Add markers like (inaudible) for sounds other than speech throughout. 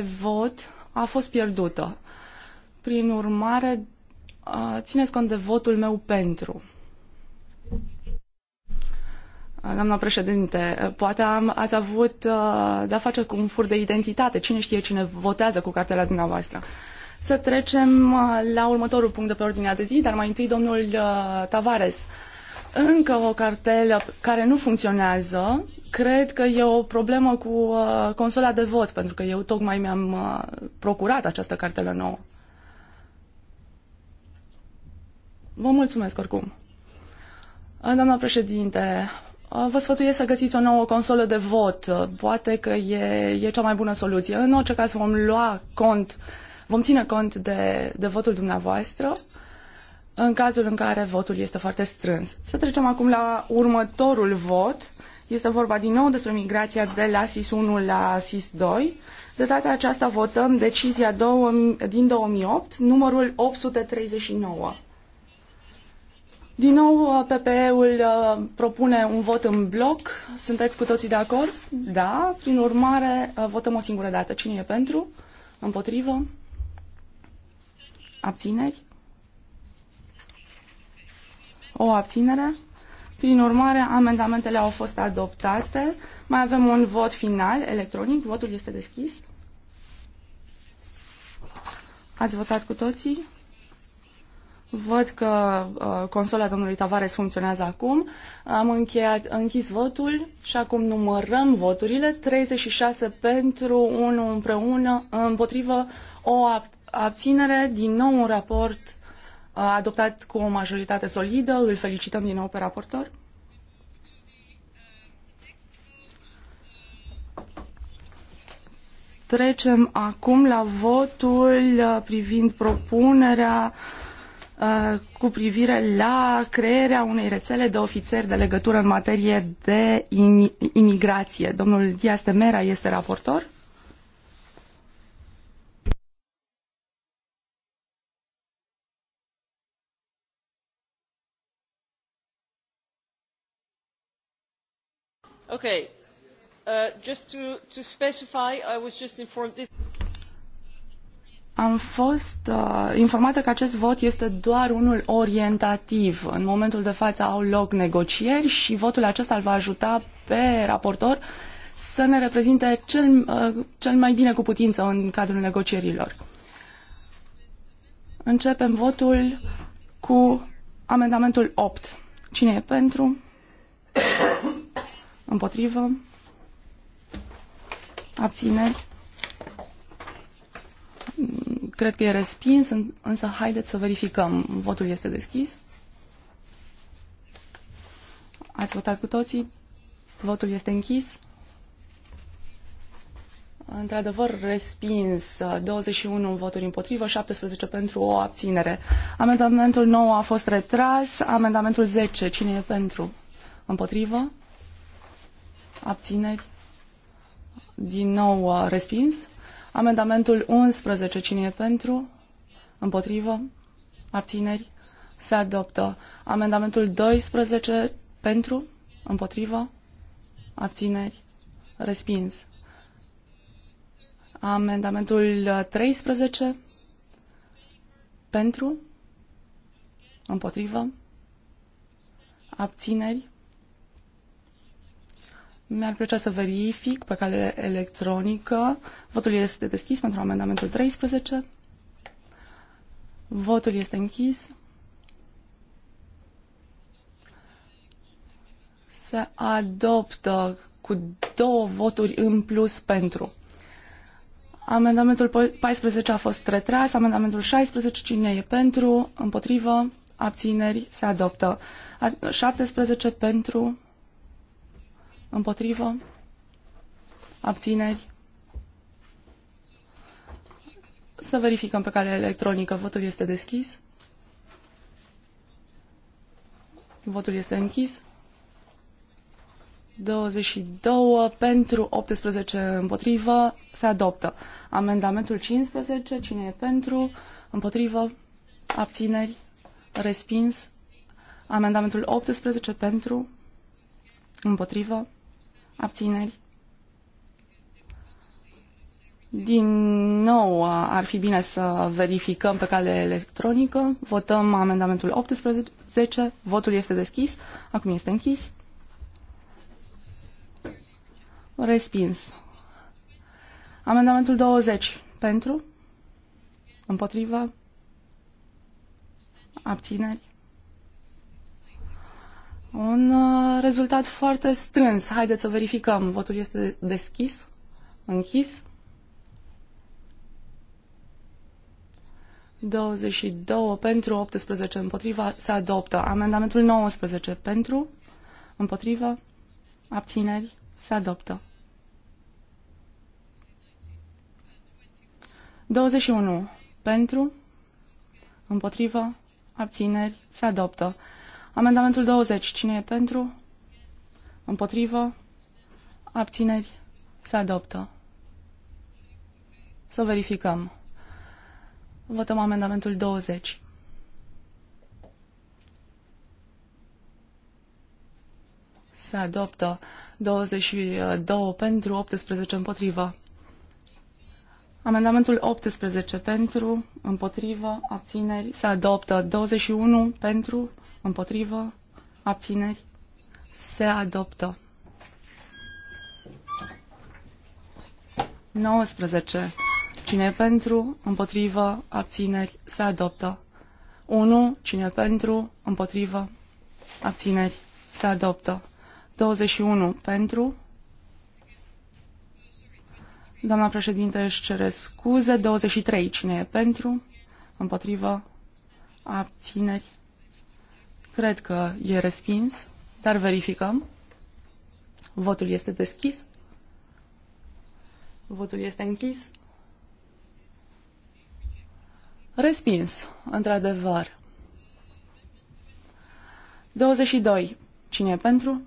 de vot a fost pierdută. Prin urmare, țineți cont de votul meu pentru. Doamna președinte, poate am, ați avut de-a face cu un fur de identitate. Cine știe cine votează cu cartela dumneavoastră. Să trecem la următorul punct de pe ordinea de zi, dar mai întâi domnul Tavares încă o cartelă care nu funcționează, cred că e o problemă cu uh, consola de vot, pentru că eu tocmai mi-am uh, procurat această cartelă nouă. Vă mulțumesc oricum. Uh, doamna președinte, vă sfătuiesc să găsiți o nouă consolă de vot. Poate că e, e cea mai bună soluție. În orice caz vom lua cont, vom ține cont de, de votul dumneavoastră în cazul în care votul este foarte strâns. Să trecem acum la următorul vot. Este vorba din nou despre migrația de la SIS 1 la SIS 2. De data aceasta votăm decizia din 2008, numărul 839. Din nou, uh, PPE-ul uh, propune un vot în bloc. Sunteți cu toții de acord? Da. Prin urmare, uh, votăm o singură dată. Cine e pentru? Împotrivă? Abțineri? o abținere. Prin urmare, amendamentele au fost adoptate. Mai avem un vot final electronic. Votul este deschis. Ați votat cu toții? Văd că uh, consola domnului Tavares funcționează acum. Am încheiat, închis votul și acum numărăm voturile. 36 pentru, 1 împreună, împotrivă, o ab- abținere. Din nou un raport adoptat cu o majoritate solidă. Îl felicităm din nou pe raportor. Trecem acum la votul uh, privind propunerea uh, cu privire la crearea unei rețele de ofițeri de legătură în materie de imigrație. Domnul Dias de Mera este raportor. Am fost uh, informată că acest vot este doar unul orientativ. În momentul de față au loc negocieri și votul acesta îl va ajuta pe raportor să ne reprezinte cel, uh, cel mai bine cu putință în cadrul negocierilor. Începem votul cu amendamentul 8. Cine e pentru? Împotrivă. Abțineri. Cred că e respins, însă haideți să verificăm. Votul este deschis. Ați votat cu toții. Votul este închis. Într-adevăr, respins 21 voturi împotrivă, 17 pentru o abținere. Amendamentul 9 a fost retras. Amendamentul 10, cine e pentru? Împotrivă? abțineri, din nou uh, respins. Amendamentul 11, cine e pentru, împotrivă, abțineri, se adoptă. Amendamentul 12, pentru, împotrivă, abțineri, respins. Amendamentul 13, uh, pentru, împotrivă, abțineri, mi-ar plăcea să verific pe cale electronică. Votul este deschis pentru amendamentul 13. Votul este închis. Se adoptă cu două voturi în plus pentru. Amendamentul 14 a fost retras, amendamentul 16 cine e pentru, împotrivă, abțineri, se adoptă. 17 pentru, Împotrivă? Abțineri? Să verificăm pe calea electronică. Votul este deschis. Votul este închis. 22 pentru, 18 împotrivă, se adoptă. Amendamentul 15, cine e pentru, împotrivă, abțineri, respins. Amendamentul 18 pentru, împotrivă, Abțineri. Din nou ar fi bine să verificăm pe cale electronică. Votăm amendamentul 18. Votul este deschis. Acum este închis. Respins. Amendamentul 20. Pentru? Împotrivă? Abțineri? Un uh, rezultat foarte strâns. Haideți să verificăm. Votul este deschis, închis. 22 pentru, 18 împotriva, se adoptă. Amendamentul 19 pentru, împotrivă, abțineri, se adoptă. 21 pentru, împotrivă, abțineri, se adoptă. Amendamentul 20. Cine e pentru? Împotrivă? Abțineri? Se adoptă. Să verificăm. Votăm amendamentul 20. Se adoptă 22 pentru, 18 împotrivă. Amendamentul 18 pentru, împotrivă, abțineri, se adoptă 21 pentru, Împotrivă? Abțineri? Se adoptă. 19. Cine e pentru, împotrivă, abțineri, se adoptă. 1. Cine e pentru, împotrivă, abțineri, se adoptă. 21. Pentru. Doamna președinte își cere scuze. 23. Cine e pentru, împotrivă, abțineri, Cred că e respins, dar verificăm. Votul este deschis. Votul este închis. Respins, într-adevăr. 22. Cine e pentru?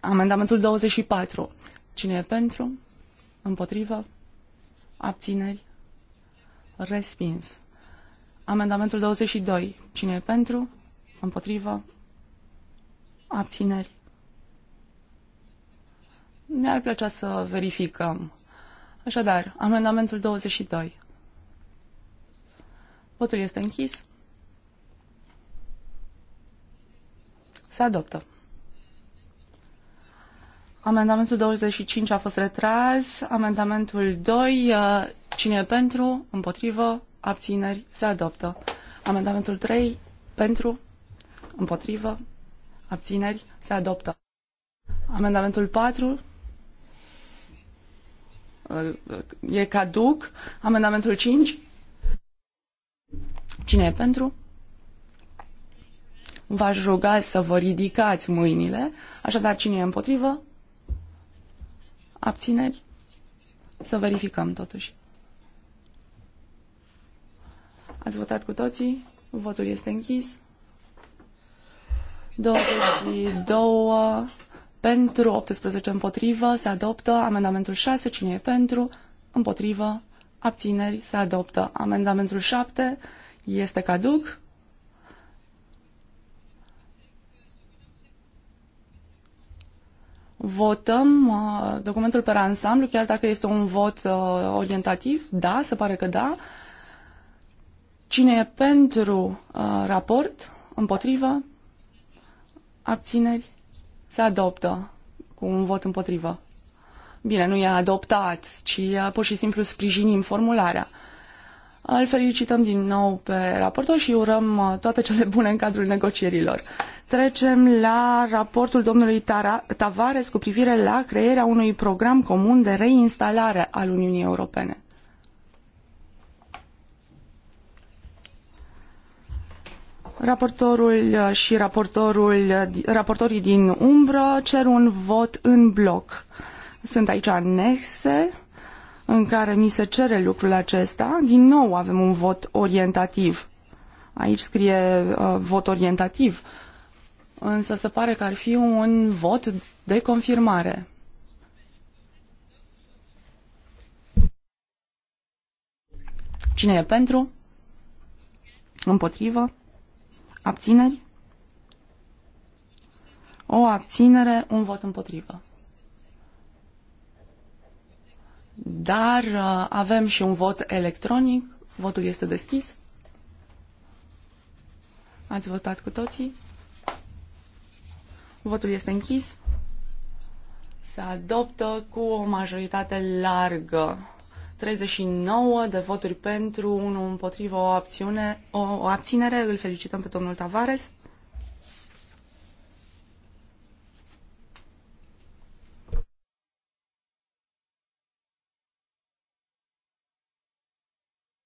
Amendamentul 24. Cine e pentru? Împotrivă? Abțineri? Respins. Amendamentul 22. Cine e pentru? Împotrivă? Abțineri? Mi-ar plăcea să verificăm. Așadar, amendamentul 22. Votul este închis. Se adoptă. Amendamentul 25 a fost retras. Amendamentul 2. Uh, cine e pentru? Împotrivă? abțineri, se adoptă. Amendamentul 3 pentru, împotrivă, abțineri, se adoptă. Amendamentul 4 e caduc. Amendamentul 5 cine e pentru? V-aș ruga să vă ridicați mâinile. Așadar, cine e împotrivă? Abțineri? Să verificăm totuși. Ați votat cu toții? Votul este închis. 22 pentru, 18 împotrivă, se adoptă amendamentul 6, cine e pentru, împotrivă, abțineri, se adoptă. Amendamentul 7 este caduc. Votăm uh, documentul pe ansamblu, chiar dacă este un vot uh, orientativ, da, se pare că da. Uh, Cine e pentru uh, raport? Împotrivă? Abțineri? Se adoptă cu un vot împotrivă. Bine, nu e adoptat, ci pur și simplu sprijinim formularea. Îl felicităm din nou pe raportor și urăm uh, toate cele bune în cadrul negocierilor. Trecem la raportul domnului Tavares cu privire la crearea unui program comun de reinstalare al Uniunii Europene. Raportorul uh, și raportorul, uh, raportorii din umbră cer un vot în bloc. Sunt aici anexe în care mi se cere lucrul acesta. Din nou avem un vot orientativ. Aici scrie uh, vot orientativ, însă se pare că ar fi un vot de confirmare. Cine e pentru? Împotrivă? Abțineri? O abținere, un vot împotrivă. Dar uh, avem și un vot electronic. Votul este deschis. Ați votat cu toții? Votul este închis. Se adoptă cu o majoritate largă. 39 de voturi pentru, 1 împotrivă, o, opțiune, o, o abținere. Îl felicităm pe domnul Tavares.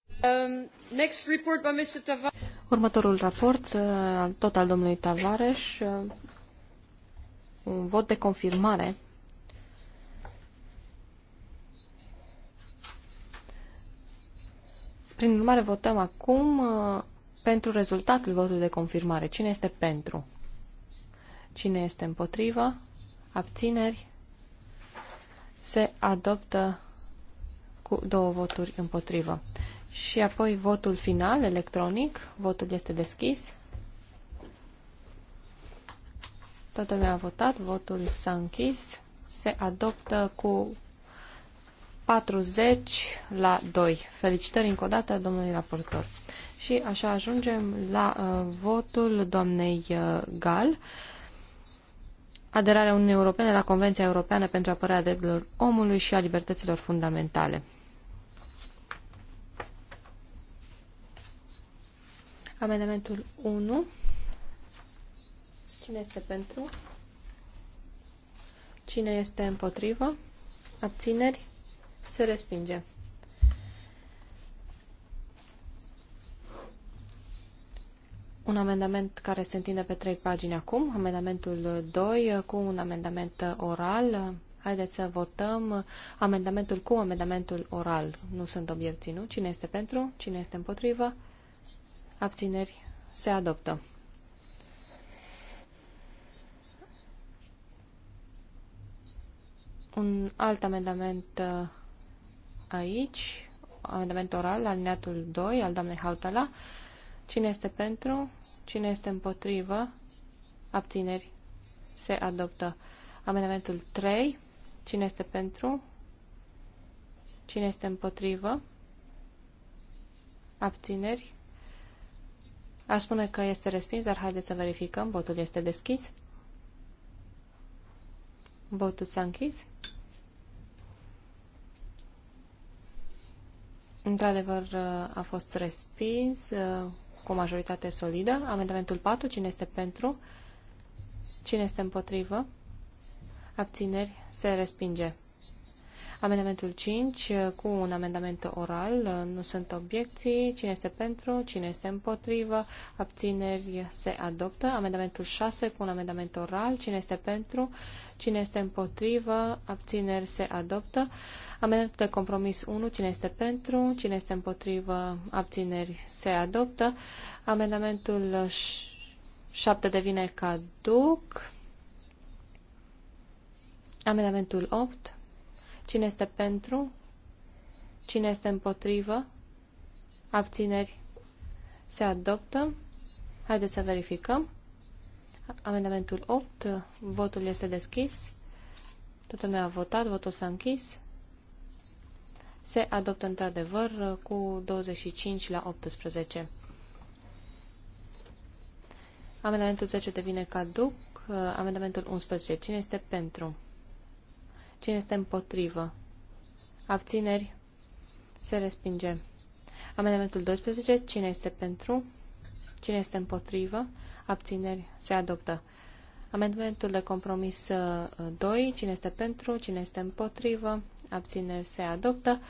Um, next report by Mr. Tavares. Următorul raport, uh, tot al domnului Tavares, uh, un vot de confirmare Prin urmare, votăm acum uh, pentru rezultatul votului de confirmare. Cine este pentru? Cine este împotrivă? Abțineri? Se adoptă cu două voturi împotrivă. Și apoi votul final, electronic. Votul este deschis. Toată lumea a votat, votul s-a închis. Se adoptă cu 40 la 2. Felicitări încă o dată domnului raportor. Și așa ajungem la uh, votul doamnei uh, Gal. Aderarea Uniunii Europene la Convenția Europeană pentru apărarea drepturilor omului și a libertăților fundamentale. Amendamentul 1. Cine este pentru? Cine este împotrivă? Abțineri? Se respinge. Un amendament care se întinde pe trei pagini acum, amendamentul 2 cu un amendament oral. Haideți să votăm amendamentul cu amendamentul oral. Nu sunt obiecții, nu? Cine este pentru? Cine este împotrivă? Abțineri? Se adoptă. Un alt amendament uh, aici amendament oral la alineatul 2 al doamnei Hautala. Cine este pentru? Cine este împotrivă? Abțineri. Se adoptă. Amendamentul 3. Cine este pentru? Cine este împotrivă? Abțineri. Aș spune că este respins, dar haideți să verificăm. Votul este deschis. Votul s-a închis. Într-adevăr, a fost respins uh, cu o majoritate solidă. Amendamentul 4, cine este pentru? Cine este împotrivă? Abțineri, se respinge. Amendamentul 5 uh, cu un amendament oral. Uh, nu sunt obiecții. Cine este pentru? Cine este împotrivă? Abțineri se adoptă. Amendamentul 6 cu un amendament oral. Cine este pentru? Cine este împotrivă? Abțineri se adoptă. Amendamentul de compromis 1. Cine este pentru? Cine este împotrivă? Abțineri se adoptă. Amendamentul 7 devine caduc. Amendamentul 8. Cine este pentru? Cine este împotrivă? Abțineri? Se adoptă. Haideți să verificăm. Amendamentul 8. Votul este deschis. Toată lumea a votat. Votul s-a închis. Se adoptă într-adevăr cu 25 la 18. Amendamentul 10 devine caduc. Amendamentul 11. Cine este pentru? Cine este împotrivă? Abțineri? Se respinge. Amendamentul 12. Cine este pentru? Cine este împotrivă? Abțineri? Se adoptă. Amendamentul de compromis 2. Uh, Cine este pentru? Cine este împotrivă? Abțineri? Se adoptă.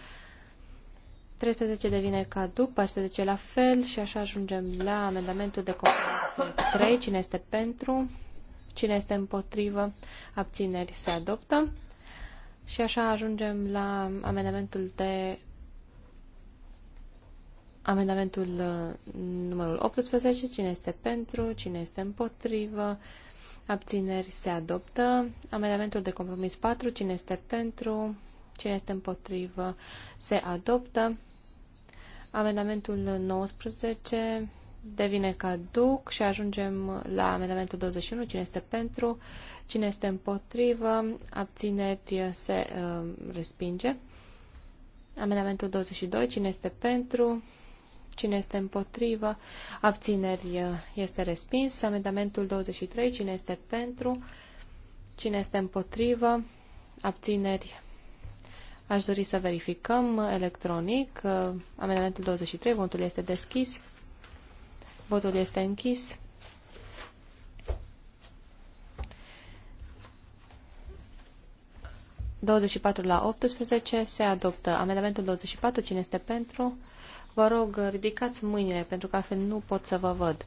13 devine caduc, 14 la fel și așa ajungem la amendamentul de compromis 3. Uh, Cine este pentru? Cine este împotrivă? Abțineri se adoptă. Și așa ajungem la amendamentul de amendamentul uh, numărul 18, cine este pentru, cine este împotrivă, abțineri se adoptă. Amendamentul de compromis 4, cine este pentru, cine este împotrivă, se adoptă. Amendamentul 19, devine caduc și ajungem la amendamentul 21. Cine este pentru? Cine este împotrivă? Abțineri se uh, respinge. Amendamentul 22. Cine este pentru? Cine este împotrivă? Abțineri uh, este respins. Amendamentul 23. Cine este pentru? Cine este împotrivă? Abțineri. Aș dori să verificăm electronic. Uh, amendamentul 23. Votul este deschis. Votul este închis. Douăzeci patru la 18 se adoptă. Amendamentul 24, cine este pentru? Vă rog, ridicați mâinile, pentru că altfel nu pot să vă văd.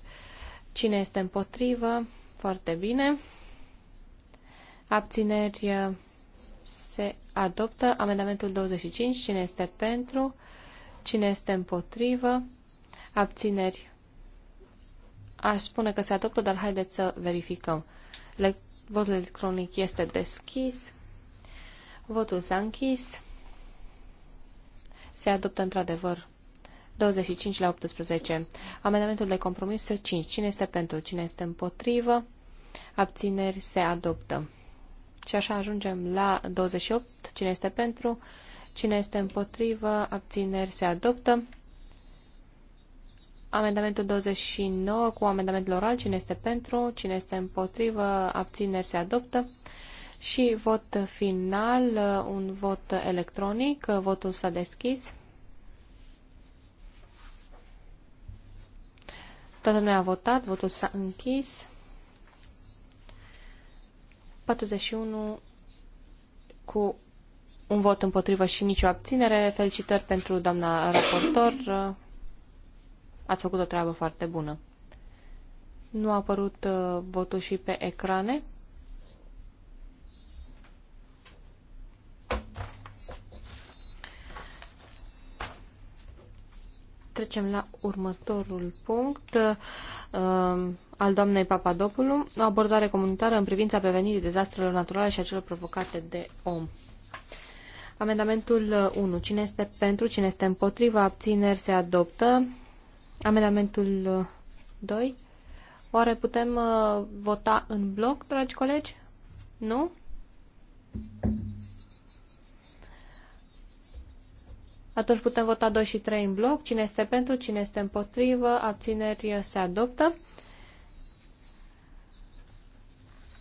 Cine este împotrivă? Foarte bine. Abțineri eh, se adoptă. Amendamentul 25, cine este pentru? Cine este împotrivă? Abțineri Aș spune că se adoptă, dar haideți să verificăm. Le- votul electronic este deschis. Votul s-a închis. Se adoptă într-adevăr 25 la 18. Amendamentul de compromis 5. Cine este pentru? Cine este împotrivă? Abțineri se adoptă. Și așa ajungem la 28. Cine este pentru? Cine este împotrivă? Abțineri se adoptă. Amendamentul 29 cu amendamentul oral. Cine este pentru? Cine este împotrivă? Abțineri se adoptă. Și vot final, uh, un vot electronic. Uh, votul s-a deschis. Toată lumea a votat, votul s-a închis. 41 cu un vot împotrivă și nicio abținere. Felicitări pentru doamna raportor. Ați făcut o treabă foarte bună. Nu a apărut uh, votul și pe ecrane? Trecem la următorul punct uh, al doamnei Papadopoulou, o abordare comunitară în privința prevenirii dezastrelor naturale și a celor provocate de om. Amendamentul 1. Uh, cine este pentru, cine este împotriva, abțineri se adoptă. Amendamentul 2. Uh, Oare putem uh, vota în bloc, dragi colegi? Nu? Atunci putem vota 2 și 3 în bloc. Cine este pentru, cine este împotrivă, abțineri uh, se adoptă.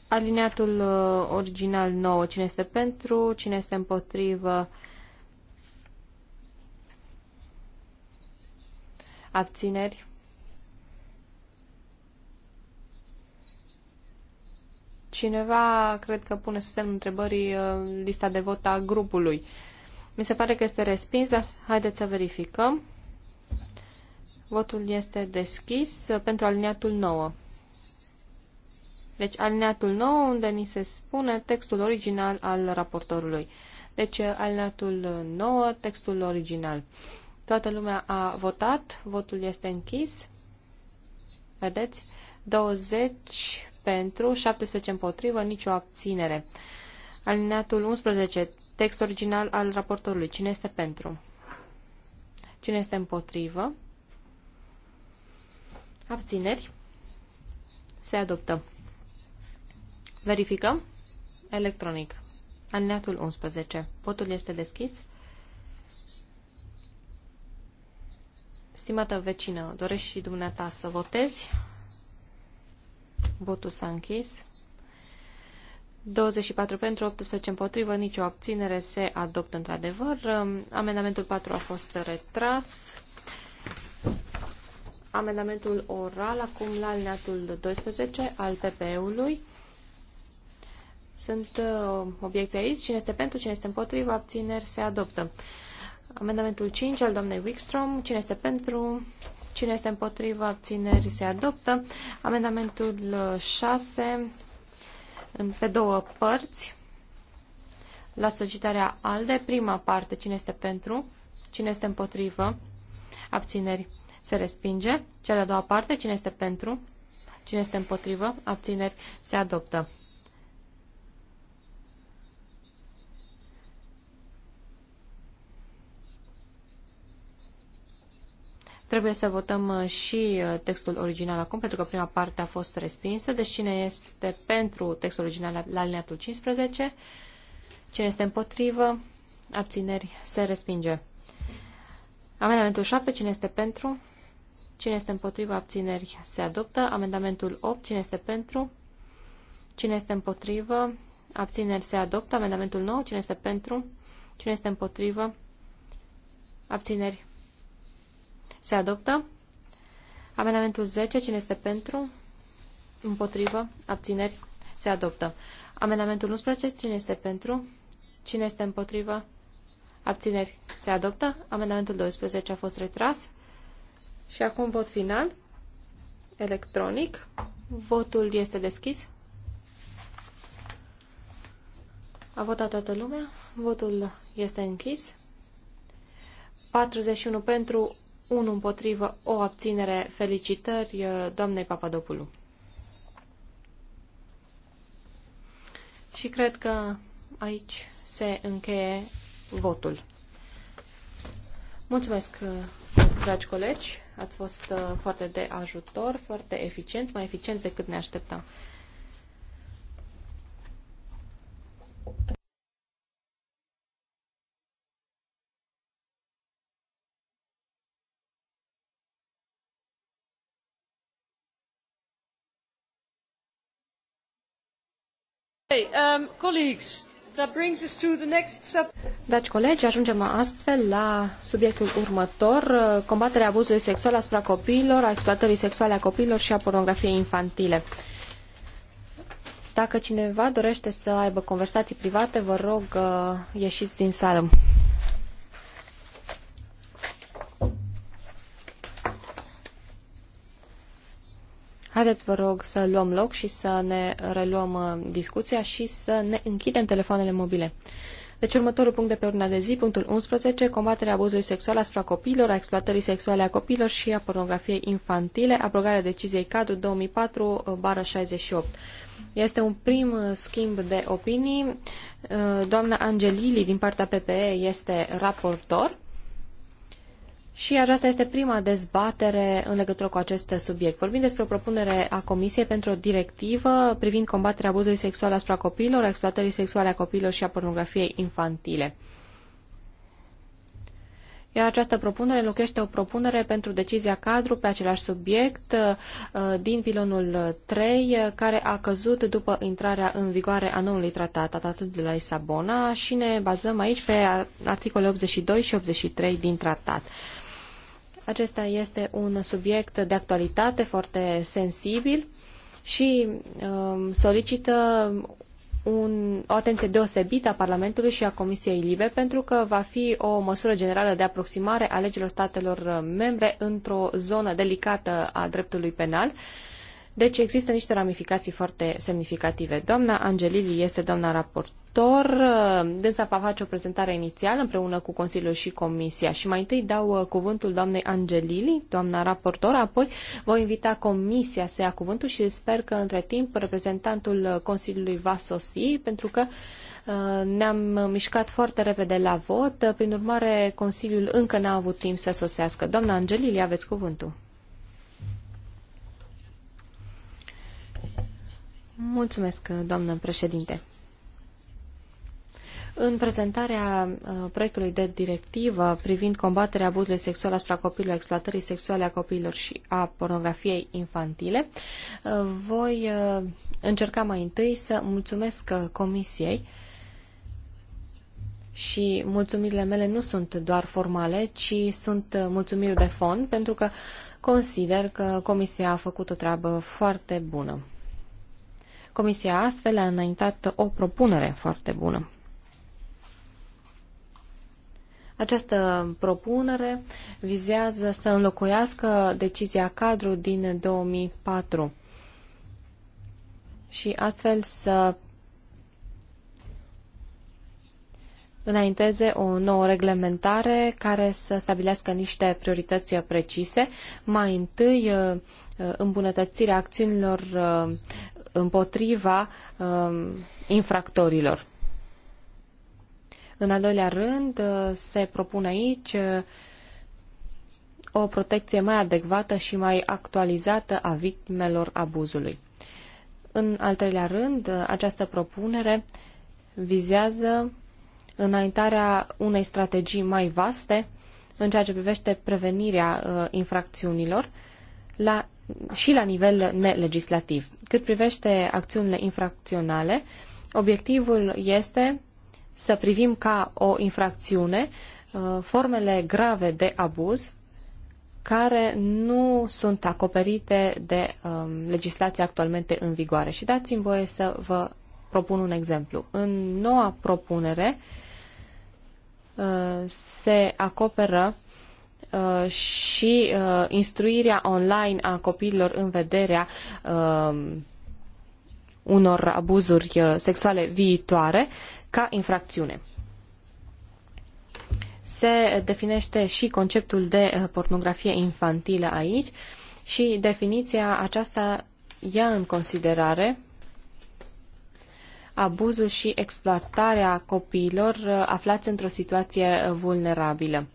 Alineatul uh, original 9. Cine este pentru, cine este împotrivă, uh, Abțineri. Cineva cred că pune sub semnul întrebării uh, lista de vot a grupului. Mi se pare că este respins, dar haideți să verificăm. Votul este deschis uh, pentru aliniatul 9. Deci alineatul nou unde ni se spune textul original al raportorului. Deci alineatul 9, textul original. Toată lumea a votat, votul este închis. Vedeți? 20 pentru, 17 împotrivă, nicio abținere. Alineatul 11, text original al raportorului. Cine este pentru? Cine este împotrivă? Abțineri. Se adoptă. Verificăm. Electronic. Alineatul 11. Votul este deschis. Stimată vecină, dorești și dumneata să votezi? Votul s-a închis. 24 pentru, 18 împotrivă, nicio abținere se adoptă într-adevăr. Amendamentul 4 a fost retras. Amendamentul oral, acum la alineatul 12 al PPE-ului. Sunt uh, obiecții aici. Cine este pentru, cine este împotrivă, abțineri se adoptă. Amendamentul 5 al doamnei Wickstrom. Cine este pentru? Cine este împotriva? Abțineri se adoptă. Amendamentul 6 pe două părți. La solicitarea ALDE, prima parte, cine este pentru, cine este împotrivă, abțineri se respinge. Cea de-a doua parte, cine este pentru, cine este împotrivă, abțineri se adoptă. Trebuie să votăm uh, și uh, textul original acum, pentru că prima parte a fost respinsă. Deci cine este pentru textul original la alineatul 15? Cine este împotrivă? Abțineri se respinge. Amendamentul 7, cine este pentru? Cine este împotrivă? Abțineri se adoptă. Amendamentul 8, cine este pentru? Cine este împotrivă? Abțineri se adoptă. Amendamentul 9, cine este pentru? Cine este împotrivă? Abțineri se adoptă. Amendamentul 10. Cine este pentru? Împotrivă. Abțineri. Se adoptă. Amendamentul 11. Cine este pentru? Cine este împotrivă? Abțineri. Se adoptă. Amendamentul 12 a fost retras. Și acum vot final. Electronic. Votul este deschis. A votat toată lumea. Votul este închis. 41 pentru, 1 împotrivă, o abținere. Felicitări uh, doamnei Papadopoulou. Și cred că aici se încheie votul. Mulțumesc, uh, dragi colegi. Ați fost uh, foarte de ajutor, foarte eficienți, mai eficienți decât ne așteptam. Okay, um, colleagues, that brings us to the next sub... Dragi colegi, ajungem astfel la subiectul următor, uh, combaterea abuzului sexual asupra copiilor, a exploatării sexuale a copiilor și a pornografiei infantile. Dacă cineva dorește să aibă conversații private, vă rog, uh, ieșiți din sală. Haideți, vă rog, să luăm loc și să ne reluăm uh, discuția și să ne închidem telefoanele mobile. Deci următorul punct de pe urmă de zi, punctul 11, combaterea abuzului sexual asupra copiilor, a exploatării sexuale a copiilor și a pornografiei infantile, abrogarea deciziei cadru 2004-68. Uh, este un prim uh, schimb de opinii. Doamna Angelili din partea PPE este raportor. Și aceasta este prima dezbatere în legătură cu acest subiect. Vorbim despre o propunere a Comisiei pentru o directivă privind combaterea abuzului sexual asupra copiilor, a exploatării sexuale a copiilor și a pornografiei infantile. Iar această propunere înlocuiește o propunere pentru decizia cadru pe același subiect uh, din pilonul 3, care a căzut după intrarea în vigoare a noului tratat, tratatul de la Lisabona, și ne bazăm aici pe articolele 82 și 83 din tratat. Acesta este un subiect de actualitate foarte sensibil și um, solicită un, o atenție deosebită a Parlamentului și a Comisiei Libe pentru că va fi o măsură generală de aproximare a legilor statelor membre într-o zonă delicată a dreptului penal. Uh, deci există niște ramificații foarte semnificative. Doamna Angelili este doamna raportor. Dânsa va face o prezentare inițială împreună cu Consiliul și Comisia. Și mai întâi dau uh, cuvântul doamnei Angelili, doamna raportor, apoi voi invita Comisia să ia cuvântul și sper că între timp reprezentantul uh, Consiliului va sosi, pentru că uh, ne-am mișcat foarte repede la vot, prin urmare Consiliul încă n-a avut timp să sosească. Doamna Angelili, aveți cuvântul. Mulțumesc, doamnă președinte. În prezentarea uh, proiectului de directivă privind combaterea abuzului sexual asupra copiilor, exploatării sexuale a copiilor și a pornografiei infantile, uh, voi uh, încerca mai întâi să mulțumesc Comisiei și mulțumirile mele nu sunt doar formale, ci sunt mulțumiri de fond, pentru că consider că Comisia a făcut o treabă foarte bună. Comisia astfel a înaintat o propunere foarte bună. Această propunere vizează să înlocuiască decizia cadru din 2004 și astfel să înainteze o nouă reglementare care să stabilească niște priorități precise. Mai întâi, îmbunătățirea acțiunilor împotriva um, infractorilor. În al doilea rând, uh, se propune aici uh, o protecție mai adecvată și mai actualizată a victimelor abuzului. În al treilea rând, uh, această propunere vizează înaintarea unei strategii mai vaste în ceea ce privește prevenirea infracțiunilor la și la nivel nelegislativ. Cât privește acțiunile infracționale, obiectivul este să privim ca o infracțiune uh, formele grave de abuz care nu sunt acoperite de um, legislația actualmente în vigoare. Și dați-mi voie să vă propun un exemplu. În noua propunere uh, se acoperă Uh, și uh, instruirea online a copiilor în vederea um, unor abuzuri uh, sexuale viitoare ca infracțiune. Se definește și conceptul de pornografie infantilă aici și definiția aceasta ia în considerare abuzul și exploatarea copiilor aflați într-o situație vulnerabilă.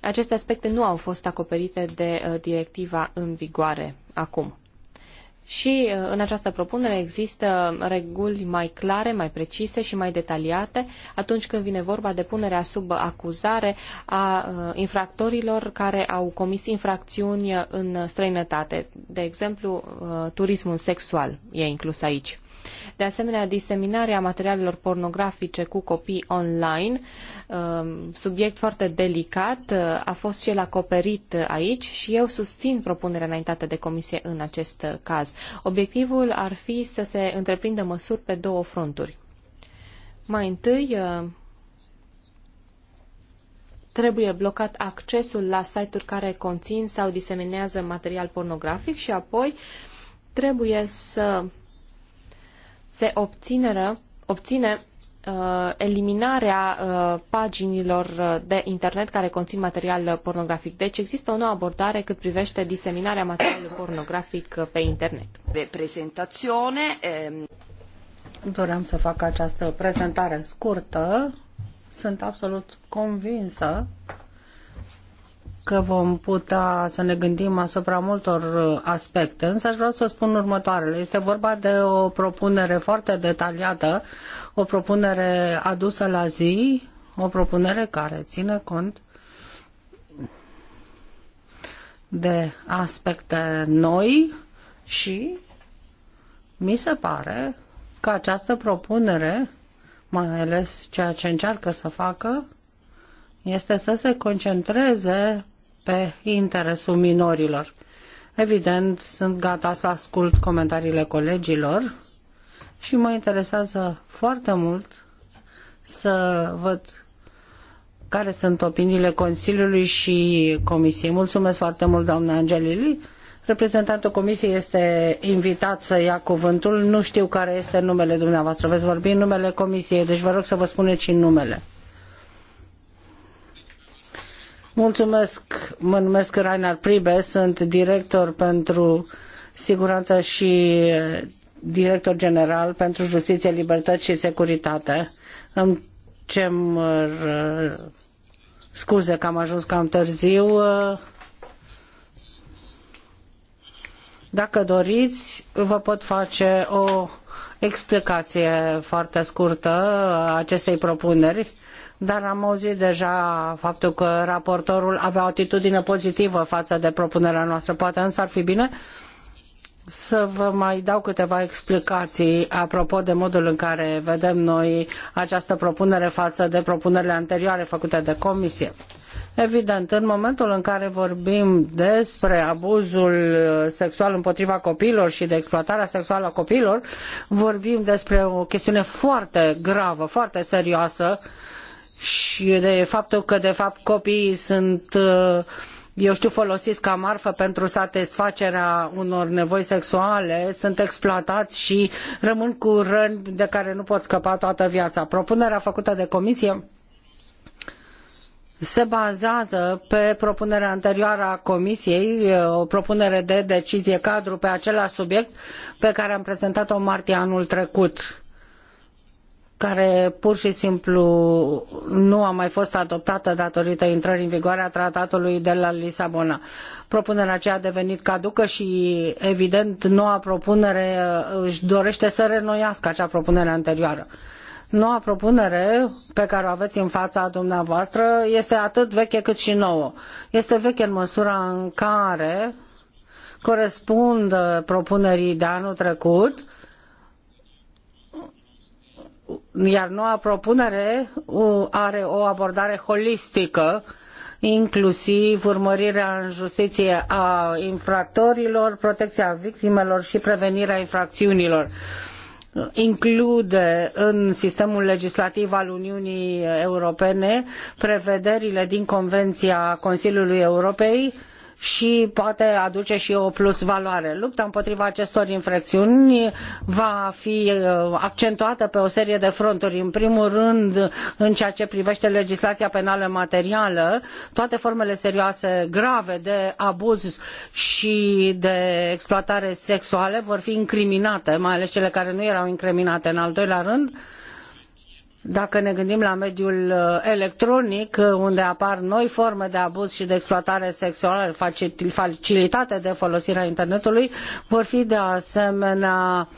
Aceste aspecte nu au fost acoperite de uh, directiva în vigoare acum. Și uh, în această propunere există reguli mai clare, mai precise și mai detaliate atunci când vine vorba de punerea sub acuzare a uh, infractorilor care au comis infracțiuni în străinătate. De exemplu, turismul sexual e inclus aici. De asemenea, diseminarea materialelor pornografice cu copii online, um, subiect foarte delicat, uh, a fost și el acoperit aici și eu susțin propunerea înaintată de comisie în acest caz. Obiectivul ar fi să se întreprindă măsuri pe două fronturi. Mai întâi, uh, trebuie blocat accesul la site-uri care conțin sau diseminează material pornografic și apoi trebuie să se obțineră, obține uh, eliminarea uh, paginilor uh, de internet care conțin material pornografic. Deci există o nouă abordare cât privește diseminarea materialului pornografic pe internet. De prezentațiune. Ehm, Doream să fac această prezentare scurtă. Sunt absolut convinsă că vom putea să ne gândim asupra multor uh, aspecte, însă vreau să spun următoarele. Este vorba de o propunere foarte detaliată, o propunere adusă la zi, o propunere care ține cont de aspecte noi și mi se pare că această propunere, mai ales ceea ce încearcă să facă, este să se concentreze pe interesul minorilor. Evident, sunt gata să ascult comentariile colegilor și mă interesează foarte mult să văd care sunt opiniile Consiliului și Comisiei. Mulțumesc foarte mult, doamna Angelili. Reprezentantul Comisiei este invitat să ia cuvântul. Nu știu care este numele dumneavoastră. Veți vorbi în numele Comisiei, deci vă rog să vă spuneți și numele. Mulțumesc, mă numesc Rainer Pribe, sunt director pentru siguranță și eh, director general pentru justiție, libertate și securitate. Îmi cer eh, scuze că am ajuns cam târziu. Eh, dacă doriți, vă pot face o explicație foarte scurtă a acestei propuneri dar am auzit deja faptul că raportorul avea o atitudine pozitivă față de propunerea noastră. Poate însă ar fi bine să vă mai dau câteva explicații apropo de modul în care vedem noi această propunere față de propunerile anterioare făcute de comisie. Evident, în momentul în care vorbim despre abuzul sexual împotriva copiilor și de exploatarea sexuală a copiilor, vorbim despre o chestiune foarte gravă, foarte serioasă, uh, și de faptul că de fapt copiii sunt uh, eu știu, folosiți ca marfă pentru satisfacerea unor nevoi sexuale, sunt exploatați și rămân cu răni de care nu pot scăpa toată viața. Propunerea făcută de comisie se bazează pe propunerea anterioară a Comisiei, o propunere de decizie cadru pe același subiect pe care am prezentat-o martie anul trecut care pur și simplu nu a mai fost adoptată datorită intrării în vigoare a tratatului de la Lisabona. Propunerea aceea a devenit caducă și, evident, noua propunere uh, își dorește să renoiască acea propunere anterioară. Noua propunere pe care o aveți în fața dumneavoastră este atât veche cât și nouă. Este veche în măsura în care corespund uh, propunerii de anul trecut, uh, iar noua propunere are o abordare holistică, inclusiv urmărirea în justiție a infractorilor, protecția victimelor și prevenirea infracțiunilor include în sistemul legislativ al Uniunii Europene prevederile din Convenția Consiliului Europei și poate aduce și o plus valoare. Lupta împotriva acestor infracțiuni va fi uh, accentuată pe o serie de fronturi. În primul rând, în ceea ce privește legislația penală materială, toate formele serioase grave de abuz și de exploatare sexuală vor fi incriminate, mai ales cele care nu erau incriminate în al doilea rând dacă ne gândim la mediul uh, electronic, uh, unde apar noi forme de abuz și de exploatare sexuală facilitate de folosire a internetului, vor fi de asemenea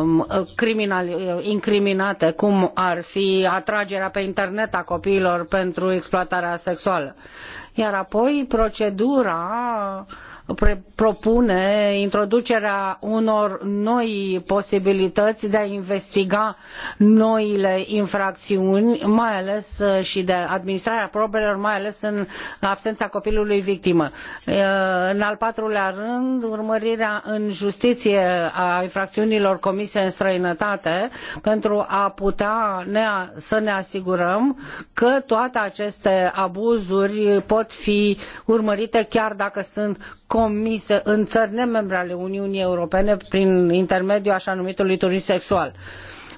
um, uh, incriminate, cum ar fi atragerea pe internet a copiilor pentru exploatarea sexuală. Iar apoi procedura uh, propune introducerea unor noi posibilități de a investiga noile infracțiuni, mai ales uh, și de administrarea probelor, mai ales în absența copilului victimă. Uh, în al patrulea rând, urmărirea în justiție a infracțiunilor comise în străinătate pentru a putea ne, să ne asigurăm că toate aceste abuzuri pot fi urmărite chiar dacă sunt comise în țări nemembre ale Uniunii Europene prin intermediul așa numitului turism sexual.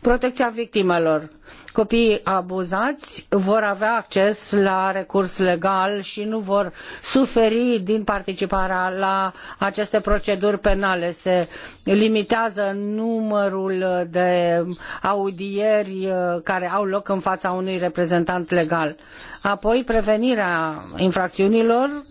Protecția victimelor. Copiii abuzați vor avea acces la recurs legal și nu vor suferi din participarea la aceste proceduri penale. Se limitează numărul de audieri uh, care au loc în fața unui reprezentant legal. Apoi, prevenirea infracțiunilor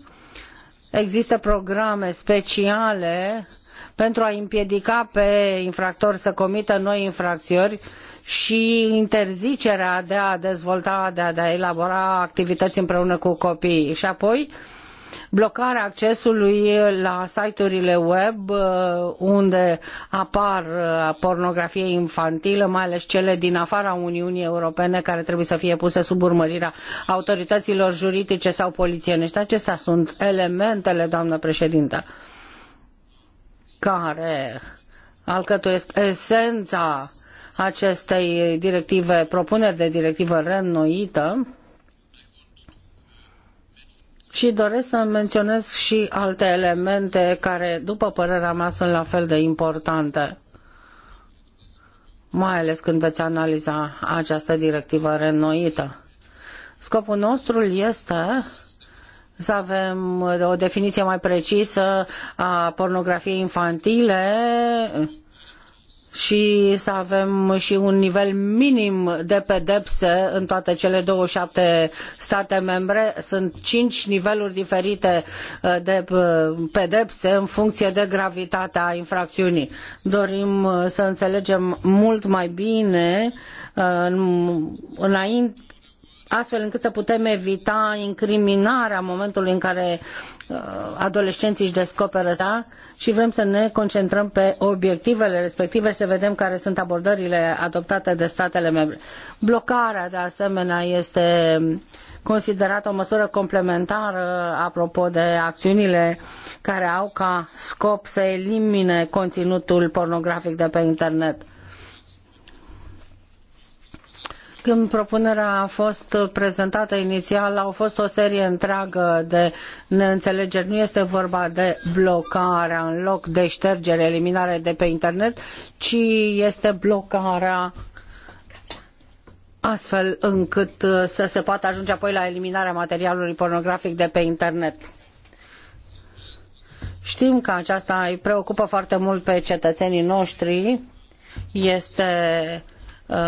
Există programe speciale pentru a împiedica pe infractori să comită noi infracțiuni și interzicerea de a dezvolta, de a, de a elabora activități împreună cu copiii. Și apoi, uh, blocarea accesului la site-urile web uh, unde apar uh, pornografie infantilă, mai ales cele din afara Uniunii Europene care trebuie să fie puse sub urmărirea autorităților juridice sau polițienești. Acestea sunt elementele, doamnă președintă, care alcătuiesc esența acestei directive, propuneri de directivă reînnoită, și doresc să menționez și alte elemente care, după părerea mea, sunt la fel de importante, mai ales când veți analiza această directivă reînnoită. Scopul nostru este să avem o definiție mai precisă a pornografiei infantile, și să avem și un nivel minim de pedepse în toate cele 27 state membre. Sunt cinci niveluri diferite uh, de uh, pedepse în funcție de gravitatea infracțiunii. Dorim uh, să înțelegem mult mai bine înainte astfel încât să putem evita incriminarea momentului în care uh, adolescenții își descoperă asta și vrem să ne concentrăm pe obiectivele respective, să vedem care sunt abordările adoptate de statele membre. Blocarea, de asemenea, este considerată o măsură complementară apropo de acțiunile care au ca scop să elimine conținutul pornografic de pe internet Când propunerea a fost prezentată inițial, au fost o serie întreagă de neînțelegeri. Nu este vorba de blocarea în loc de ștergere, eliminare de pe internet, ci este blocarea astfel încât uh, să se poată ajunge apoi la eliminarea materialului pornografic de pe internet. Știm că aceasta îi preocupă foarte mult pe cetățenii noștri, este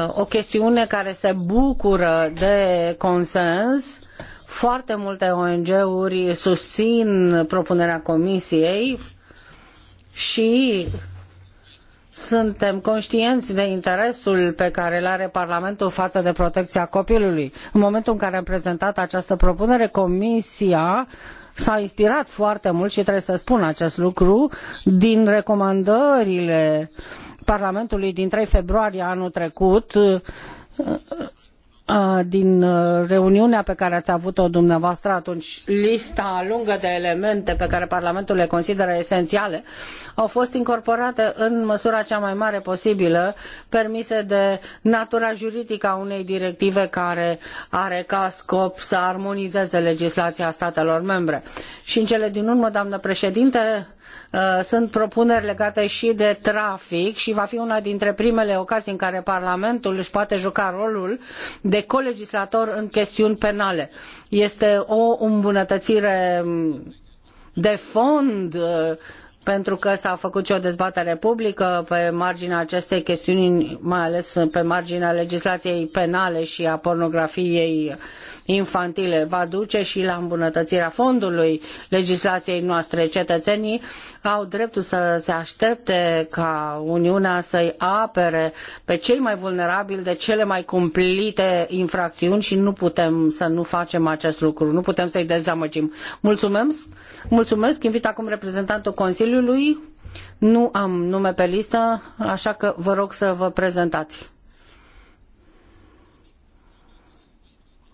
o chestiune care se bucură de consens. Foarte multe ONG-uri susțin propunerea Comisiei și suntem conștienți de interesul pe care îl are Parlamentul față de protecția copilului. În momentul în care am prezentat această propunere, Comisia s-a inspirat foarte mult și trebuie să spun acest lucru din recomandările uh, Parlamentului din 3 februarie anul trecut, uh, uh, din uh, reuniunea pe care ați avut-o dumneavoastră atunci, lista lungă de elemente pe care Parlamentul le consideră esențiale au fost incorporate în măsura cea mai mare posibilă, permise de natura juridică a unei directive care are ca scop să armonizeze legislația statelor membre. Și în cele din urmă, doamnă președinte, Uh, sunt propuneri legate și de trafic și va fi una dintre primele ocazii în care Parlamentul își poate juca rolul de colegislator în chestiuni penale. Este o îmbunătățire um, de fond uh, pentru că s-a făcut și o dezbatere publică pe marginea acestei chestiuni, mai ales pe marginea legislației penale și a pornografiei uh, infantile va duce și la îmbunătățirea fondului legislației noastre. Cetățenii au dreptul să se aștepte ca Uniunea să-i apere pe cei mai vulnerabili de cele mai cumplite infracțiuni și nu putem să nu facem acest lucru, nu putem să-i dezamăgim. Mulțumesc, mulțumesc, invit acum reprezentantul Consiliului. Nu am nume pe listă, așa că vă rog să vă prezentați.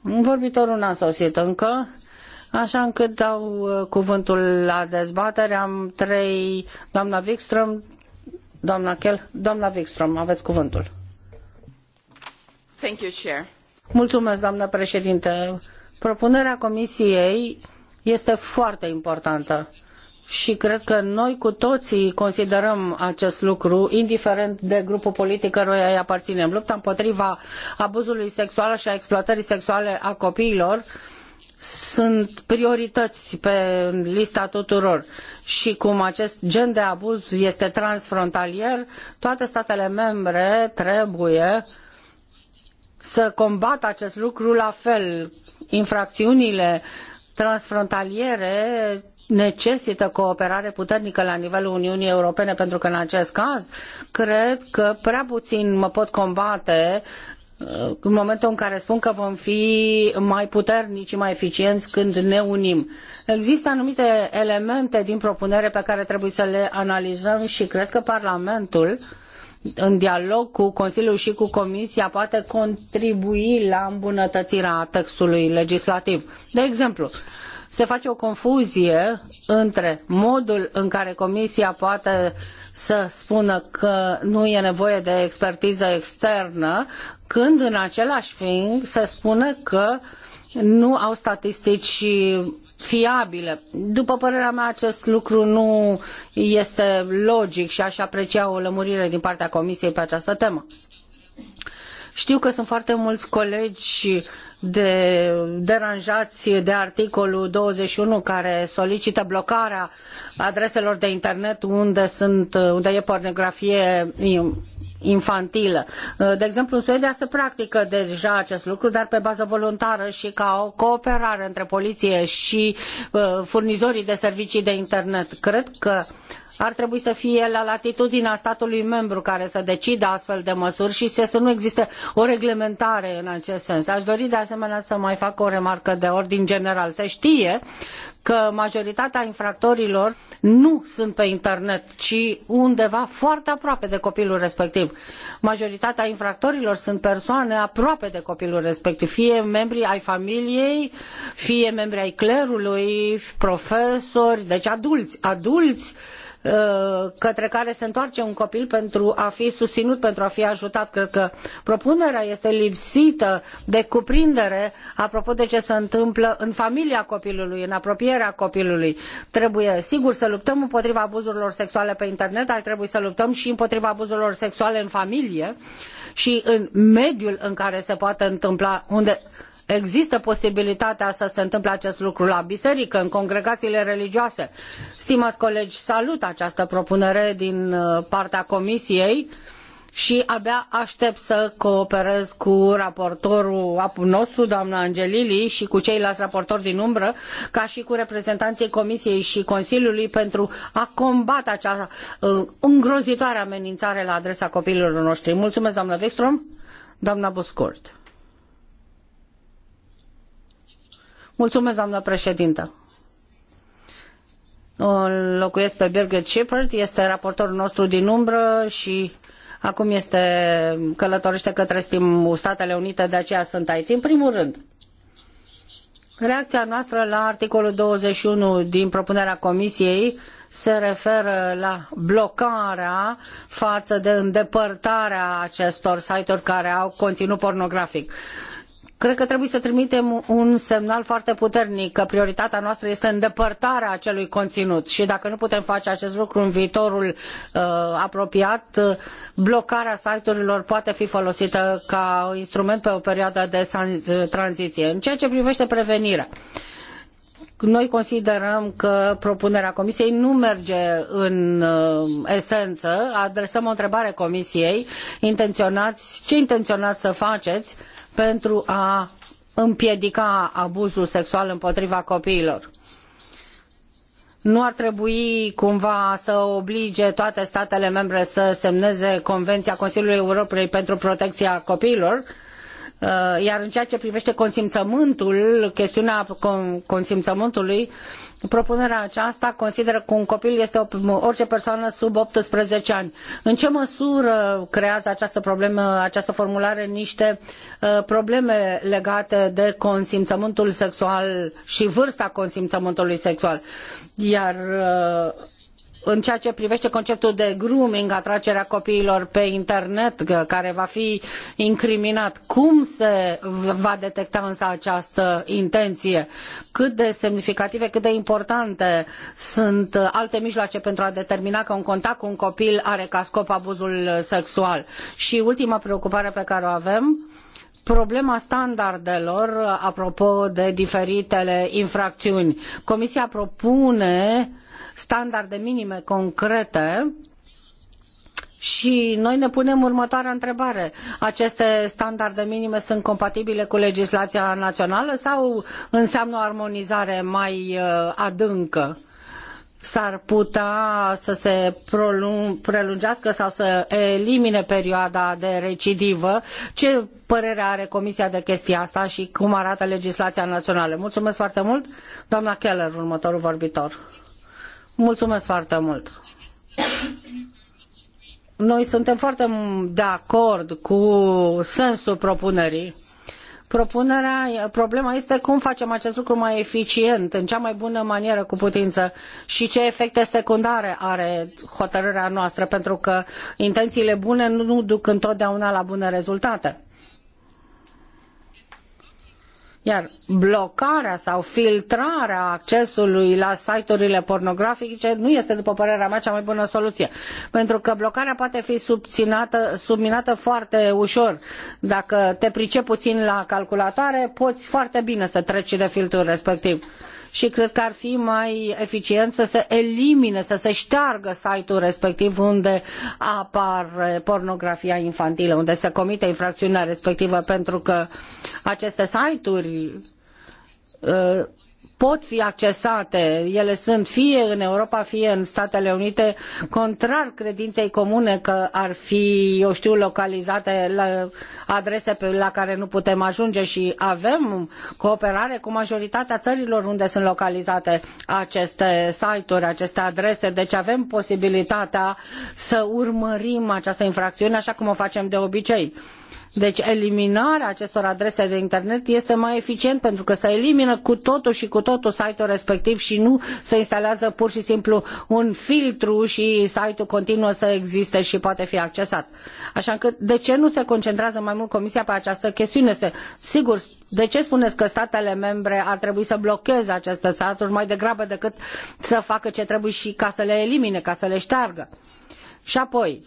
Vorbitorul n-a sosit încă, așa încât dau uh, cuvântul la dezbatere. Am trei, doamna Wikström, doamna Kel, doamna Wikström, aveți cuvântul. Thank you, Chair. Mulțumesc, doamnă președinte. Propunerea Comisiei este foarte importantă și cred că noi cu toții considerăm acest lucru, indiferent de grupul politic căruia îi aparținem. Lupta împotriva abuzului sexual și a exploatării sexuale a copiilor sunt priorități pe lista tuturor și cum acest gen de abuz este transfrontalier, toate statele membre trebuie să combată acest lucru la fel. Infracțiunile transfrontaliere necesită cooperare puternică la nivelul Uniunii Europene, pentru că în acest caz cred că prea puțin mă pot combate uh, în momentul în care spun că vom fi mai puternici și mai eficienți când ne unim. Există anumite elemente din propunere pe care trebuie să le analizăm și cred că Parlamentul în dialog cu Consiliul și cu Comisia poate contribui la îmbunătățirea textului legislativ. De exemplu, se face o confuzie între modul în care Comisia poate să spună că nu e nevoie de expertiză externă, când în același timp se spune că nu au statistici fiabile. După părerea mea, acest lucru nu este logic și aș aprecia o lămurire din partea Comisiei pe această temă. Știu că sunt foarte mulți colegi de, deranjați de articolul 21 care solicită blocarea adreselor de internet unde, sunt, unde e pornografie infantilă. De exemplu, în Suedia se practică deja acest lucru, dar pe bază voluntară și ca o cooperare între poliție și uh, furnizorii de servicii de internet. Cred că ar trebui să fie la latitudinea statului membru care să decidă astfel de măsuri și să nu existe o reglementare în acest sens. Aș dori de asemenea să mai fac o remarcă de ordin general. Se știe că majoritatea infractorilor nu sunt pe internet, ci undeva foarte aproape de copilul respectiv. Majoritatea infractorilor sunt persoane aproape de copilul respectiv, fie membri ai familiei, fie membri ai clerului, profesori, deci adulți, adulți uh, Uh, către care se întoarce un copil pentru a fi susținut, pentru a fi ajutat. Cred că propunerea este lipsită de cuprindere apropo de ce se întâmplă în familia copilului, în apropierea copilului. Trebuie, sigur, să luptăm împotriva abuzurilor sexuale pe internet, dar trebuie să luptăm și împotriva abuzurilor sexuale în familie și în mediul în care se poate întâmpla, unde Există posibilitatea să se întâmple acest lucru la biserică, în congregațiile religioase. Stimați colegi, salut această propunere din uh, partea Comisiei și abia aștept să cooperez cu raportorul nostru, doamna Angelili, și cu ceilalți raportori din umbră, ca și cu reprezentanții Comisiei și Consiliului pentru a combate acea uh, îngrozitoare amenințare la adresa copiilor noștri. Mulțumesc, doamnă Vestrom, doamna Buscurt. Mulțumesc, doamnă președintă. O locuiesc pe Birgit Shepard, este raportorul nostru din umbră și acum este călătorește către Statele Unite, de aceea sunt aici. În primul rând, Reacția noastră la articolul 21 din propunerea Comisiei se referă la blocarea față de îndepărtarea acestor site-uri care au conținut pornografic. Cred că trebuie să trimitem un semnal foarte puternic că prioritatea noastră este îndepărtarea acelui conținut și dacă nu putem face acest lucru în viitorul uh, apropiat, uh, blocarea site-urilor poate fi folosită ca instrument pe o perioadă de tranziție. În ceea ce privește prevenirea, uh, noi considerăm că propunerea Comisiei nu merge în uh, esență. Adresăm o întrebare Comisiei. Intenționați, ce intenționați să faceți pentru a împiedica abuzul sexual împotriva copiilor? nu ar trebui cumva să oblige toate statele membre să semneze Convenția Consiliului Europei pentru protecția copiilor, uh, Uh, iar în ceea ce privește consimțământul, chestiunea consimțământului, propunerea aceasta consideră că un copil este orice persoană sub 18 ani. În ce măsură creează această problemă, această formulare niște uh, probleme legate de consimțământul sexual și vârsta consimțământului sexual? Iar uh, în ceea ce privește conceptul de grooming, atragerea copiilor pe internet, care va fi incriminat, cum se va detecta însă această intenție? Cât de semnificative, cât de importante sunt alte mijloace pentru a determina că un contact cu un copil are ca scop abuzul sexual? Și ultima preocupare pe care o avem, problema standardelor apropo de diferitele infracțiuni. Comisia propune standarde minime concrete și noi ne punem următoarea întrebare. Aceste standarde minime sunt compatibile cu legislația națională sau înseamnă o armonizare mai uh, adâncă? S-ar putea să se prelungească sau să elimine perioada de recidivă. Ce părere are Comisia de chestia asta și cum arată legislația națională? Mulțumesc foarte mult. Doamna Keller, următorul vorbitor. Mulțumesc foarte mult! Noi suntem foarte de acord cu sensul propunerii. Propunerea, problema este cum facem acest lucru mai eficient, în cea mai bună manieră cu putință și ce efecte secundare are hotărârea noastră, pentru că intențiile bune nu duc întotdeauna la bune rezultate iar blocarea sau filtrarea accesului la site-urile pornografice nu este, după părerea mea, cea mai bună soluție. Pentru că blocarea poate fi subminată foarte ușor. Dacă te pricepi puțin la calculatoare, poți foarte bine să treci de filtrul respectiv. Și cred că ar fi mai eficient să se elimine, să se șteargă site-ul respectiv unde apar pornografia infantilă, unde se comite infracțiunea respectivă, pentru că aceste site-uri pot fi accesate, ele sunt fie în Europa, fie în Statele Unite, contrar credinței comune că ar fi, eu știu, localizate la adrese pe la care nu putem ajunge și avem cooperare cu majoritatea țărilor unde sunt localizate aceste site-uri, aceste adrese, deci avem posibilitatea să urmărim această infracțiune așa cum o facem de obicei deci eliminarea acestor adrese de internet este mai eficient pentru că se elimină cu totul și cu totul site-ul respectiv și nu se instalează pur și simplu un filtru și site-ul continuă să existe și poate fi accesat. Așa că de ce nu se concentrează mai mult Comisia pe această chestiune? Se, sigur, de ce spuneți că statele membre ar trebui să blocheze aceste site-uri mai degrabă decât să facă ce trebuie și ca să le elimine, ca să le șteargă? Și apoi,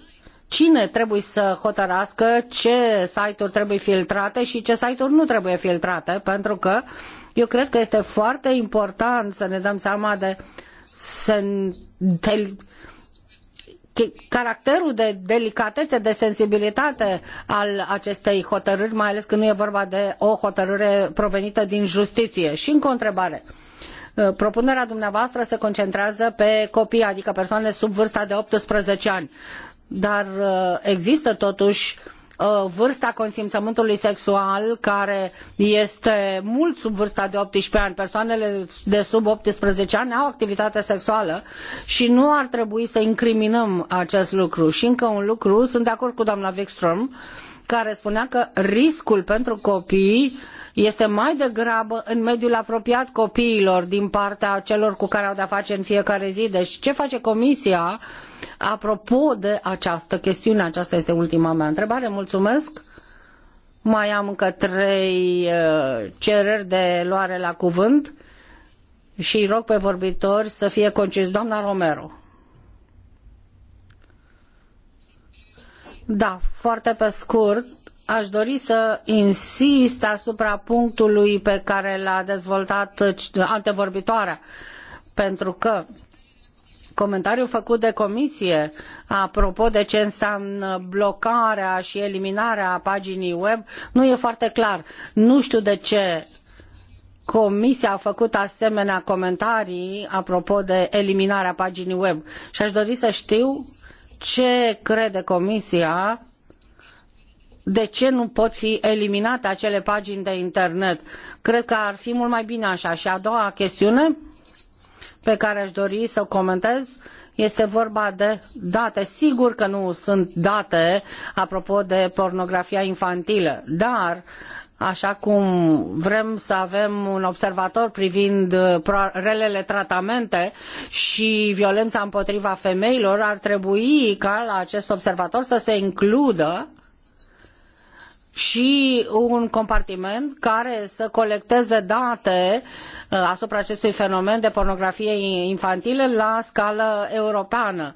cine trebuie să hotărască ce site-uri trebuie filtrate și ce site-uri nu trebuie filtrate, pentru că eu cred că este foarte important să ne dăm seama de, de caracterul de delicatețe, de sensibilitate al acestei hotărâri, mai ales când nu e vorba de o hotărâre provenită din justiție. Și încă o întrebare uh, propunerea dumneavoastră se concentrează pe copii, adică persoane sub vârsta de 18 ani dar uh, există totuși uh, vârsta consimțământului sexual care este mult sub vârsta de 18 ani. Persoanele de sub 18 ani au activitate sexuală și nu ar trebui să incriminăm acest lucru. Și încă un lucru, sunt de acord cu doamna Wikström, care spunea că riscul pentru copii uh, este mai degrabă în mediul apropiat copiilor din partea celor cu care au de-a face în fiecare zi. Deci ce face Comisia apropo de această chestiune? Aceasta este ultima mea întrebare. Mulțumesc! Mai am încă trei uh, cereri de luare la cuvânt și îi rog pe vorbitori să fie concis. Doamna Romero. Da, foarte pe scurt Aș dori să insist asupra punctului pe care l-a dezvoltat antevorbitoarea, pentru că comentariul făcut de comisie apropo de ce înseamnă blocarea și eliminarea paginii web nu e foarte clar. Nu știu de ce Comisia a făcut asemenea comentarii apropo de eliminarea paginii web și aș dori să știu ce crede Comisia de ce nu pot fi eliminate acele pagini de internet? Cred că ar fi mult mai bine așa. Și a doua chestiune pe care aș dori să o comentez este vorba de date. Sigur că nu sunt date apropo de pornografia infantilă, dar așa cum vrem să avem un observator privind uh, relele tratamente și violența împotriva femeilor, ar trebui ca la acest observator să se includă și un compartiment care să colecteze date uh, asupra acestui fenomen de pornografie infantilă la scală europeană.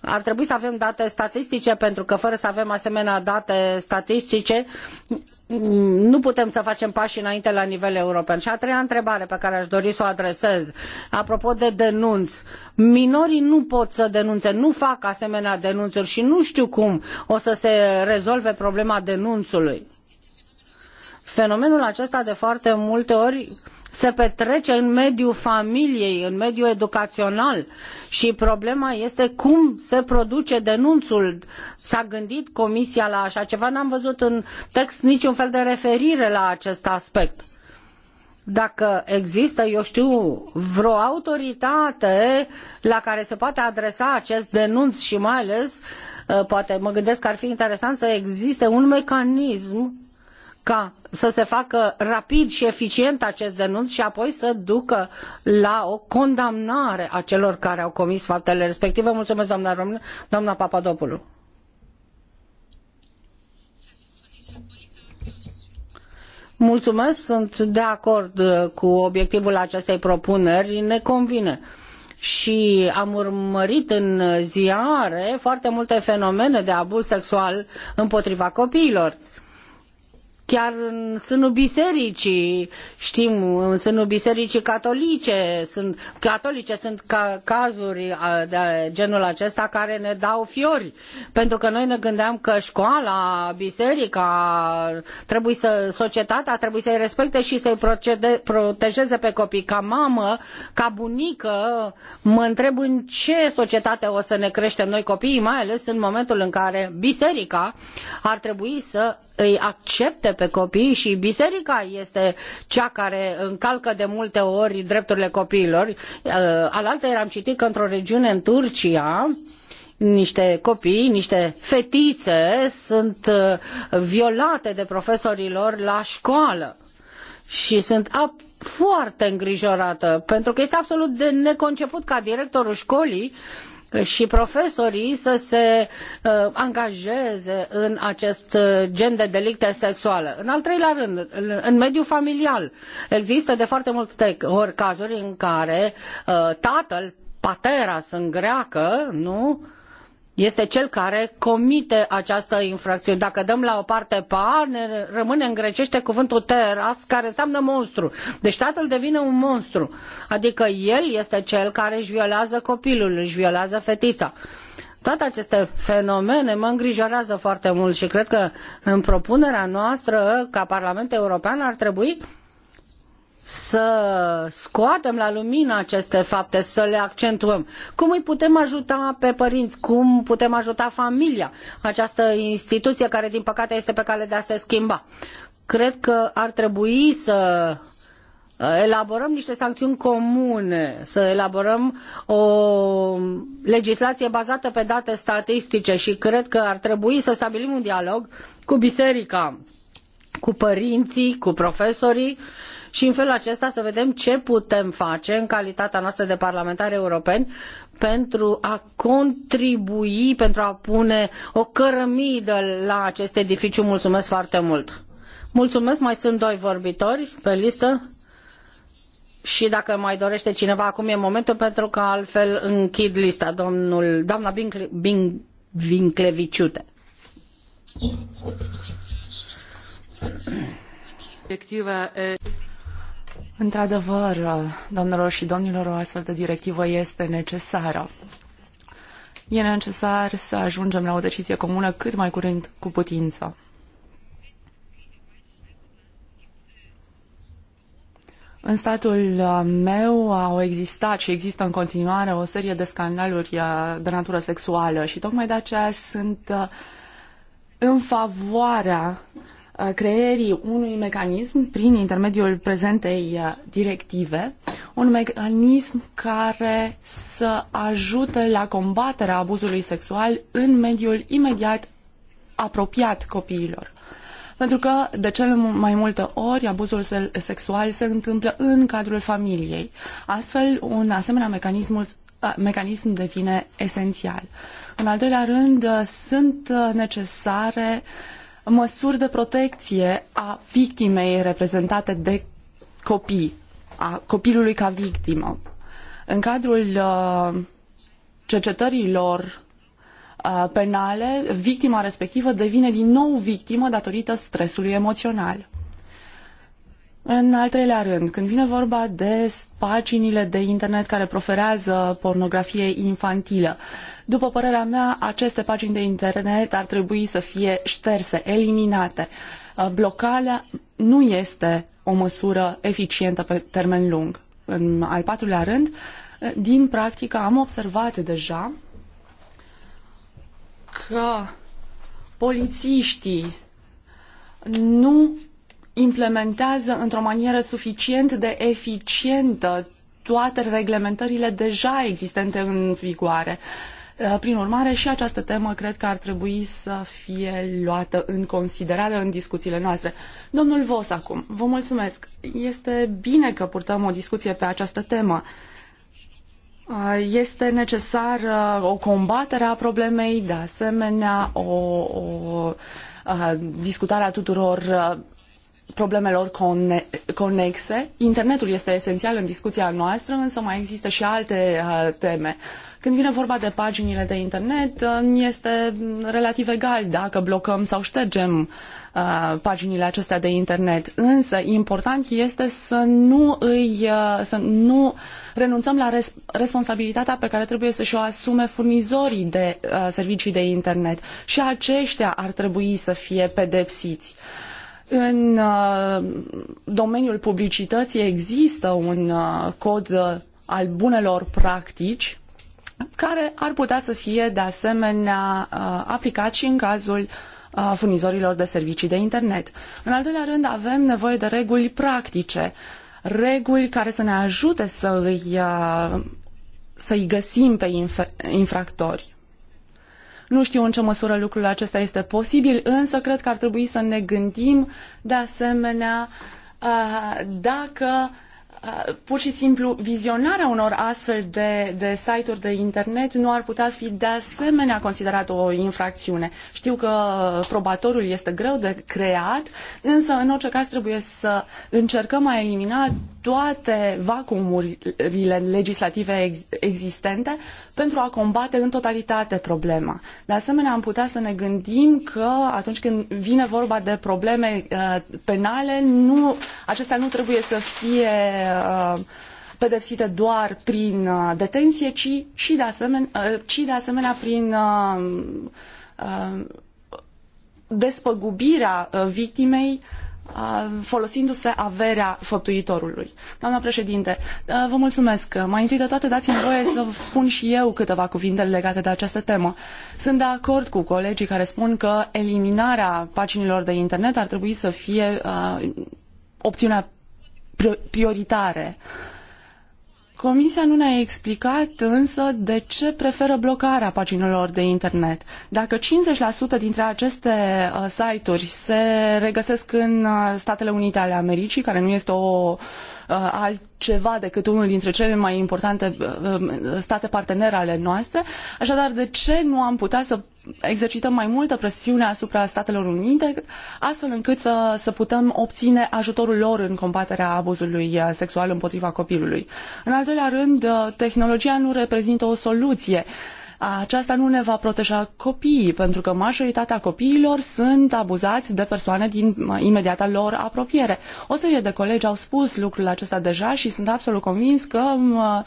Ar trebui să avem date statistice pentru că fără să avem asemenea date statistice Mm, nu putem să facem pași înainte la nivel european. Și a treia întrebare pe care aș dori să o adresez, apropo de denunț, minorii nu pot să denunțe, nu fac asemenea denunțuri și nu știu cum o să se rezolve problema denunțului. Fenomenul acesta de foarte multe ori se petrece în mediul familiei, în mediul educațional și problema este cum se produce denunțul. S-a gândit comisia la așa ceva, n-am văzut în text niciun fel de referire la acest aspect dacă există, eu știu, vreo autoritate la care se poate adresa acest denunț și mai ales, uh, poate mă gândesc că ar fi interesant să existe un mecanism ca să se facă rapid și eficient acest denunț și apoi să ducă la o condamnare a celor care au comis faptele respective. Mulțumesc, doamna Română, doamna Papadopoulou. Mulțumesc, sunt de acord uh, cu obiectivul acestei propuneri, ne convine și am urmărit în ziare foarte multe fenomene de abuz sexual împotriva copiilor chiar în sânul bisericii, știm, în sânul bisericii catolice sunt, catolice sunt ca, cazuri de genul acesta care ne dau fiori, pentru că noi ne gândeam că școala, biserica, trebuie să, societatea trebuie să-i respecte și să-i protejeze pe copii. Ca mamă, ca bunică, mă întreb în ce societate o să ne creștem noi copiii, mai ales în momentul în care biserica ar trebui să îi accepte pe copii și biserica este cea care încalcă de multe ori drepturile copiilor. Uh, alaltă am citit că într-o regiune în Turcia niște copii, niște fetițe sunt uh, violate de profesorilor la școală și sunt foarte îngrijorată pentru că este absolut de neconceput ca directorul școlii și profesorii să se uh, angajeze în acest uh, gen de delicte sexuale. În al treilea rând, în mediul familial există de foarte multe ori cazuri în care uh, tatăl, patera, sunt greacă, nu? este cel care comite această infracțiune. Dacă dăm la o parte pa, ne rămâne în grecește cuvântul teras, care înseamnă monstru. Deci tatăl devine un monstru. Adică el este cel care își violează copilul, își violează fetița. Toate aceste fenomene mă îngrijorează foarte mult și cred că în propunerea noastră ca Parlament European ar trebui să scoatem la lumină aceste fapte, să le accentuăm. Cum îi putem ajuta pe părinți? Cum putem ajuta familia? Această instituție care, din păcate, este pe cale de a se schimba. Cred că ar trebui să elaborăm niște sancțiuni comune, să elaborăm o legislație bazată pe date statistice și cred că ar trebui să stabilim un dialog cu biserica, cu părinții, cu profesorii, uh, și în felul acesta să vedem ce putem face în calitatea noastră de parlamentari europeni pentru a contribui, pentru a pune o cărămidă la acest edificiu. Mulțumesc foarte mult! Mulțumesc, mai sunt doi vorbitori pe listă și dacă mai dorește cineva, acum e momentul pentru că altfel închid lista. Domnul, doamna Bincle, bing Vincleviciute. Directiva eh, Într-adevăr, doamnelor și domnilor, o astfel de directivă este necesară. E necesar să ajungem la o decizie comună cât mai curând cu putință. În statul uh, meu au existat și există în continuare o serie de scandaluri uh, de natură sexuală și tocmai de aceea sunt uh, în favoarea creierii unui mecanism prin intermediul prezentei uh, directive, un mecanism care să ajute la combaterea abuzului sexual în mediul imediat apropiat copiilor. Pentru că, de cel mai multe ori, abuzul sexual se întâmplă în cadrul familiei. Astfel, un asemenea mecanism uh, mecanism devine esențial. În al doilea rând, uh, sunt necesare uh, măsuri de protecție a victimei reprezentate de copii, a copilului ca victimă. În cadrul uh, cercetărilor uh, penale, victima respectivă devine din nou victimă datorită stresului emoțional. În al treilea rând, când vine vorba de paginile de internet care proferează pornografie infantilă, după părerea mea, aceste pagini de internet ar trebui să fie șterse, eliminate. Uh, blocarea nu este o măsură eficientă pe termen lung. În al patrulea rând, uh, din practică am observat deja că polițiștii nu implementează într-o manieră suficient de eficientă toate reglementările deja existente în vigoare. Uh, prin urmare, și această temă cred că ar trebui să fie luată în considerare în discuțiile noastre. Domnul Vos, acum, vă mulțumesc. Este bine că purtăm o discuție pe această temă. Uh, este necesară o combatere a problemei, de asemenea o, o uh, discutare a tuturor problemelor conexe. Internetul este esențial în discuția noastră, însă mai există și alte uh, teme. Când vine vorba de paginile de internet, uh, este relativ egal dacă blocăm sau ștergem uh, paginile acestea de internet. Însă, important este să nu, îi, să nu renunțăm la res, responsabilitatea pe care trebuie să și-o asume furnizorii de servicii de internet. Și aceștia ar trebui să fie pedepsiți. Uh, în uh, domeniul publicității există un uh, cod uh, al bunelor practici care ar putea să fie de asemenea aplicat și în cazul furnizorilor de servicii de internet. În al doilea rând, avem nevoie de reguli practice, reguli care să ne ajute să îi, să îi găsim pe infractori. Nu știu în ce măsură lucrul acesta este posibil, însă cred că ar trebui să ne gândim de asemenea dacă pur și simplu vizionarea unor astfel de, de site-uri de internet nu ar putea fi de asemenea considerată o infracțiune. Știu că probatorul este greu de creat, însă în orice caz trebuie să încercăm a elimina toate vacuumurile legislative ex existente pentru a combate în totalitate problema. De asemenea, am putea să ne gândim că atunci când vine vorba de probleme uh, penale, nu, acestea nu trebuie să fie uh, pedepsite doar prin uh, detenție, ci, și de asemenea, uh, ci de asemenea prin uh, uh, despăgubirea uh, victimei folosindu-se averea făptuitorului. Doamna președinte, vă mulțumesc. Mai întâi de toate dați-mi voie să spun și eu câteva cuvinte legate de această temă. Sunt de acord cu colegii care spun că eliminarea paginilor de internet ar trebui să fie uh, opțiunea prioritară. Uh, Comisia nu ne-a explicat însă de ce preferă blocarea paginilor de internet. Dacă 50% dintre aceste uh, site-uri se regăsesc în uh, Statele Unite ale Americii, care nu este o uh, Uh, altceva decât unul dintre cele mai importante uh, uh, state partenere ale noastre. Așadar, de ce nu am putea să exercităm mai multă presiune asupra Statelor Unite, astfel încât să, să putem obține ajutorul lor în combaterea abuzului sexual împotriva copilului. În al doilea rând, tehnologia nu reprezintă o soluție aceasta nu ne va proteja copiii, pentru că majoritatea copiilor sunt abuzați de persoane din uh, imediata lor apropiere. O serie de colegi au spus lucrul acesta deja și sunt absolut convins că um, uh,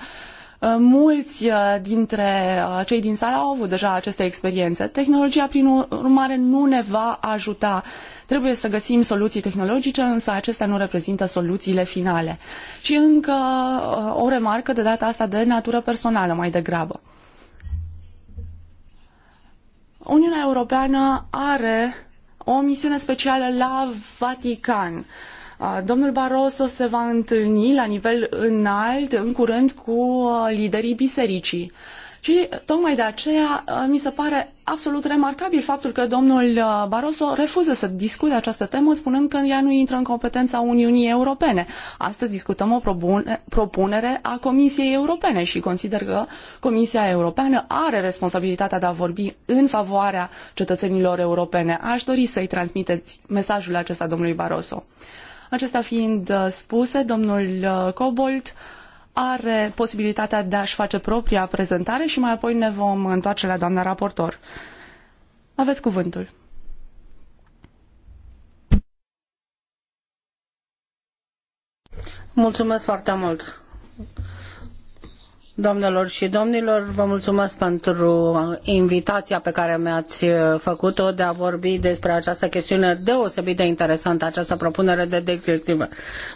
uh, mulți dintre cei din sală au avut deja aceste experiențe. Tehnologia, prin urmare, nu ne va ajuta. Trebuie să găsim soluții tehnologice, însă acestea nu reprezintă soluțiile finale. Și încă o remarcă de data asta de natură personală mai degrabă. Uniunea Europeană are o misiune specială la Vatican. Uh, domnul Barroso se va întâlni la nivel înalt în curând cu uh, liderii bisericii. Și tocmai de aceea uh, mi se pare absolut remarcabil faptul că domnul uh, Barroso refuză să discute această temă, spunând că ea nu intră în competența Uniunii Europene. Astăzi discutăm o propunere a Comisiei Europene și consider că Comisia Europeană are responsabilitatea de a vorbi în favoarea cetățenilor europene. Aș dori să-i transmiteți mesajul acesta domnului Barroso. Acestea fiind uh, spuse, domnul Cobold are posibilitatea de a-și face propria prezentare și mai apoi ne vom întoarce la doamna raportor. Aveți cuvântul. Mulțumesc foarte mult. Domnilor și domnilor, vă mulțumesc pentru invitația pe care mi-ați uh, făcut-o de a vorbi despre această chestiune deosebit de interesantă, această propunere de directivă.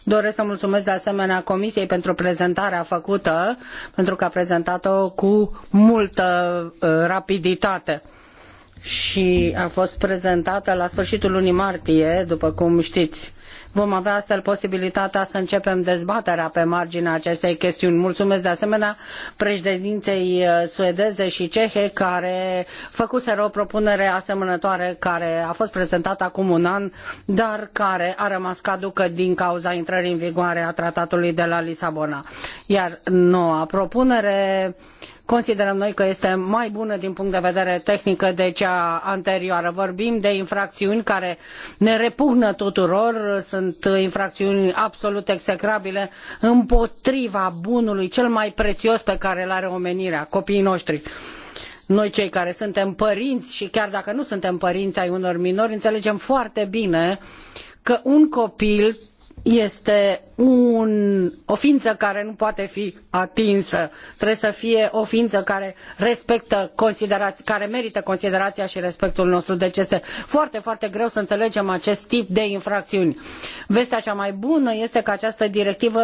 Doresc să mulțumesc de asemenea Comisiei pentru prezentarea făcută, pentru că a prezentat-o cu multă uh, rapiditate și a fost prezentată la sfârșitul lunii martie, după cum știți. Vom avea astfel posibilitatea să începem dezbaterea pe marginea acestei chestiuni. Mulțumesc de asemenea președinței uh, suedeze și cehe care făcuseră o propunere asemănătoare care a fost prezentată acum un an, dar care a rămas caducă din cauza intrării în vigoare a tratatului de la Lisabona. Iar noua propunere considerăm noi că este mai bună din punct de vedere tehnic de cea anterioară. Vorbim de infracțiuni care ne repugnă tuturor, sunt infracțiuni absolut execrabile împotriva bunului cel mai prețios pe care îl are omenirea, copiii noștri noi cei care suntem părinți și chiar dacă nu suntem părinți ai unor minori, înțelegem foarte bine că un copil este o ființă care nu poate fi atinsă. Trebuie să fie o ființă care, respectă care merită considerația și respectul nostru. Deci este foarte, foarte greu să înțelegem acest tip de infracțiuni. Vestea cea mai bună este că această directivă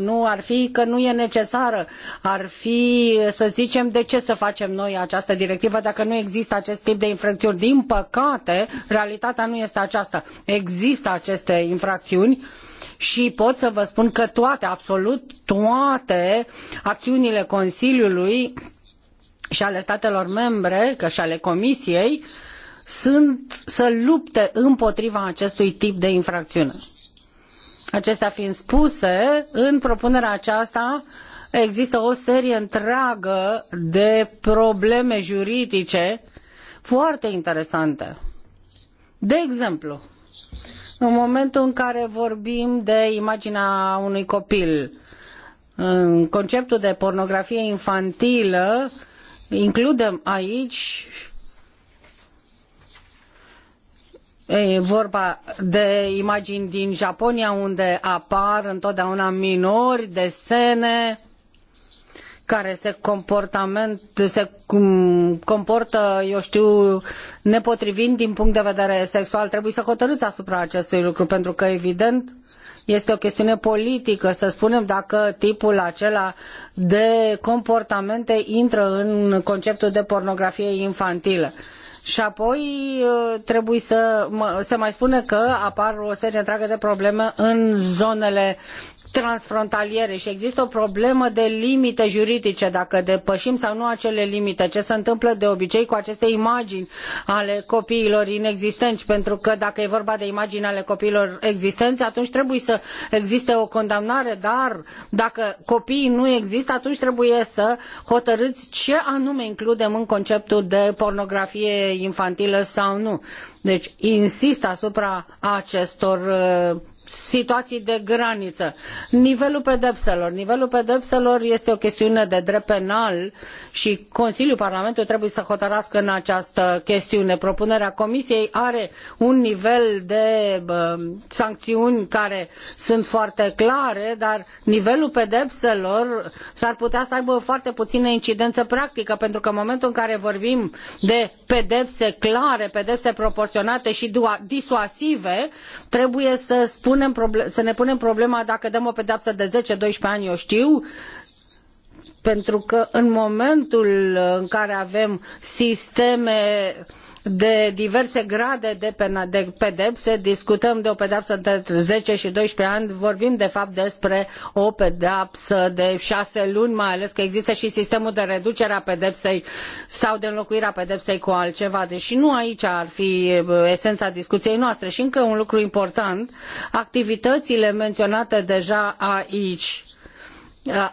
nu ar fi că nu e necesară. Ar fi, să zicem, de ce să facem noi această directivă dacă nu există acest tip de infracțiuni. Din păcate, realitatea nu este aceasta. Există aceste infracțiuni și pot să vă spun că toate, absolut toate acțiunile Consiliului și ale statelor membre, că și ale Comisiei, sunt să lupte împotriva acestui tip de infracțiune. Acestea fiind spuse, în propunerea aceasta există o serie întreagă de probleme juridice foarte interesante. De exemplu, în momentul în care vorbim de imaginea unui copil, conceptul de pornografie infantilă includem aici E vorba de imagini din Japonia unde apar întotdeauna minori, desene care se, comportament, se comportă, eu știu, nepotrivit din punct de vedere sexual, trebuie să hotărâți asupra acestui lucru, pentru că, evident, este o chestiune politică, să spunem, dacă tipul acela de comportamente intră în conceptul de pornografie infantilă. Și apoi ă, trebuie să se mai spune că apar o serie întreagă de probleme în zonele transfrontaliere și există o problemă de limite juridice, dacă depășim sau nu acele limite, ce se întâmplă de obicei cu aceste imagini ale copiilor inexistenți, pentru că dacă e vorba de imagini ale copiilor existenți, atunci trebuie să existe o condamnare, dar dacă copiii nu există, atunci trebuie să hotărâți ce anume includem în conceptul de pornografie infantilă sau nu. Deci insist asupra acestor uh, situații de graniă. Nivelul pedepselor. Nivelul pedepselor este o chestiune de drept penal și Consiliul Parlamentului trebuie să hotărască în această chestiune. Propunerea Comisiei are un nivel de uh, sancțiuni care sunt foarte clare, dar nivelul pedepselor s-ar putea să aibă foarte puțină incidență practică, pentru că în momentul în care vorbim de pedepse clare, pedepse proporționate și disuasive, trebuie să spunem să ne punem problema dacă dăm o pedeapsă de zece, 12 ani, eu știu, pentru că în momentul în care avem sisteme uh, de diverse grade de pedepse, discutăm de o pedeapsă de 10 și 12 ani, vorbim de fapt despre o pedeapsă de 6 luni, mai ales că există și sistemul de reducere a pedepsei sau de înlocuire a pedepsei cu altceva. Deși deci nu aici ar fi uh, esența discuției noastre. Și încă un lucru important, activitățile menționate deja aici uh,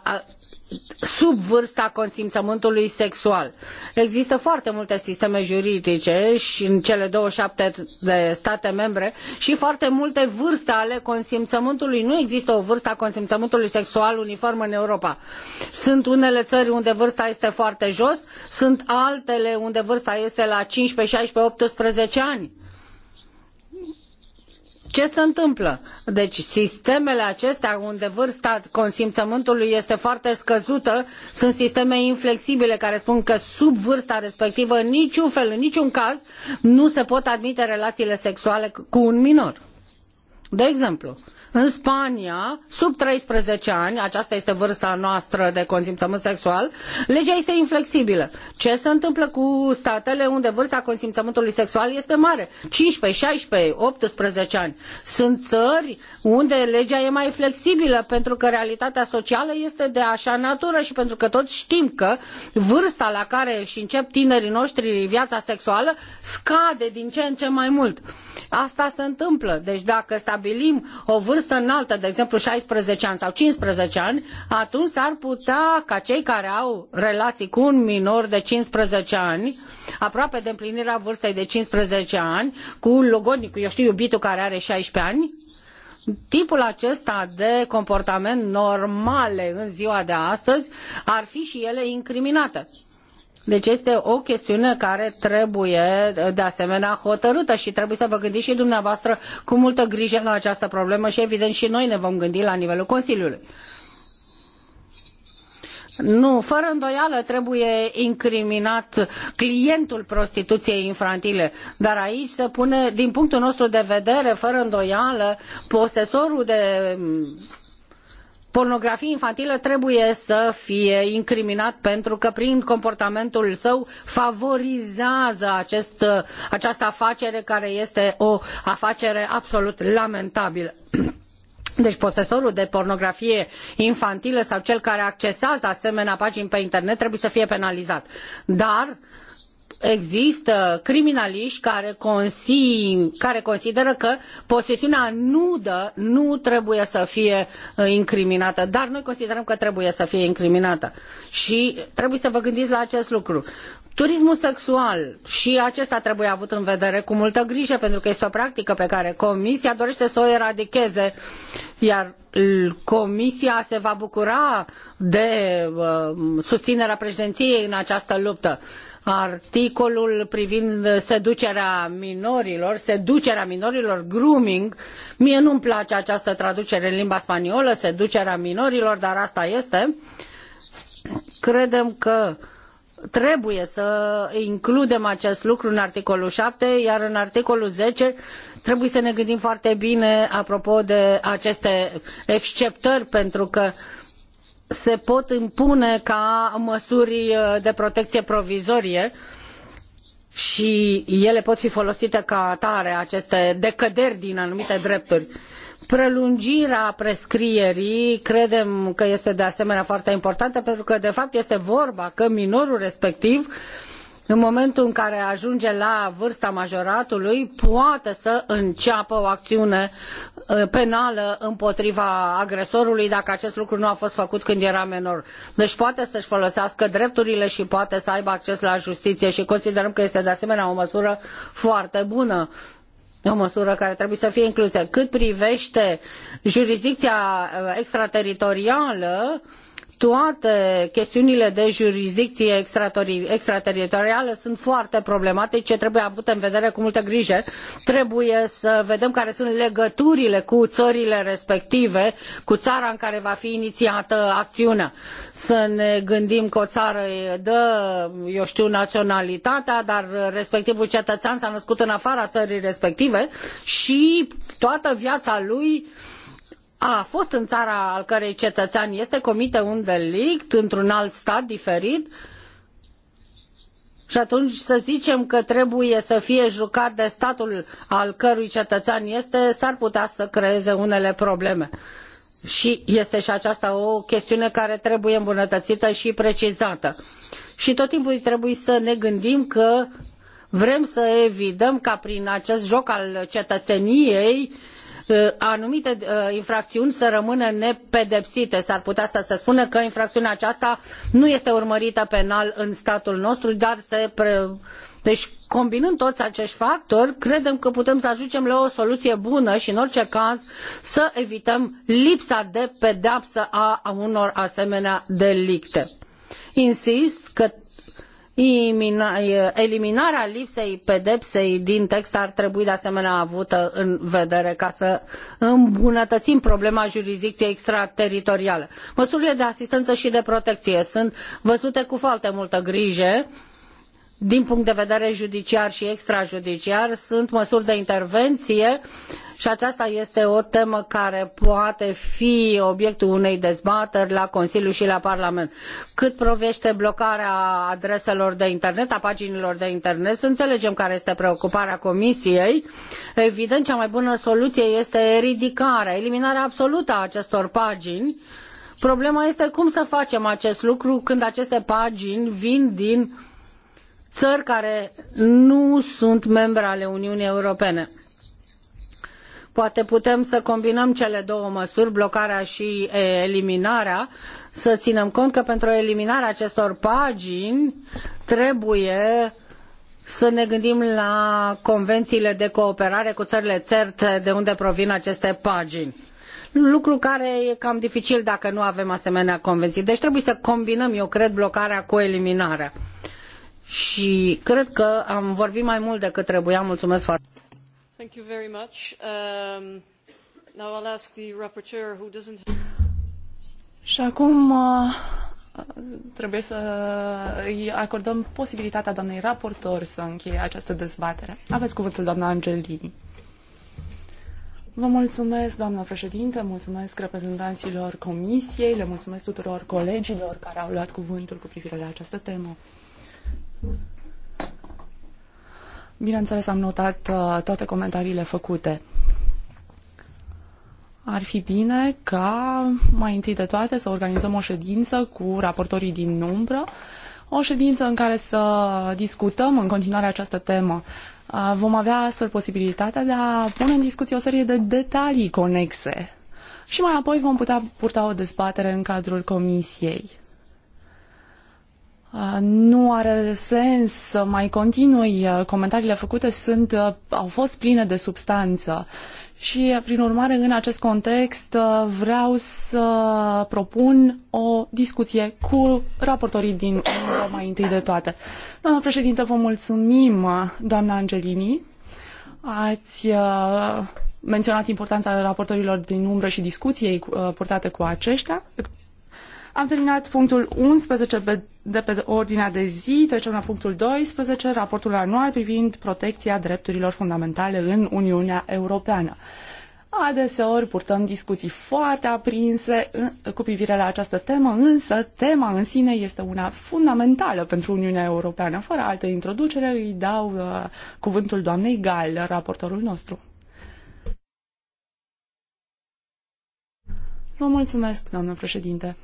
sub vârsta consimțământului sexual. Există foarte multe sisteme juridice și în cele 27 de state membre și foarte multe vârste ale consimțământului. Nu există o vârstă a consimțământului sexual uniformă în Europa. Sunt unele țări unde vârsta este foarte jos, sunt altele unde vârsta este la 15, 16, 18 ani. Ce se întâmplă? Deci sistemele acestea unde vârsta consimțământului este foarte scăzută sunt sisteme inflexibile care spun că sub vârsta respectivă în niciun fel, în niciun caz nu se pot admite relațiile sexuale cu un minor. De exemplu, în Spania, sub 13 ani, aceasta este vârsta noastră de consimțământ sexual, legea este inflexibilă. Ce se întâmplă cu statele unde vârsta consimțământului sexual este mare? 15, 16, 18 ani. Sunt țări unde legea e mai flexibilă pentru că realitatea socială este de așa natură și pentru că toți știm că vârsta la care își încep tinerii noștri viața sexuală scade din ce în ce mai mult. Asta se întâmplă. Deci dacă stabilim o vârstă vârstă înaltă, de exemplu 16 ani sau 15 ani, atunci ar putea ca cei care au relații cu un minor de 15 ani, aproape de împlinirea vârstei de 15 ani, cu logodnicul, eu știu, iubitul care are 16 ani, tipul acesta de comportament normale în ziua de astăzi ar fi și ele incriminate. Deci este o chestiune care trebuie de asemenea hotărâtă și trebuie să vă gândiți și dumneavoastră cu multă grijă la această problemă și evident și noi ne vom gândi la nivelul Consiliului. Nu, fără îndoială trebuie incriminat clientul prostituției infantile, dar aici se pune, din punctul nostru de vedere, fără îndoială, posesorul de pornografie infantilă trebuie să fie incriminat pentru că prin comportamentul său favorizează acest, această afacere care este o afacere absolut lamentabilă. (clears throat) Deci posesorul de pornografie infantilă sau cel care accesează asemenea pagini pe internet trebuie să fie penalizat. Dar există criminaliști care, care consideră că posesiunea nudă nu trebuie să fie uh, incriminată, dar noi considerăm că trebuie să fie incriminată. Și trebuie să vă gândiți la acest lucru. Turismul sexual și acesta trebuie avut în vedere cu multă grijă pentru că este o practică pe care Comisia dorește să o eradicheze, iar Comisia se va bucura de uh, susținerea președinției în această luptă articolul privind seducerea minorilor, seducerea minorilor, grooming. Mie nu-mi place această traducere în limba spaniolă, seducerea minorilor, dar asta este. Credem că trebuie să includem acest lucru în articolul 7, iar în articolul 10 trebuie să ne gândim foarte bine apropo de aceste exceptări, pentru că se pot impune ca măsuri uh, de protecție provizorie și ele pot fi folosite ca atare, aceste decăderi din anumite drepturi. Prelungirea prescrierii credem că este de asemenea foarte importantă pentru că de fapt este vorba că minorul respectiv uh, în momentul în care ajunge la vârsta majoratului, poate să înceapă o acțiune uh, penală împotriva agresorului dacă acest lucru nu a fost făcut când era minor. Deci poate să-și folosească drepturile și poate să aibă acces la justiție și considerăm că este de asemenea o măsură foarte bună o măsură care trebuie să fie inclusă. Cât privește jurisdicția uh, extrateritorială, toate chestiunile de jurisdicție extrateritorială sunt foarte problematice, trebuie avute în vedere cu multă grijă. Trebuie să vedem care sunt legăturile cu țările respective, cu țara în care va fi inițiată acțiunea. Să ne gândim că o țară dă, eu știu, naționalitatea, dar respectivul cetățean s-a născut în afara țării respective și toată viața lui a fost în ara al cărei cetăean este, comite un delict într-un alt stat diferit i atunci să zicem că trebuie să fie jucat de statul al cărui cetăean este, s-ar putea să creeze unele probleme. Și este și aceasta o chestiune care trebuie îmbunătățită și precizată. Și tot timpul trebuie să ne gândim că vrem să evităm ca prin acest joc al cetățeniei uh, Uh, anumite uh, infracțiuni să rămână nepedepsite. S-ar putea să se spună că infracțiunea aceasta nu este urmărită penal în statul nostru, dar se pre... Deci, combinând toți acești factori, credem că putem să ajungem la o soluție bună și, în orice caz, să evităm lipsa de pedeapsă a unor asemenea delicte. Insist că eliminarea lipsei pedepsei din text ar trebui de asemenea avută în vedere ca să îmbunătățim problema jurisdicției extrateritoriale. Măsurile de asistență și de protecție sunt văzute cu foarte multă grijă din punct de vedere judiciar și extrajudiciar sunt măsuri de intervenție și aceasta este o temă care poate fi obiectul unei dezbateri la Consiliu și la Parlament. Cât provește blocarea adreselor de internet, a paginilor de internet, înțelegem care este preocuparea Comisiei. Evident, cea mai bună soluție este ridicarea, eliminarea absolută a acestor pagini. Problema este cum să facem acest lucru când aceste pagini vin din țări care nu sunt membre ale Uniunii Europene. Poate putem să combinăm cele două măsuri, blocarea și eliminarea, să ținem cont că pentru eliminarea acestor pagini trebuie să ne gândim la convențiile de cooperare cu țările țerte de unde provin aceste pagini. Lucru care e cam dificil dacă nu avem asemenea convenții. Deci trebuie să combinăm, eu cred, blocarea cu eliminarea. Uh, și cred că am vorbit mai mult decât trebuia. Mulțumesc foarte mult. Și acum uh, trebuie să îi acordăm posibilitatea doamnei raportor să încheie această dezbatere. Aveți cuvântul, doamna Angelini. Vă mulțumesc, doamna președinte, mulțumesc reprezentanților comisiei, le mulțumesc tuturor colegilor care au luat cuvântul cu privire la această temă. Bineînțeles, am notat uh, toate comentariile făcute. Ar fi bine ca, mai întâi de toate, să organizăm o ședință cu raportorii din umbră, o ședință în care să discutăm în continuare această temă. Uh, vom avea astfel posibilitatea de a pune în discuție o serie de detalii conexe și mai apoi vom putea purta o dezbatere în cadrul comisiei. Uh, nu are sens să mai continui. Uh, comentariile făcute sunt, uh, au fost pline de substanță. Și, prin urmare, în acest context, vreau să propun o discuție cu raportorii din umbră mai întâi de toate. Doamna președinte, vă mulțumim, doamna Angelini. Ați menționat importanța raportorilor din umbră și discuției purtate cu aceștia, am terminat punctul 11 de pe ordinea de zi, trecem la punctul 12, raportul anual privind protecția drepturilor fundamentale în Uniunea Europeană. Adeseori purtăm discuții foarte aprinse cu privire la această temă, însă tema în sine este una fundamentală pentru Uniunea Europeană. Fără altă introducere, îi dau uh, cuvântul doamnei Gal, raportorul nostru. Vă mulțumesc, doamnă președinte.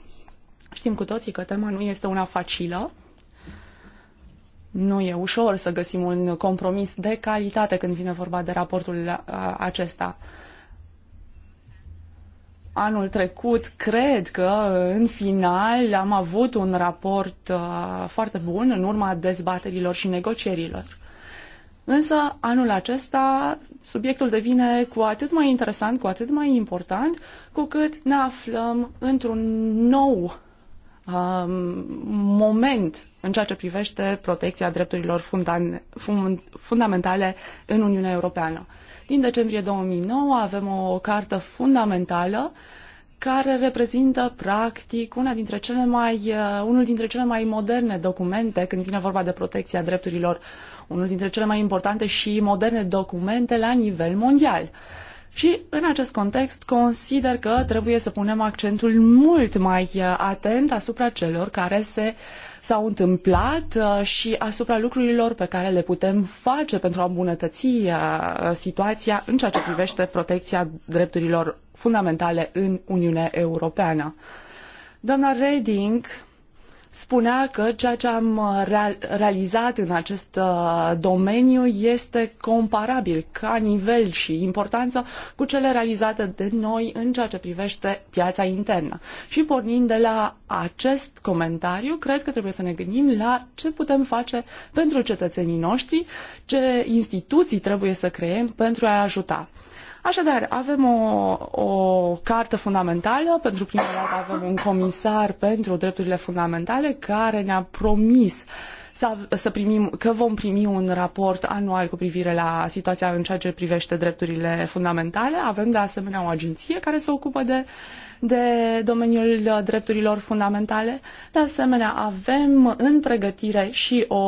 Știm cu toții că tema nu este una facilă. Nu e ușor să găsim un compromis de calitate când vine vorba de raportul uh, acesta. Anul trecut, cred că în final am avut un raport uh, foarte bun în urma dezbaterilor și negocierilor. Însă, anul acesta, subiectul devine cu atât mai interesant, cu atât mai important, cu cât ne aflăm într-un nou Um, moment în ceea ce privește protecția drepturilor fundamentale în Uniunea Europeană. Din decembrie 2009 avem o cartă fundamentală care reprezintă practic una dintre cele mai, uh, unul dintre cele mai moderne documente când vine vorba de protecția drepturilor, unul dintre cele mai importante și moderne documente la nivel mondial. Uh, și în acest context consider că trebuie să punem accentul mult mai uh, atent asupra celor care se s-au întâmplat uh, și asupra lucrurilor pe care le putem face pentru a îmbunătăți uh, situația în ceea ce privește protecția drepturilor fundamentale în Uniunea Europeană. Doamna Reding spunea că ceea ce am uh, realizat în acest uh, domeniu este comparabil ca nivel și importanță cu cele realizate de noi în ceea ce privește piața internă. Și pornind de la acest comentariu, cred că trebuie să ne gândim la ce putem face pentru cetățenii noștri, ce instituții trebuie să creăm pentru a-i ajuta. Așadar, avem o, o carte fundamentală, pentru prima dată avem un comisar pentru drepturile fundamentale care ne-a promis să, să primim, că vom primi un raport anual cu privire la situația în ceea ce privește drepturile fundamentale. Avem de asemenea o agenție care se ocupă de, de domeniul drepturilor fundamentale. De asemenea, avem în pregătire și o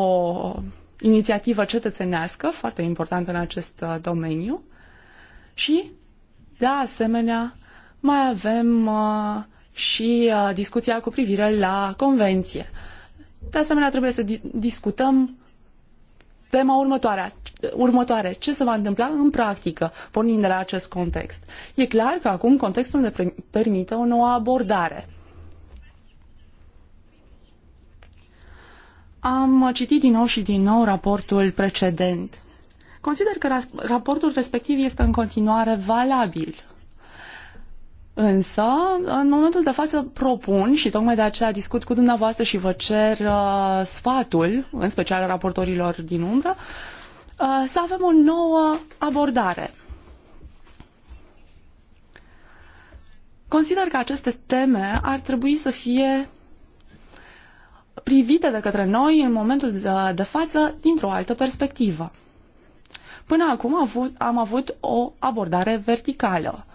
inițiativă cetățenească foarte importantă în acest domeniu. Și, de asemenea, mai avem uh, și uh, discuția cu privire la convenție. De asemenea, trebuie să di discutăm tema următoare. următoare. Ce se va întâmpla în practică, pornind de la acest context? E clar că acum contextul ne permite o nouă abordare. Am citit din nou și din nou raportul precedent. Consider că raportul respectiv este în continuare valabil. Însă, în momentul de față propun și tocmai de aceea discut cu dumneavoastră și vă cer uh, sfatul, în special raportorilor din umbră, uh, să avem o nouă abordare. Consider că aceste teme ar trebui să fie privite de către noi în momentul de, de față dintr-o altă perspectivă. Până acum am avut, am avut o abordare verticală.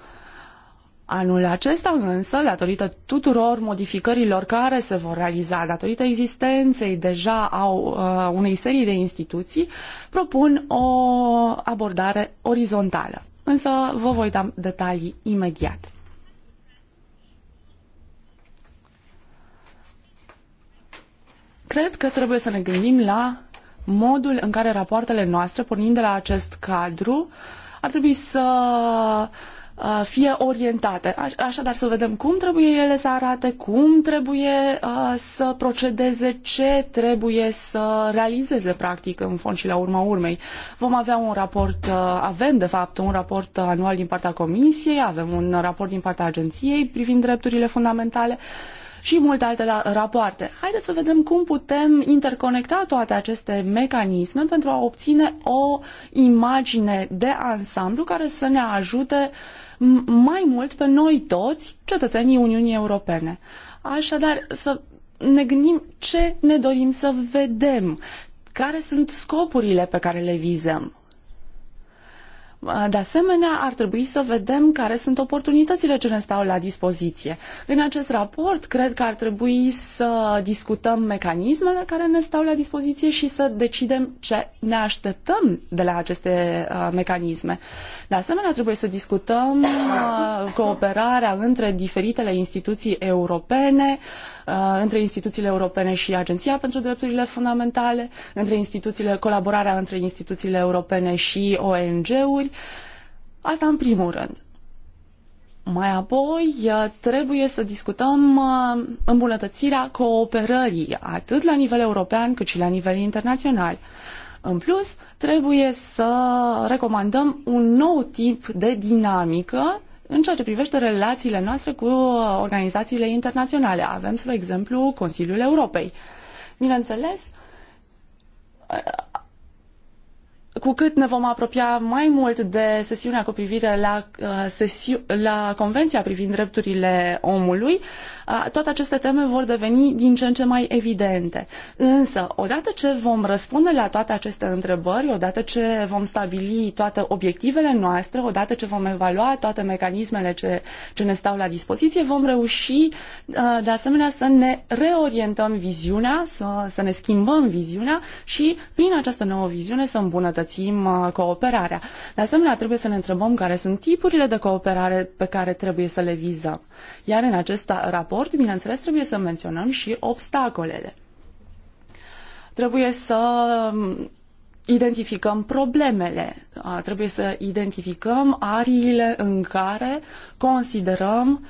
Anul acesta însă, datorită tuturor modificărilor care se vor realiza, datorită existenței deja a uh, unei serii de instituții, propun o abordare orizontală. Însă vă voi da detalii imediat. Cred că trebuie să ne gândim la modul în care rapoartele noastre, pornind de la acest cadru, ar trebui să uh, fie orientate. Așadar să vedem cum trebuie ele să arate, cum trebuie uh, să procedeze, ce trebuie să realizeze practic în fond și la urma urmei. Vom avea un raport, uh, avem de fapt un raport anual din partea Comisiei, avem un raport din partea Agenției privind drepturile fundamentale. Uh, și multe alte rapoarte. Haideți să vedem cum putem interconecta toate aceste mecanisme pentru a obține o imagine de ansamblu care să ne ajute mai mult pe noi toți, cetățenii Uniunii Europene. Așadar, să ne gândim ce ne dorim să vedem, care sunt scopurile pe care le vizăm. De asemenea, ar trebui să vedem care sunt oportunitățile ce ne stau la dispoziție. În acest raport, cred că ar trebui să discutăm mecanismele care ne stau la dispoziție și să decidem ce ne așteptăm de la aceste uh, mecanisme. De asemenea, trebuie să discutăm uh, cooperarea între diferitele instituții europene, uh, Uh, între instituțiile europene și Agenția pentru Drepturile Fundamentale, între instituțiile, colaborarea între instituțiile europene și ONG-uri. Asta în primul rând. Mai apoi, uh, trebuie să discutăm uh, îmbunătățirea cooperării, atât la nivel european cât și la nivel internațional. În plus, trebuie să recomandăm un nou tip de dinamică în ceea ce privește relațiile noastre cu organizațiile internaționale. Avem, spre exemplu, Consiliul Europei. Bineînțeles, cu cât ne vom apropia mai mult de sesiunea cu privire la, uh, sesi- la Convenția privind drepturile omului, toate aceste teme vor deveni din ce în ce mai evidente. Însă, odată ce vom răspunde la toate aceste întrebări, odată ce vom stabili toate obiectivele noastre, odată ce vom evalua toate mecanismele ce, ce ne stau la dispoziție, vom reuși de asemenea să ne reorientăm viziunea, să, să ne schimbăm viziunea și prin această nouă viziune să îmbunătățim cooperarea. De asemenea, trebuie să ne întrebăm care sunt tipurile de cooperare pe care trebuie să le vizăm. Iar în acest raport sport, bineînțeles, trebuie să menționăm și obstacolele. Trebuie să um, identificăm problemele, trebuie să identificăm ariile în care considerăm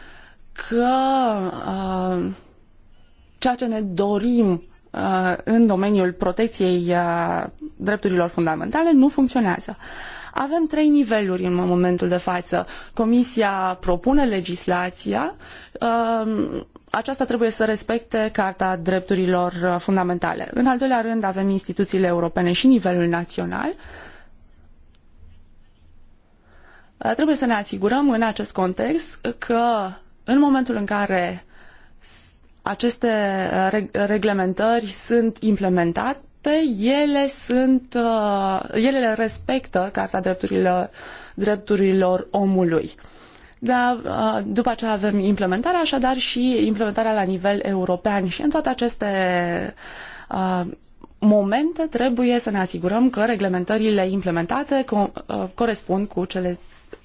că ceea ce ne dorim în domeniul protecției drepturilor fundamentale nu funcționează. Avem trei niveluri în momentul de față. Comisia propune legislația, um, aceasta trebuie să respecte Carta Drepturilor Fundamentale. În al doilea rând avem instituțiile europene și nivelul național. Uh, trebuie să ne asigurăm în acest context că în momentul în care aceste uh, reglementări sunt implementate, ele sunt, uh, ele respectă Carta Drepturilor, Drepturilor Omului. Dar uh, după aceea avem implementarea, așadar și implementarea la nivel european și în toate aceste uh, momente trebuie să ne asigurăm că reglementările implementate corespund cu cele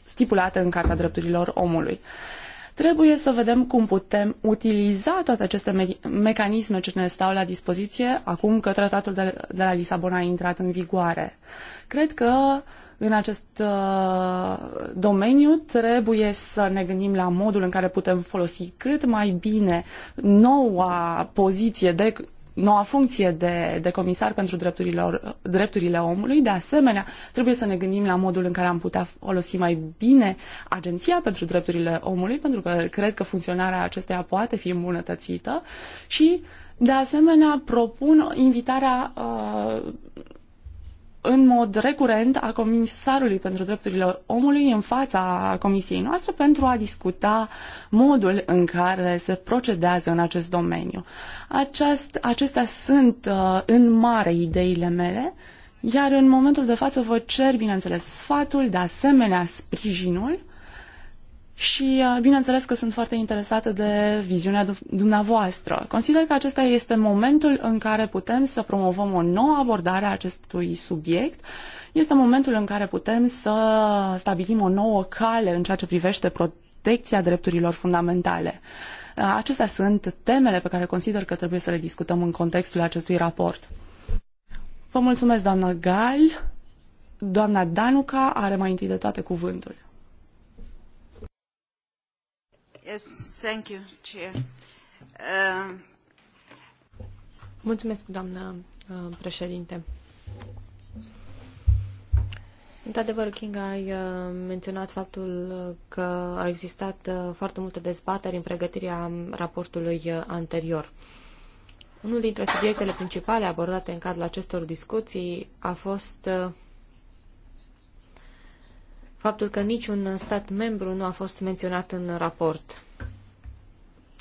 stipulate în Carta Drepturilor Omului. Trebuie să vedem cum putem utiliza toate aceste me- mecanisme ce ne stau la dispoziție acum că tratatul de, de la Lisabona a intrat în vigoare. Cred că în acest uh, domeniu trebuie să ne gândim la modul în care putem folosi cât mai bine noua poziție de noua funcție de, de comisar pentru drepturile, drepturile omului. De asemenea, trebuie să ne gândim la modul în care am putea folosi mai bine Agenția pentru Drepturile Omului, pentru că cred că funcționarea acesteia poate fi îmbunătățită și, de asemenea, propun invitarea uh, în mod recurent a Comisarului pentru Drepturile Omului în fața Comisiei noastre pentru a discuta modul în care se procedează în acest domeniu. Aceast, acestea sunt uh, în mare ideile mele, iar în momentul de față vă cer, bineînțeles, sfatul, de asemenea sprijinul uh, și uh, bineînțeles că sunt foarte interesată de viziunea dumneavoastră. Consider că acesta este momentul în care putem să promovăm o nouă abordare a acestui subiect. Este momentul în care putem să stabilim o nouă cale în ceea ce privește protecția drepturilor fundamentale. Uh, acestea sunt temele pe care consider că trebuie să le discutăm în contextul acestui raport. Vă mulțumesc, doamna Gal. Doamna Danuca are mai întâi de toate cuvântul. Yes, thank you, uh, Mulțumesc, uh, Într-adevăr, King, ai uh, menționat faptul că au existat foarte multe dezbateri în pregătirea raportului anterior. Unul dintre subiectele principale abordate în cadrul acestor discuții a fost uh, faptul că niciun stat membru nu a fost menționat în raport.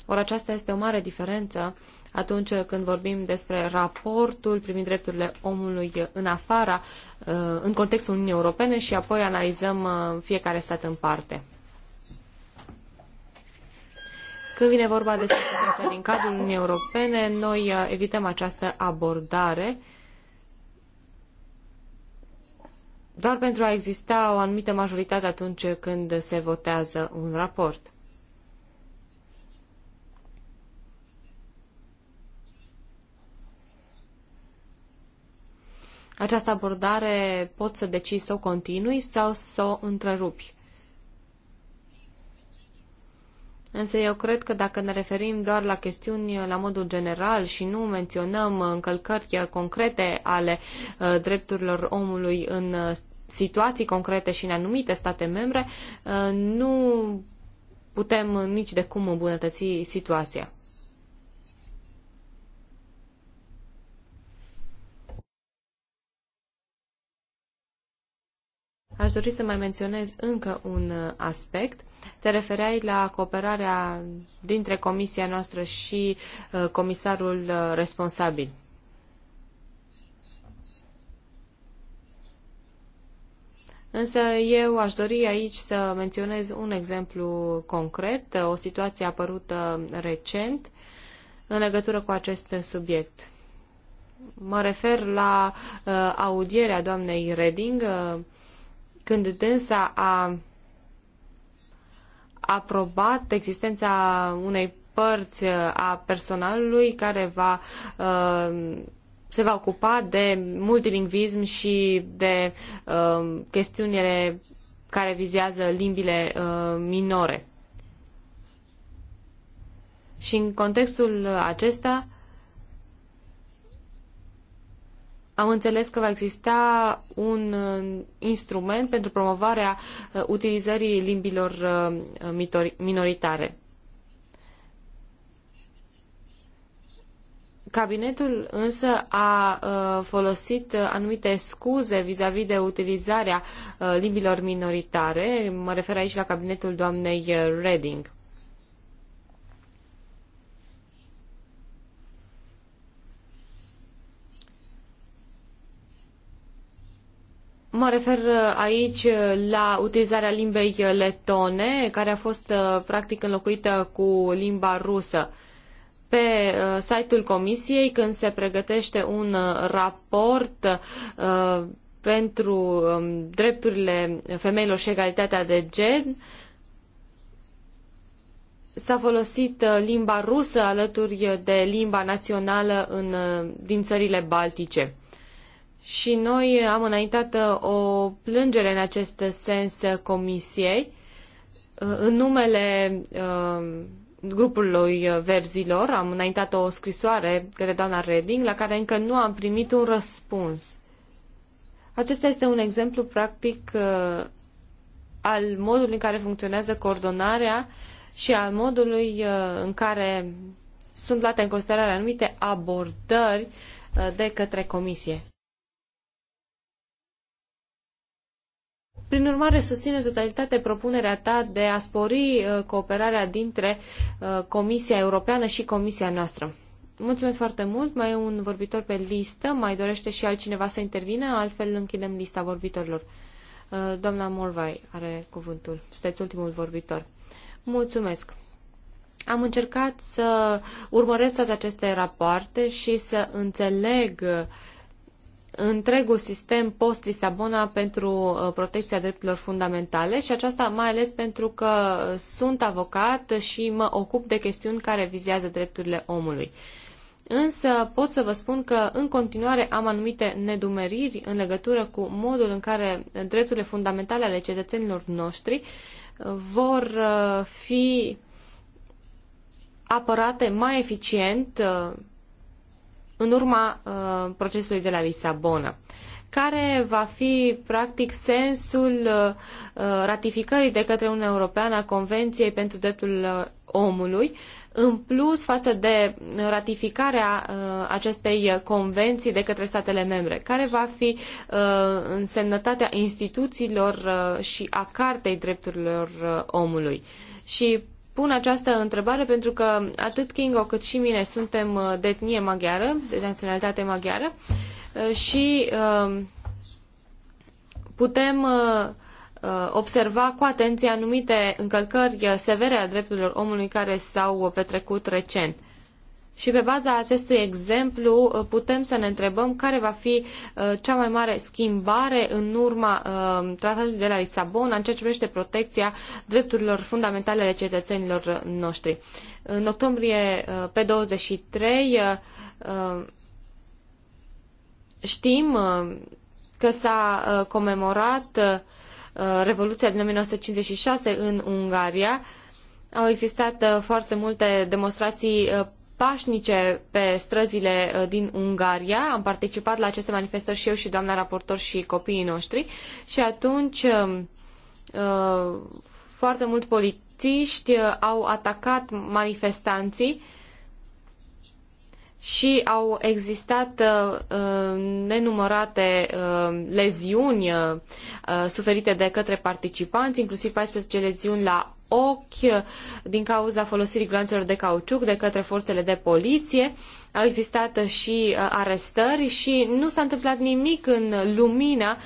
Ori aceasta este o mare diferență atunci când vorbim despre raportul privind drepturile omului în afara, uh, în contextul Uniunii Europene și apoi analizăm uh, fiecare stat în parte. Când vine vorba despre situația din cadrul Uniunii Europene, noi uh, evităm această abordare uh, doar pentru a exista o anumită majoritate atunci când se votează un raport. Această abordare poți să decizi să o continui sau să o întrerupi. Însă eu cred că dacă ne referim doar la chestiuni la modul general și nu menționăm încălcări concrete ale uh, drepturilor omului în uh, situații concrete și în anumite state membre, uh, nu putem nici de cum îmbunătăți situația. Aș dori să mai menționez încă un uh, aspect. Te refereai la cooperarea dintre comisia noastră și uh, comisarul uh, responsabil. Însă eu aș dori aici să menționez un exemplu concret, o situație apărută recent în legătură cu acest subiect. Mă refer la uh, audierea doamnei Reding, uh, când dânsa a aprobat existența unei părți a personalului care va, uh, se va ocupa de multilingvism și de uh, chestiunile care vizează limbile uh, minore. Și în contextul acesta Am înțeles că va exista un uh, instrument pentru promovarea uh, utilizării limbilor uh, minoritare. Cabinetul însă a folosit anumite scuze vizavi de utilizarea limbilor minoritare. Mă refer aici la cabinetul doamnei Reding. Mă refer uh, aici uh, la utilizarea limbei uh, letone, care a fost practic înlocuită cu limba rusă. Pe site-ul comisiei, când se pregătește un raport pentru um, drepturile femeilor și egalitatea de gen, s-a folosit limba rusă alături de limba națională în, din țările baltice și noi am înaintat uh, o plângere în acest sens uh, comisiei uh, în numele grupului verzilor. Am înaintat o scrisoare către doamna Reding la care încă nu am primit un răspuns. Acesta este un exemplu practic al modului în care funcționează coordonarea și al modului în care sunt luate în considerare anumite abordări de către comisie. Prin urmare, susține totalitate propunerea ta de a spori uh, cooperarea dintre uh, Comisia Europeană și Comisia noastră. Mulțumesc foarte mult. Mai e un vorbitor pe listă. Mai dorește și altcineva să intervină? Altfel închidem lista vorbitorilor. Uh, doamna Morvai are cuvântul. Sunteți ultimul vorbitor. Mulțumesc. Am încercat să urmăresc toate aceste rapoarte și să înțeleg uh, întregul sistem post-Lisabona pentru uh, protecția drepturilor fundamentale și aceasta mai ales pentru că sunt avocat și mă ocup de chestiuni care vizează drepturile omului. Însă pot să vă spun că în continuare am anumite nedumeriri în legătură cu modul în care drepturile fundamentale ale cetățenilor noștri uh, vor uh, fi apărate mai eficient în urma uh, procesului de la Lisabona, care va fi practic sensul uh, uh ratificării de către Uniunea Europeană a Convenției pentru Dreptul uh, Omului, în plus față de ratificarea uh, acestei convenții de către statele membre, care va fi uh, însemnătatea instituțiilor uh, și a Cartei Drepturilor uh, Omului. Și pun această întrebare pentru că atât Kingo cât și mine suntem uh, de etnie maghiară, de naționalitate maghiară uh, și uh, putem observa cu atenție anumite încălcări severe a drepturilor omului care s-au petrecut recent. Și pe baza acestui exemplu uh, putem să ne întrebăm care va fi uh, cea mai mare schimbare în urma uh, tratatului de la Lisabona în ceea ce privește protecția drepturilor fundamentale ale cetățenilor noștri. În octombrie pe 23 știm că s-a comemorat Revoluția din 1956 în Ungaria. Au existat foarte multe demonstrații pașnice pe străzile uh, din Ungaria. Am participat la aceste manifestări și eu și doamna raportor și copiii noștri și atunci um, uh, foarte mult polițiști uh, au atacat manifestanții și au existat uh, uh nenumărate uh, leziuni uh, uh, suferite de către participanți, inclusiv 14 leziuni la ochi uh, din cauza folosirii glanțelor de cauciuc de către forțele de poliție. Au existat și arestări și nu s-a întâmplat nimic în lumina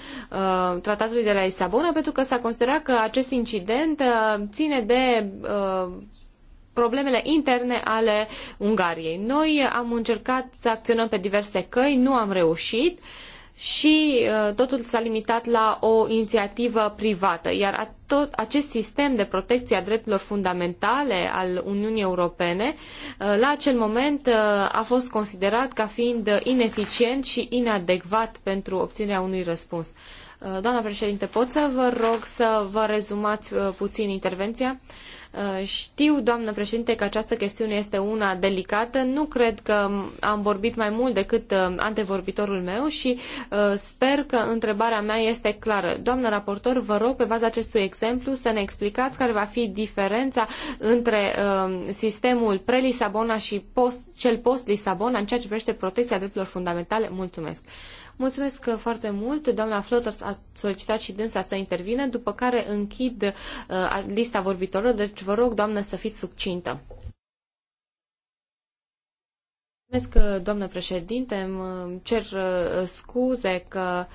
tratatului de la Lisabona pentru că s-a considerat că acest incident uh, ține de problemele interne ale Ungariei. Noi am încercat să acționăm pe diverse căi, nu am reușit și uh, totul s-a limitat la o inițiativă privată, iar tot acest sistem de protecție a drepturilor fundamentale al Uniunii Europene uh, la acel moment uh, a fost considerat ca fiind ineficient și inadecvat pentru obținerea unui răspuns. Doamna președinte, pot să vă rog să vă rezumați puțin intervenția? Uh, Uh, știu, doamnă președinte, că această chestiune este una delicată. Nu cred că am vorbit mai mult decât uh, antevorbitorul meu și uh, sper că întrebarea mea este clară. Doamnă raportor, vă rog, pe baza acestui exemplu, să ne explicați care va fi diferența între sistemul pre-Lisabona și post, cel post-Lisabona în ceea ce privește protecția drepturilor fundamentale. Mulțumesc! Mulțumesc foarte mult. Doamna Flotters a solicitat și dânsa să intervine, după care închid uh, lista vorbitorilor, deci vă rog, doamnă, să fiți subcintă. Mulțumesc, uh, doamnă președinte. Îmi uh, cer uh, scuze că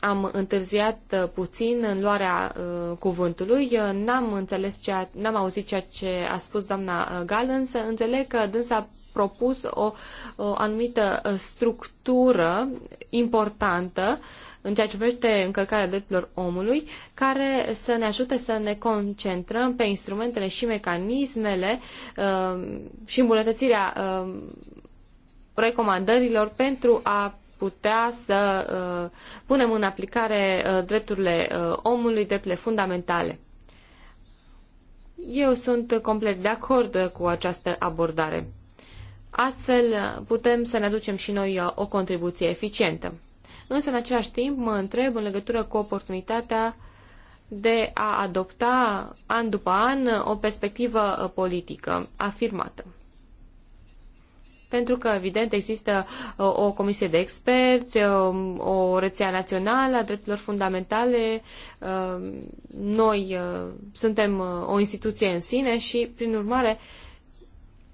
am întârziat puțin în luarea cuvântului. N-am înțeles ceea, n-am auzit ceea ce a spus doamna Gal, însă înțeleg că dânsa propus o, o anumită structură importantă în ceea ce privește încălcarea drepturilor omului, care să ne ajute să ne concentrăm pe instrumentele și mecanismele uh, și îmbunătățirea uh, recomandărilor pentru a putea să uh, punem în aplicare uh, drepturile uh, omului, drepturile fundamentale. Eu sunt complet de acord uh, cu această abordare. Astfel uh, putem să ne aducem și noi uh, o contribuție eficientă. Însă, în același timp, mă întreb în legătură cu oportunitatea de a adopta an după an uh, o perspectivă politică afirmată. Pentru că, evident, există o comisie de experți, o rețea națională a drepturilor fundamentale, noi suntem o instituție în sine și, prin urmare,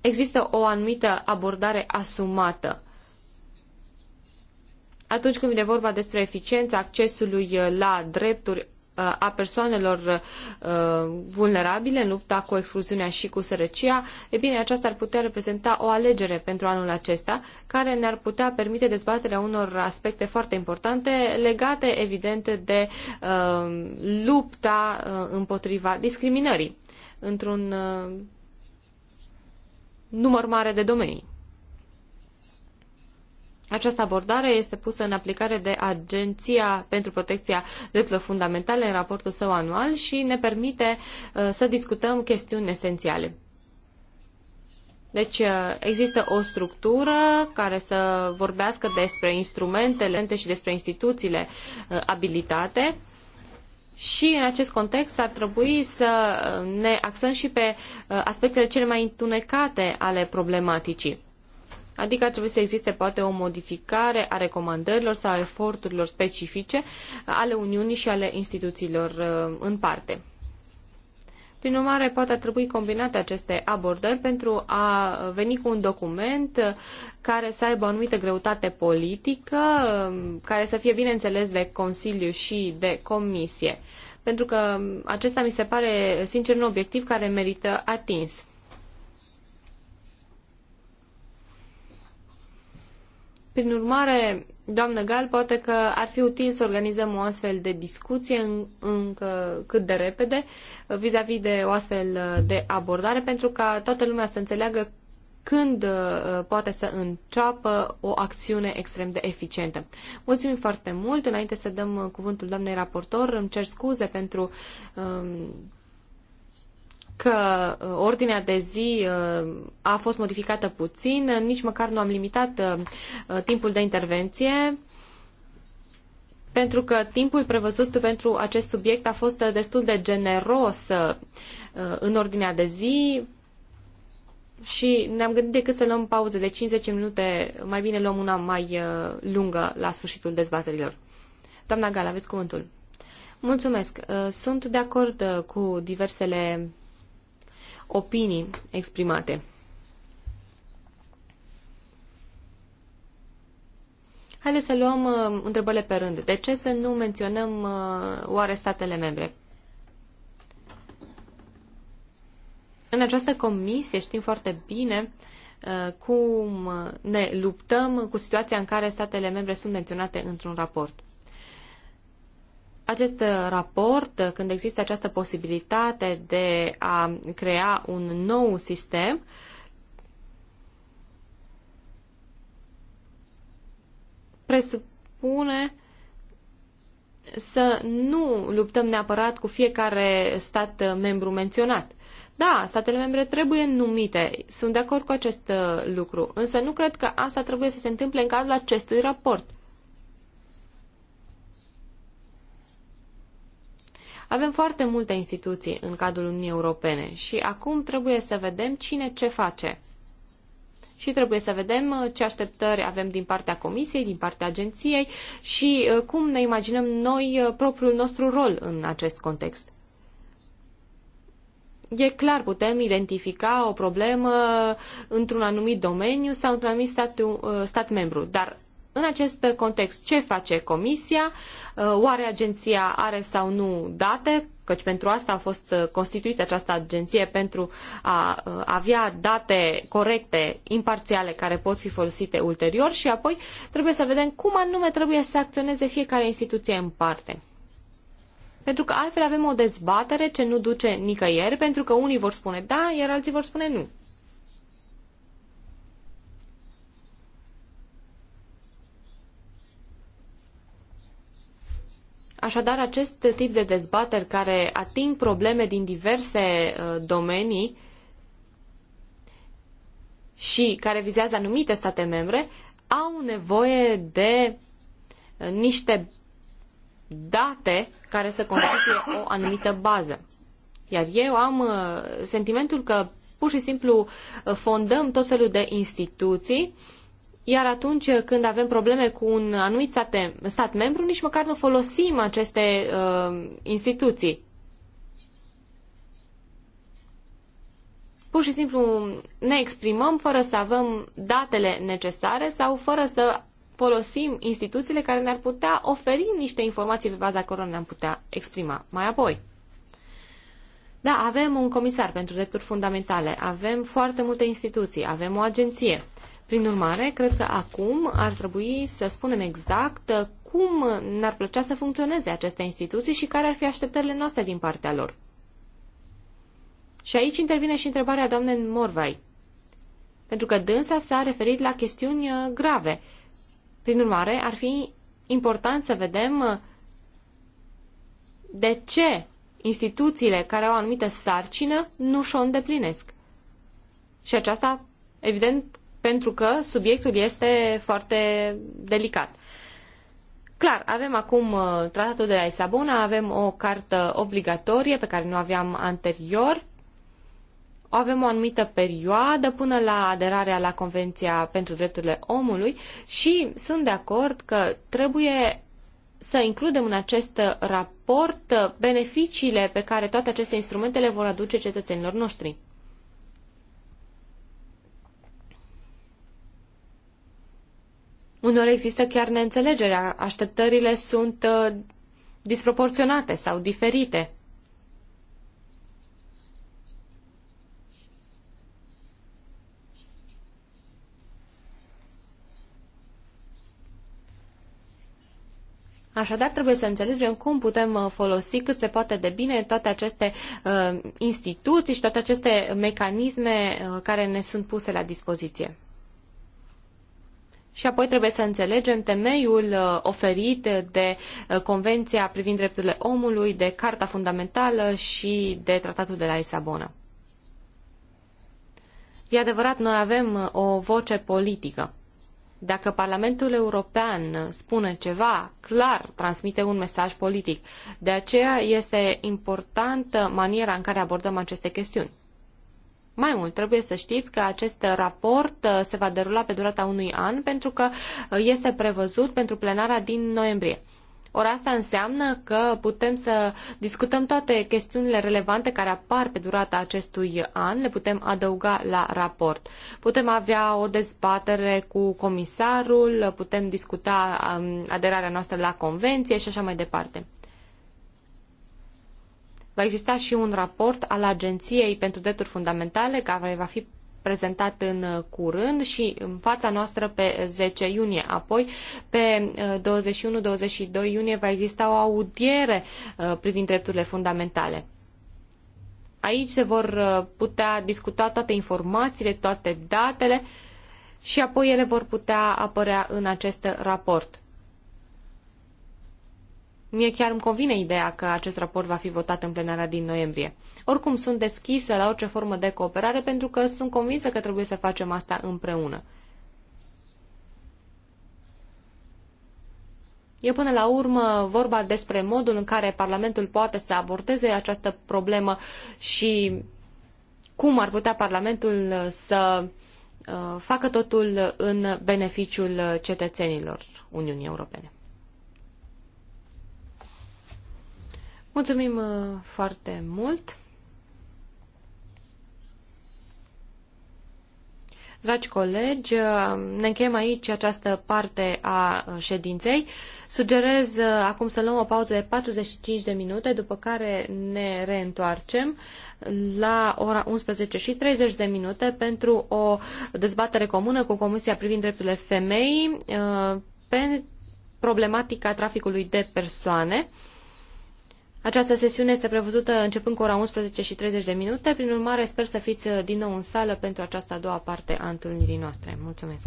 există o anumită abordare asumată. Atunci când vine vorba despre eficiența accesului uh, la drepturi uh, a persoanelor uh, vulnerabile în lupta cu excluziunea și cu sărăcia, e bine, aceasta ar putea reprezenta o alegere pentru anul acesta, care ne-ar putea permite dezbaterea unor aspecte foarte importante legate, evident, de lupta împotriva discriminării într-un număr mare de domenii. Această abordare este pusă în aplicare de Agenția pentru Protecția Drepturilor Fundamentale în raportul său anual și ne permite uh, să discutăm chestiuni esențiale. Deci uh, există o structură care să vorbească despre instrumentele și despre instituțiile uh, abilitate și în acest context ar trebui să uh, ne axăm și pe uh, aspectele cele mai întunecate ale problematicii. Adică ar trebui să existe poate o modificare a recomandărilor sau a eforturilor specifice ale Uniunii și ale instituțiilor uh, în parte. Prin urmare, poate ar trebui combinate aceste abordări pentru a veni cu un document care să aibă o anumită greutate politică, care să fie bine înțeles de Consiliu și de Comisie. Pentru că acesta mi se pare, sincer, un obiectiv care merită atins. Prin urmare, doamnă Gal, poate că ar fi util să organizăm o astfel de discuție în, încă cât de repede vis-a-vis -vis de o astfel de abordare pentru ca toată lumea să înțeleagă când uh, poate să înceapă o acțiune extrem de eficientă. Mulțumim foarte mult. Înainte să dăm uh, cuvântul doamnei raportor, îmi cer scuze pentru Uh, că uh, ordinea de zi uh, a fost modificată puțin, uh, nici măcar nu am limitat timpul de intervenție, pentru că timpul prevăzut pentru acest subiect a fost destul de generos în ordinea de zi și ne-am gândit decât să luăm pauze de 50 minute, mai bine luăm una mai lungă la sfârșitul dezbaterilor. Doamna Gal, aveți cuvântul. Mulțumesc. Sunt de acord cu diversele opinii exprimate. Haideți să luăm uh, întrebările pe rând. De ce să nu menționăm uh, oare statele membre? În această comisie știm foarte bine uh, cum ne luptăm cu situația în care statele membre sunt menționate într-un raport acest raport, când există această posibilitate de a crea un nou sistem, presupune să nu luptăm neapărat cu fiecare stat membru menționat. Da, statele membre trebuie numite, sunt de acord cu acest lucru, însă nu cred că asta trebuie să se întâmple în cadrul acestui raport. Avem foarte multe instituții în cadrul Uniunii Europene și acum trebuie să vedem cine ce face. Și trebuie să vedem uh, ce așteptări avem din partea Comisiei, din partea agenției și uh, cum ne imaginăm noi uh, propriul nostru rol în acest context. E clar, putem identifica o problemă într-un anumit domeniu sau într-un anumit stat, stat membru, dar în acest context, ce face Comisia? Uh, oare agenția are sau nu date? Căci pentru asta a fost uh, constituită această agenție, pentru a uh, avea date corecte, imparțiale, care pot fi folosite ulterior și apoi trebuie să vedem cum anume trebuie să acționeze fiecare instituție în parte. Pentru că altfel avem o dezbatere ce nu duce nicăieri, pentru că unii vor spune da, iar alții vor spune nu. Așadar, acest tip de dezbateri care ating probleme din diverse uh, domenii și care vizează anumite state membre au nevoie de uh, niște date care să constituie o anumită bază. Iar eu am uh, sentimentul că pur și simplu fondăm tot felul de instituții uh, iar atunci când avem probleme cu un anumit stat membru, nici măcar nu folosim aceste uh, instituții. Pur și simplu ne exprimăm fără să avem datele necesare sau fără să folosim instituțiile care ne-ar putea oferi niște informații pe baza cărora ne-am putea exprima mai apoi. Da, avem un comisar pentru drepturi fundamentale, avem foarte multe instituții, avem o agenție. Prin urmare, cred că acum ar trebui să spunem exact cum ne-ar plăcea să funcționeze aceste instituții și care ar fi așteptările noastre din partea lor. Și aici intervine și întrebarea doamnei Morvai, pentru că dânsa s-a referit la chestiuni uh, grave. Prin urmare, ar fi important să vedem uh, de ce instituțiile care au anumite sarcină nu și-o îndeplinesc. Și aceasta, evident, pentru că subiectul este foarte delicat. Clar, avem acum uh, tratatul de la Isabona, avem o cartă obligatorie pe care nu aveam anterior, avem o anumită perioadă până la aderarea la Convenția pentru Drepturile Omului și sunt de acord că trebuie să includem în acest raport beneficiile pe care toate aceste instrumente le vor aduce cetățenilor noștri. Unor există chiar neînțelegerea, așteptările sunt uh, disproporționate sau diferite. Așadar, trebuie să înțelegem cum putem uh, folosi cât se poate de bine toate aceste uh, instituții și toate aceste mecanisme uh, care ne sunt puse la dispoziție. Și apoi trebuie să înțelegem temeiul uh, oferit de uh, Convenția privind drepturile omului, de Carta Fundamentală și de Tratatul de la Lisabona. E adevărat, noi avem uh, o voce politică. Dacă Parlamentul European spune ceva, clar transmite un mesaj politic. De aceea este importantă maniera în care abordăm aceste chestiuni. Mai mult, trebuie să știți că acest raport uh, se va derula pe durata unui an pentru că uh, este prevăzut pentru plenara din noiembrie. Ori asta înseamnă că putem să discutăm toate chestiunile relevante care apar pe durata acestui an, le putem adăuga la raport. Putem avea o dezbatere cu comisarul, putem discuta um, aderarea noastră la convenție și așa mai departe. Va exista și un raport al Agenției pentru Drepturi Fundamentale care va fi prezentat în uh, curând și în fața noastră pe 10 uh, iunie. Apoi, pe 21-22 uh, iunie va exista o audiere privind drepturile fundamentale. Aici se vor putea discuta toate informațiile, toate datele și apoi ele vor putea apărea în acest raport. Mie chiar îmi convine ideea că acest raport va fi votat în plenarea din noiembrie. Oricum, sunt deschisă la orice formă de cooperare pentru că sunt convinsă că trebuie să facem asta împreună. E până la urmă vorba despre modul în care Parlamentul poate să abordeze această problemă și cum ar putea Parlamentul să uh, facă totul în beneficiul cetățenilor Uniunii Europene. Mulțumim uh, foarte mult! Dragi colegi, uh, ne încheiem aici această parte a uh, ședinței. Sugerez acum să luăm o pauză de 45 de minute, după care ne reîntoarcem la ora 11 și 30 de minute pentru o dezbatere comună cu Comisia privind drepturile femeii pe problematica traficului de persoane. Această sesiune este prevăzută începând cu ora 11 și 30 de minute, prin urmare sper să fiți din nou în sală pentru această a doua parte a întâlnirii noastre. Mulțumesc!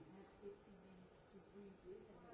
you have 15 minutes to read it and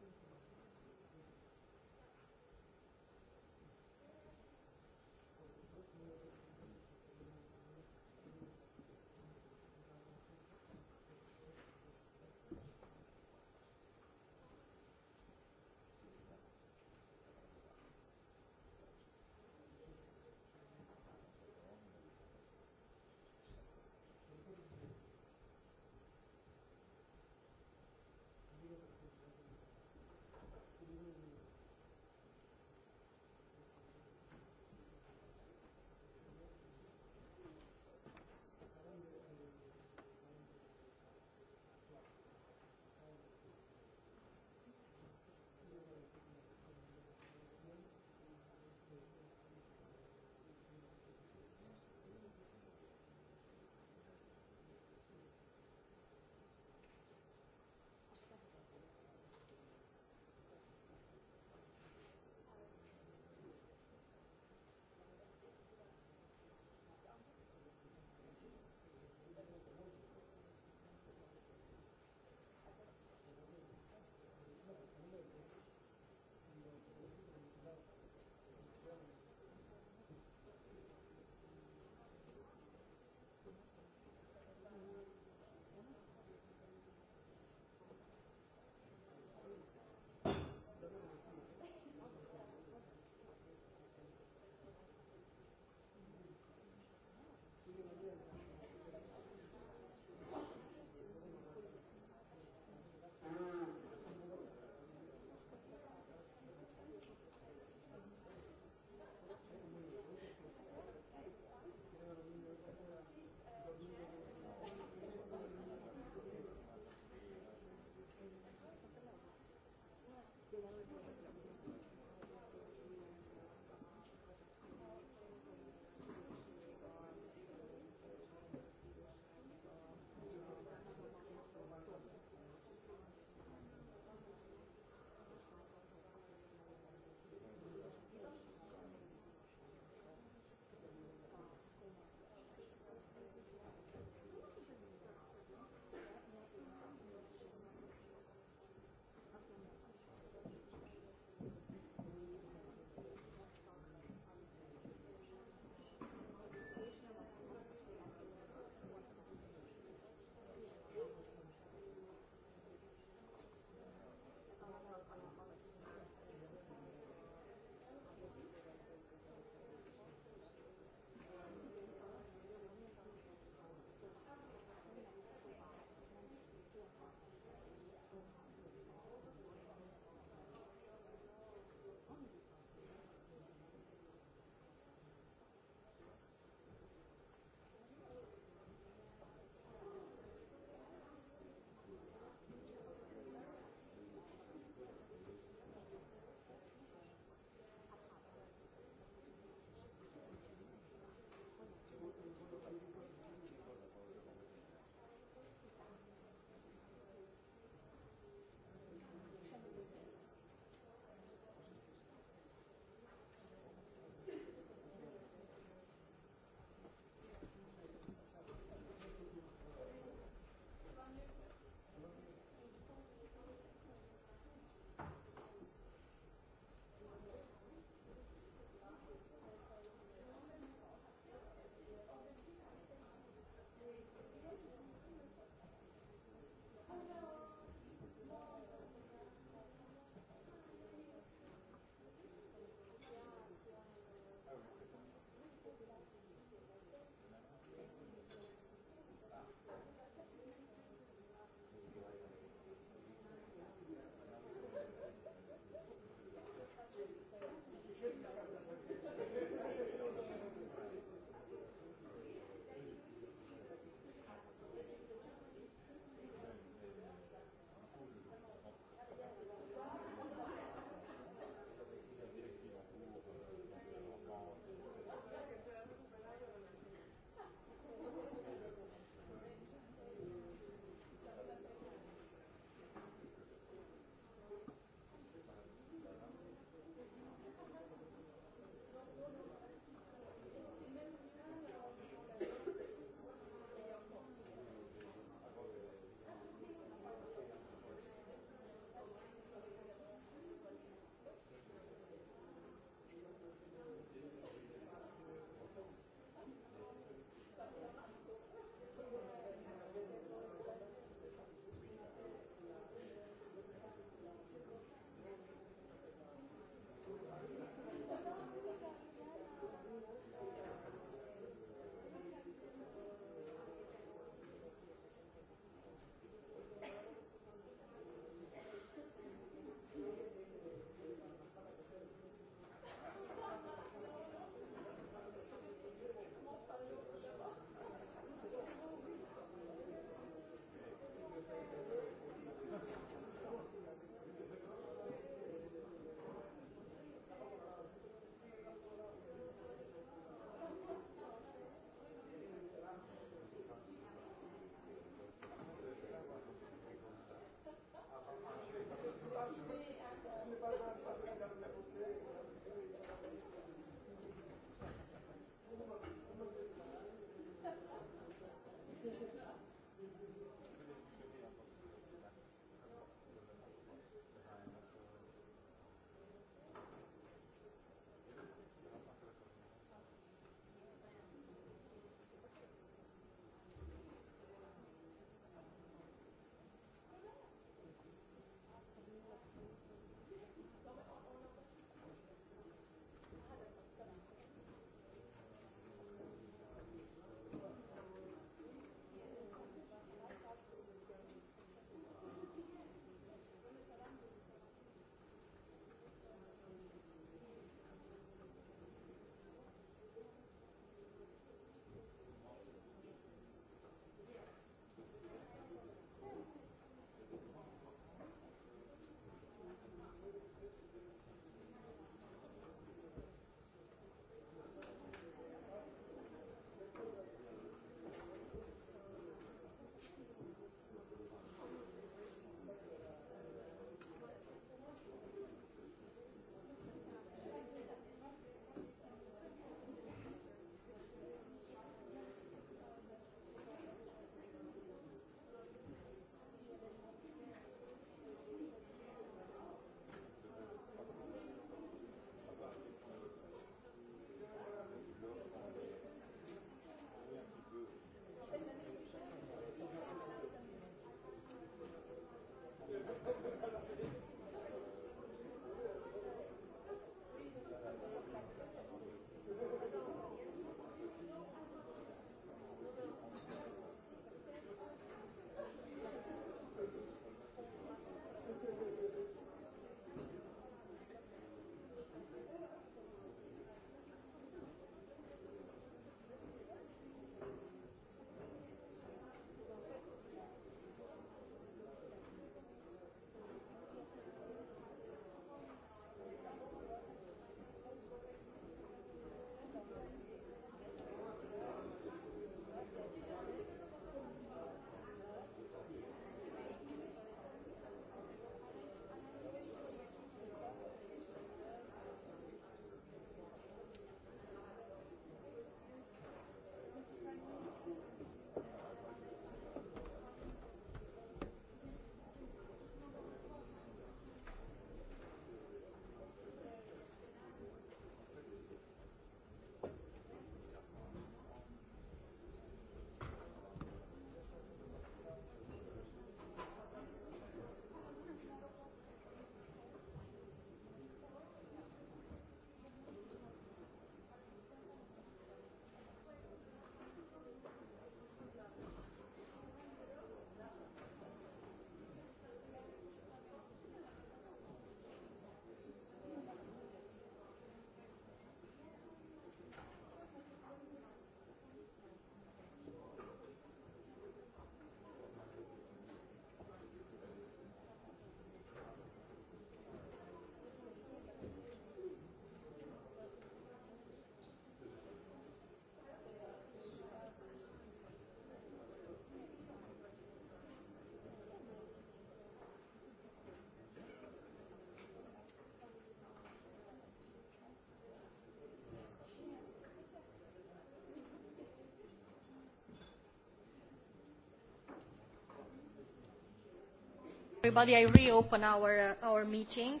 Everybody, I reopen our, uh, our meeting.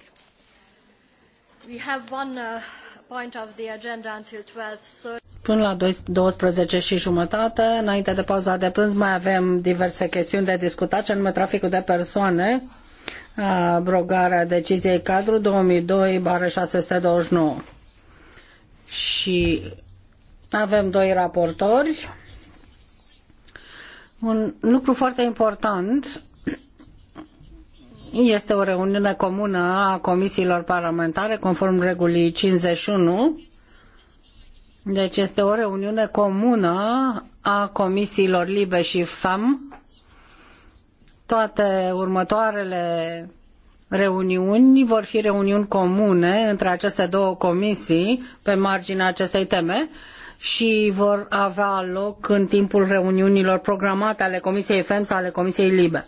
We have one uh, point of the agenda until 12.30. Până la 12 și jumătate, înainte de pauza de prânz, mai avem diverse chestiuni de discutat, ce anume traficul de persoane, abrogarea uh, deciziei cadru 2002-629. Și avem doi raportori. Un lucru foarte important este o reuniune comună a comisiilor parlamentare, conform regulii 51. Deci este o reuniune comună a comisiilor LIBE și FAM. Toate următoarele reuniuni vor fi reuniuni comune între aceste două comisii pe marginea acestei teme și vor avea loc în timpul reuniunilor programate ale Comisiei FEM sau ale Comisiei LIBE.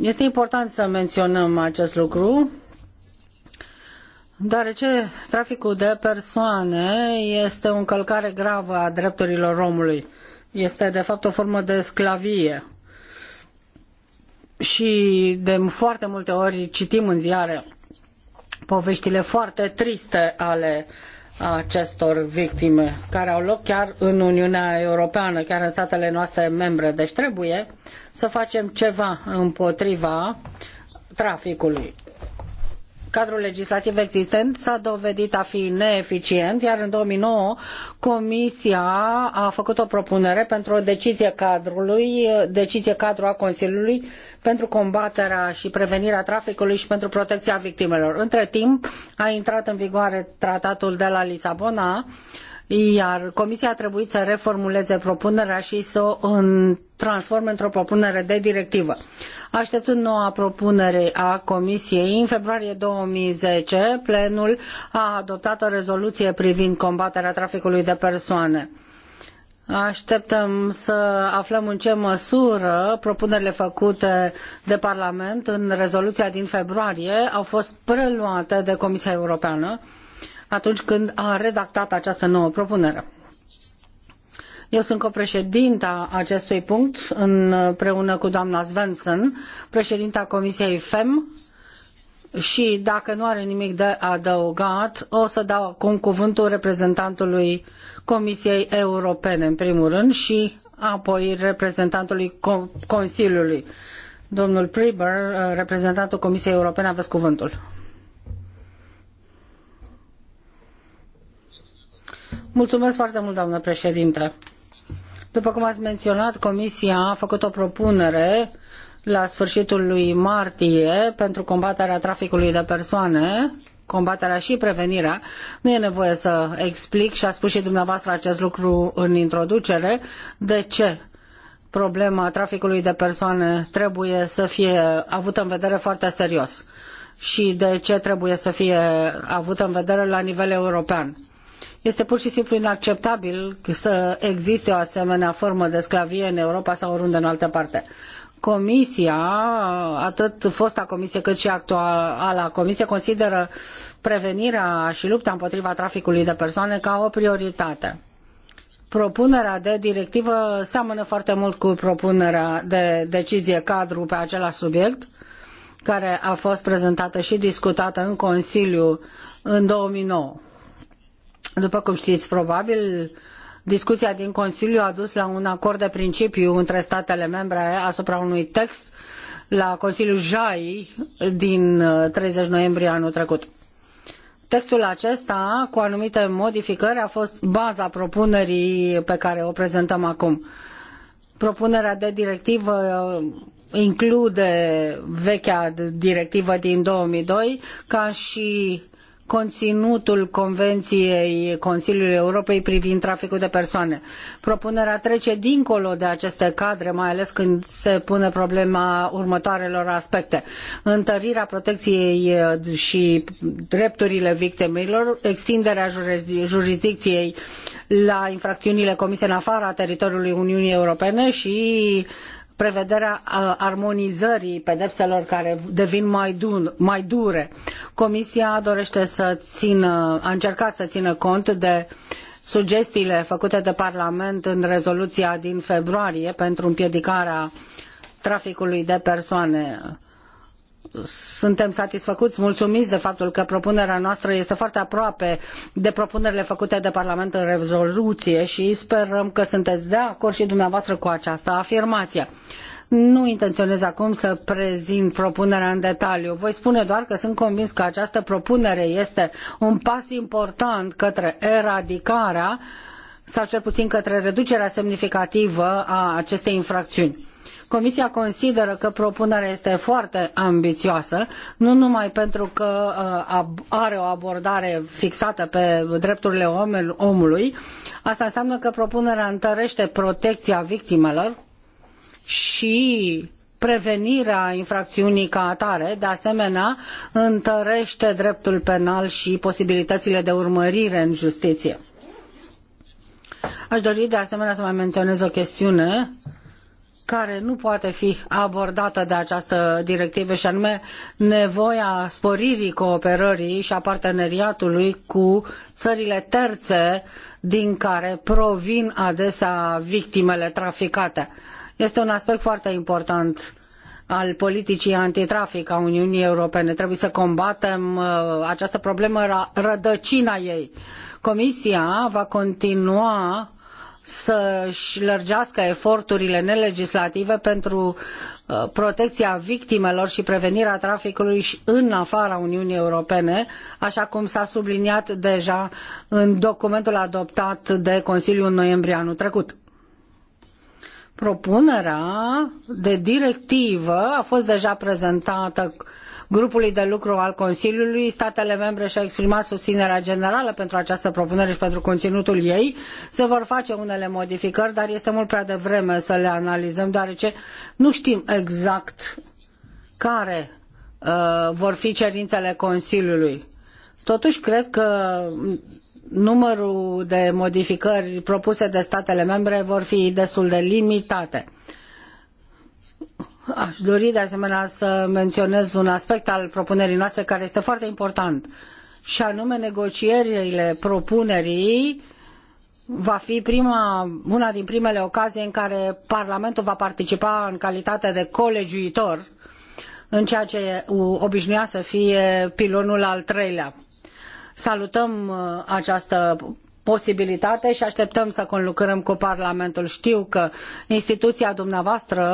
Este important să menționăm acest lucru, deoarece traficul de persoane este o încălcare gravă a drepturilor omului. Este, de fapt, o formă de sclavie. Și de foarte multe ori citim în ziare poveștile foarte triste ale uh, a acestor victime, care au loc chiar în Uniunea Europeană, chiar în statele noastre membre. Deci trebuie să facem ceva împotriva traficului cadrul legislativ existent s-a dovedit a fi neeficient, iar în 2009 Comisia a făcut o propunere pentru o decizie cadrului, decizie cadru a Consiliului pentru combaterea și prevenirea traficului și pentru protecția victimelor. Între timp a intrat în vigoare tratatul de la Lisabona, iar Comisia a trebuit să reformuleze propunerea și să o transforme într-o propunere de directivă așteptând noua propunere a Comisiei. În februarie 2010, plenul a adoptat o rezoluție privind combaterea traficului de persoane. Așteptăm să aflăm în ce măsură propunerile făcute de Parlament în rezoluția din februarie au fost preluate de Comisia Europeană atunci când a redactat această nouă propunere. Eu sunt copreședinta acestui punct împreună cu doamna Svensson, președinta Comisiei FEM și dacă nu are nimic de adăugat, o să dau acum cuvântul reprezentantului Comisiei Europene, în primul rând, și apoi reprezentantului Consiliului. Domnul Priber, reprezentantul Comisiei Europene, aveți cuvântul. Mulțumesc foarte mult, doamnă președinte. După cum ați menționat, Comisia a făcut o propunere la sfârșitul lui martie pentru combaterea traficului de persoane, combaterea și prevenirea. Nu e nevoie să explic și a spus și dumneavoastră acest lucru în introducere. De ce problema traficului de persoane trebuie să fie avută în vedere foarte serios și de ce trebuie să fie avută în vedere la nivel european? Este pur și simplu inacceptabil să existe o asemenea formă de sclavie în Europa sau oriunde în altă parte. Comisia, atât fosta comisie cât și actuala comisie, consideră prevenirea și lupta împotriva traficului de persoane ca o prioritate. Propunerea de directivă seamănă foarte mult cu propunerea de decizie cadru pe același subiect, care a fost prezentată și discutată în Consiliu în 2009. După cum știți, probabil discuția din Consiliu a dus la un acord de principiu între statele membre asupra unui text la Consiliul JAI din 30 uh, noiembrie anul trecut. Textul acesta, cu anumite modificări, a fost baza propunerii pe care o prezentăm acum. Propunerea de directivă uh, include vechea directivă din 2002 ca și conținutul Convenției Consiliului Europei privind traficul de persoane. Propunerea trece dincolo de aceste cadre, mai ales când se pune problema următoarelor aspecte. Întărirea protecției uh, și drepturile victimelor, extinderea jurisdicției la infracțiunile comise în afara teritoriului Uniunii Europene și prevederea armonizării pedepselor care devin mai, dun, mai dure. Comisia dorește să țină, a încercat să țină cont de sugestiile făcute de Parlament în rezoluția din februarie pentru împiedicarea traficului de persoane. Uh, suntem satisfăcuți, mulțumiți de faptul că propunerea noastră este foarte aproape de propunerile făcute de Parlament în rezoluție și sperăm că sunteți de acord și dumneavoastră cu această afirmație. Nu intenționez acum să prezint propunerea în detaliu. Voi spune doar că sunt convins că această propunere este un pas important către eradicarea sau cel puțin către reducerea semnificativă a acestei infracțiuni Comisia consideră că propunerea este foarte ambițioasă, nu numai pentru că uh, are o abordare fixată pe drepturile omului, asta înseamnă că propunerea întărește protecția victimelor și prevenirea infracțiunii ca atare, de asemenea, întărește dreptul penal și posibilitățile de urmărire în justiție. Aș dori de asemenea să mai menționez o chestiune care nu poate fi abordată de această directivă și anume nevoia sporirii cooperării și a parteneriatului cu țările terțe din care provin adesea victimele traficate. Este un aspect foarte important al politicii antitrafic a Uniunii Europene. Trebuie să combatem uh, această problemă, rădăcina ei. Comisia va continua să-și lărgească eforturile nelegislative pentru uh, protecția victimelor și prevenirea traficului în afara Uniunii Europene, așa cum s-a subliniat deja în documentul adoptat de Consiliul în noiembrie anul trecut. Propunerea de directivă a fost deja prezentată uh, grupului de lucru al Consiliului. Statele membre și-au exprimat susținerea generală pentru această propunere și pentru conținutul ei. Se vor face unele modificări, dar este mult prea devreme să le analizăm, deoarece nu știm exact care uh, vor fi cerințele Consiliului. Totuși, cred că numărul de modificări propuse de statele membre vor fi destul de limitate. Uh, Aș dori de asemenea să menționez un aspect al propunerii noastre care este foarte important și anume negocierile propunerii va fi prima, una din primele ocazii în care Parlamentul va participa în calitate de colegiuitor în ceea ce obișnuia să fie pilonul al treilea. Salutăm uh, această posibilitate și așteptăm să conlucrăm cu Parlamentul. Știu că instituția dumneavoastră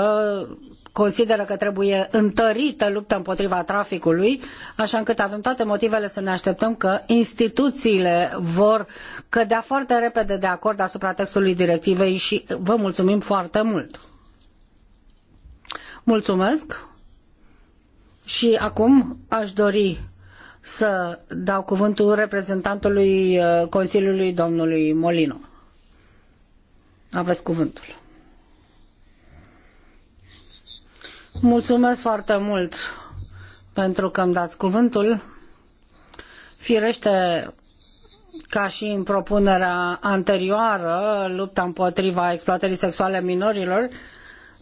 consideră că trebuie întărită lupta împotriva traficului, așa încât avem toate motivele să ne așteptăm că instituțiile vor cădea foarte repede de acord asupra textului directivei și vă mulțumim foarte mult. Mulțumesc și acum aș dori să dau cuvântul reprezentantului uh, Consiliului, domnului Molino. Aveți cuvântul. Mulțumesc foarte mult pentru că îmi dați cuvântul. Firește, ca și în propunerea anterioară, lupta împotriva exploatării sexuale minorilor,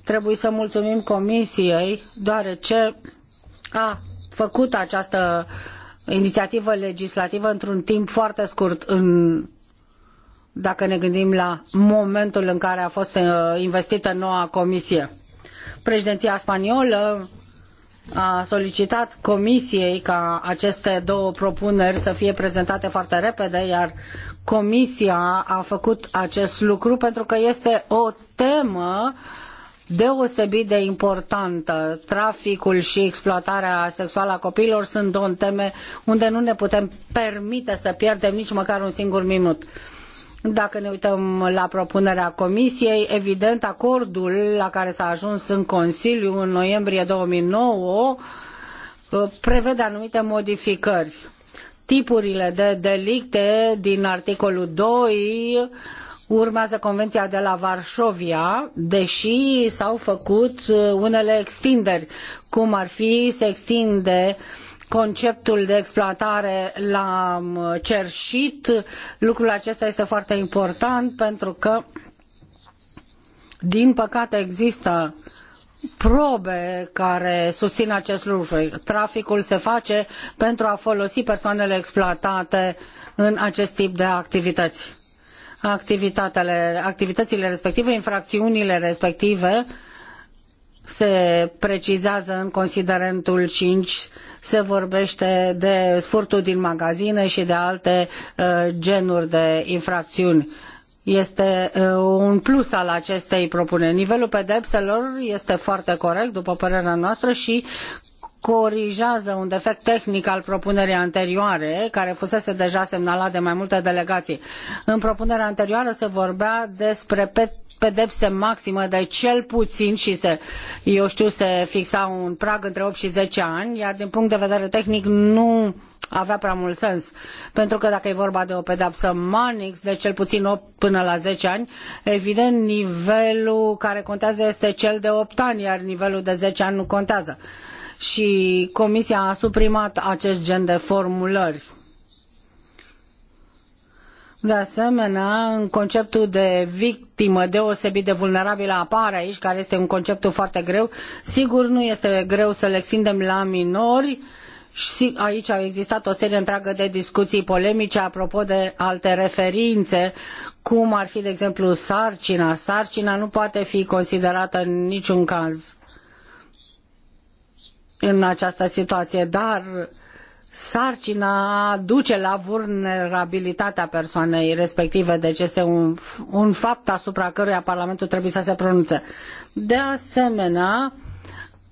trebuie să mulțumim Comisiei, deoarece a făcut această inițiativă legislativă într-un timp foarte scurt în dacă ne gândim la momentul în care a fost uh, investită noua comisie. Președinția spaniolă a solicitat comisiei ca aceste două propuneri să fie prezentate foarte repede, iar comisia a făcut acest lucru pentru că este o temă deosebit de importantă. Traficul și exploatarea sexuală a copiilor sunt două teme unde nu ne putem permite să pierdem nici măcar un singur minut. Dacă ne uităm la propunerea Comisiei, evident acordul la care s-a ajuns în Consiliu în noiembrie 2009 uh, prevede anumite modificări. Tipurile de delicte din articolul 2 urmează Convenția de la Varșovia, deși s-au făcut uh, unele extinderi, cum ar fi se extinde uh, conceptul de exploatare l-am um, cerșit. Lucrul acesta este foarte important pentru că, din păcate, există probe care susțin acest lucru. Traficul se face pentru a folosi persoanele exploatate în acest tip de activități. activitățile respective, infracțiunile respective se precizează în considerentul 5 se vorbește de furtul din magazine și de alte uh, genuri de infracțiuni este uh, un plus al acestei propuneri. Nivelul pedepselor este foarte corect, după părerea noastră, și corijează un defect tehnic al propunerii anterioare, care fusese deja semnalat de mai multe delegații. În propunerea anterioară se vorbea despre pedepse maximă de cel puțin și să eu știu, se fixa un prag între 8 și 10 ani, iar din punct de vedere tehnic nu avea prea mult sens. Pentru că dacă e vorba de o pedapsă manix de cel puțin 8 până la 10 ani, evident nivelul care contează este cel de 8 ani, iar nivelul de 10 ani nu contează. Și Comisia a suprimat acest gen de formulări de asemenea, în conceptul de victimă deosebit de vulnerabilă apare aici, care este un concept foarte greu. Sigur, nu este greu să-l extindem la minori, și aici au existat o serie întreagă de discuții polemice apropo de alte referințe, cum ar fi, de exemplu, sarcina. Sarcina nu poate fi considerată în niciun caz în această situație, dar sarcina duce la vulnerabilitatea persoanei respective, deci este un, un fapt asupra căruia Parlamentul trebuie să se pronunțe. De asemenea,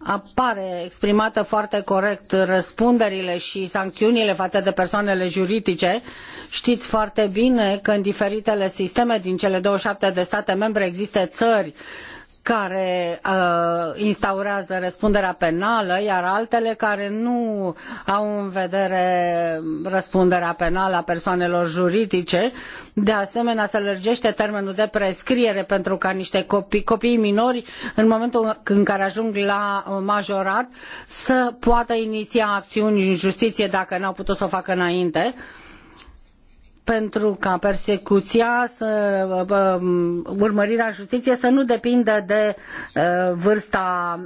apare exprimată foarte corect răspunderile și sancțiunile față de persoanele juridice. Știți foarte bine că în diferitele sisteme din cele 27 de state membre există țări care uh, instaurează răspunderea penală, iar altele care nu au în vedere răspunderea penală a persoanelor juridice. De asemenea, se lărgește termenul de prescriere pentru ca niște copii, copii minori, în momentul în care ajung la majorat, să poată iniția acțiuni în justiție dacă n-au putut să o facă înainte. Uh, pentru ca persecuția, să, urmărirea justiției să nu depindă de vârsta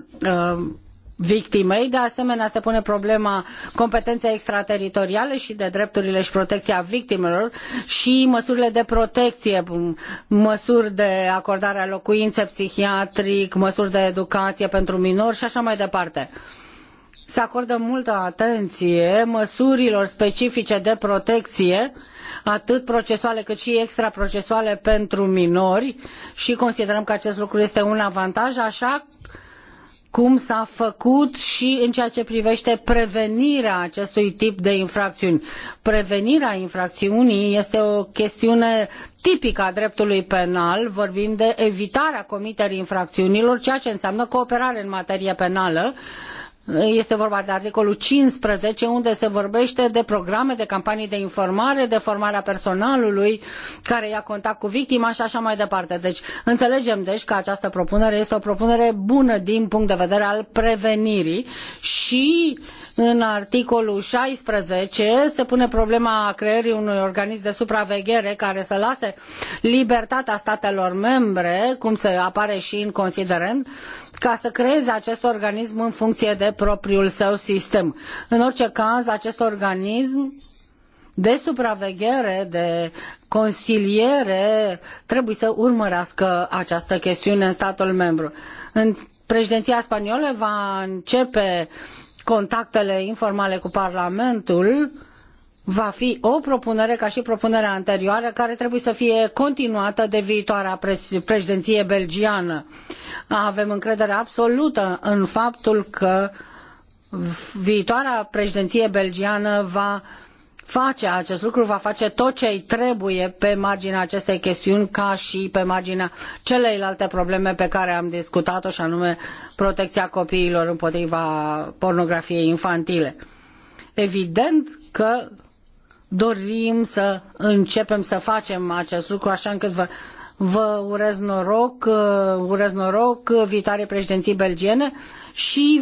victimei. De asemenea, se pune problema competenței extrateritoriale și de drepturile și protecția victimelor și măsurile de protecție, măsuri de acordare a locuințe psihiatric, măsuri de educație pentru minori și așa mai departe. Uh, se acordă multă atenție măsurilor specifice de protecție, atât procesuale cât și extraprocesuale pentru minori și considerăm că acest lucru este un avantaj, așa cum s-a făcut și în ceea ce privește prevenirea acestui tip de infracțiuni. Prevenirea infracțiunii este o chestiune tipică a dreptului penal, vorbim de evitarea comiterii infracțiunilor, ceea ce înseamnă cooperare în materie penală, este vorba de articolul 15, unde se vorbește de programe, de campanii de informare, de formarea personalului care ia contact cu victima și așa mai departe. Deci înțelegem deci că această propunere este o propunere bună din punct de vedere al prevenirii și în articolul 16 se pune problema creării unui organism de supraveghere care să lase libertatea statelor membre, cum se apare și în considerent, ca să creeze acest organism în funcție de propriul său sistem. În orice caz, acest organism de supraveghere, de consiliere, trebuie să urmărească această chestiune în statul membru. În președinția spaniolă va începe contactele informale cu Parlamentul uh, va fi o propunere ca și propunerea anterioară care trebuie să fie continuată de viitoarea președinție belgiană. Avem încredere absolută în faptul că viitoarea președinție belgiană va face acest lucru, va face tot ce îi trebuie pe marginea acestei chestiuni, ca și pe marginea celeilalte probleme pe care am discutat-o, și anume protecția copiilor împotriva pornografiei infantile. Evident că dorim să începem să facem acest lucru, așa încât vă, vă urez noroc, uh, urez noroc viitoare președinții belgiene și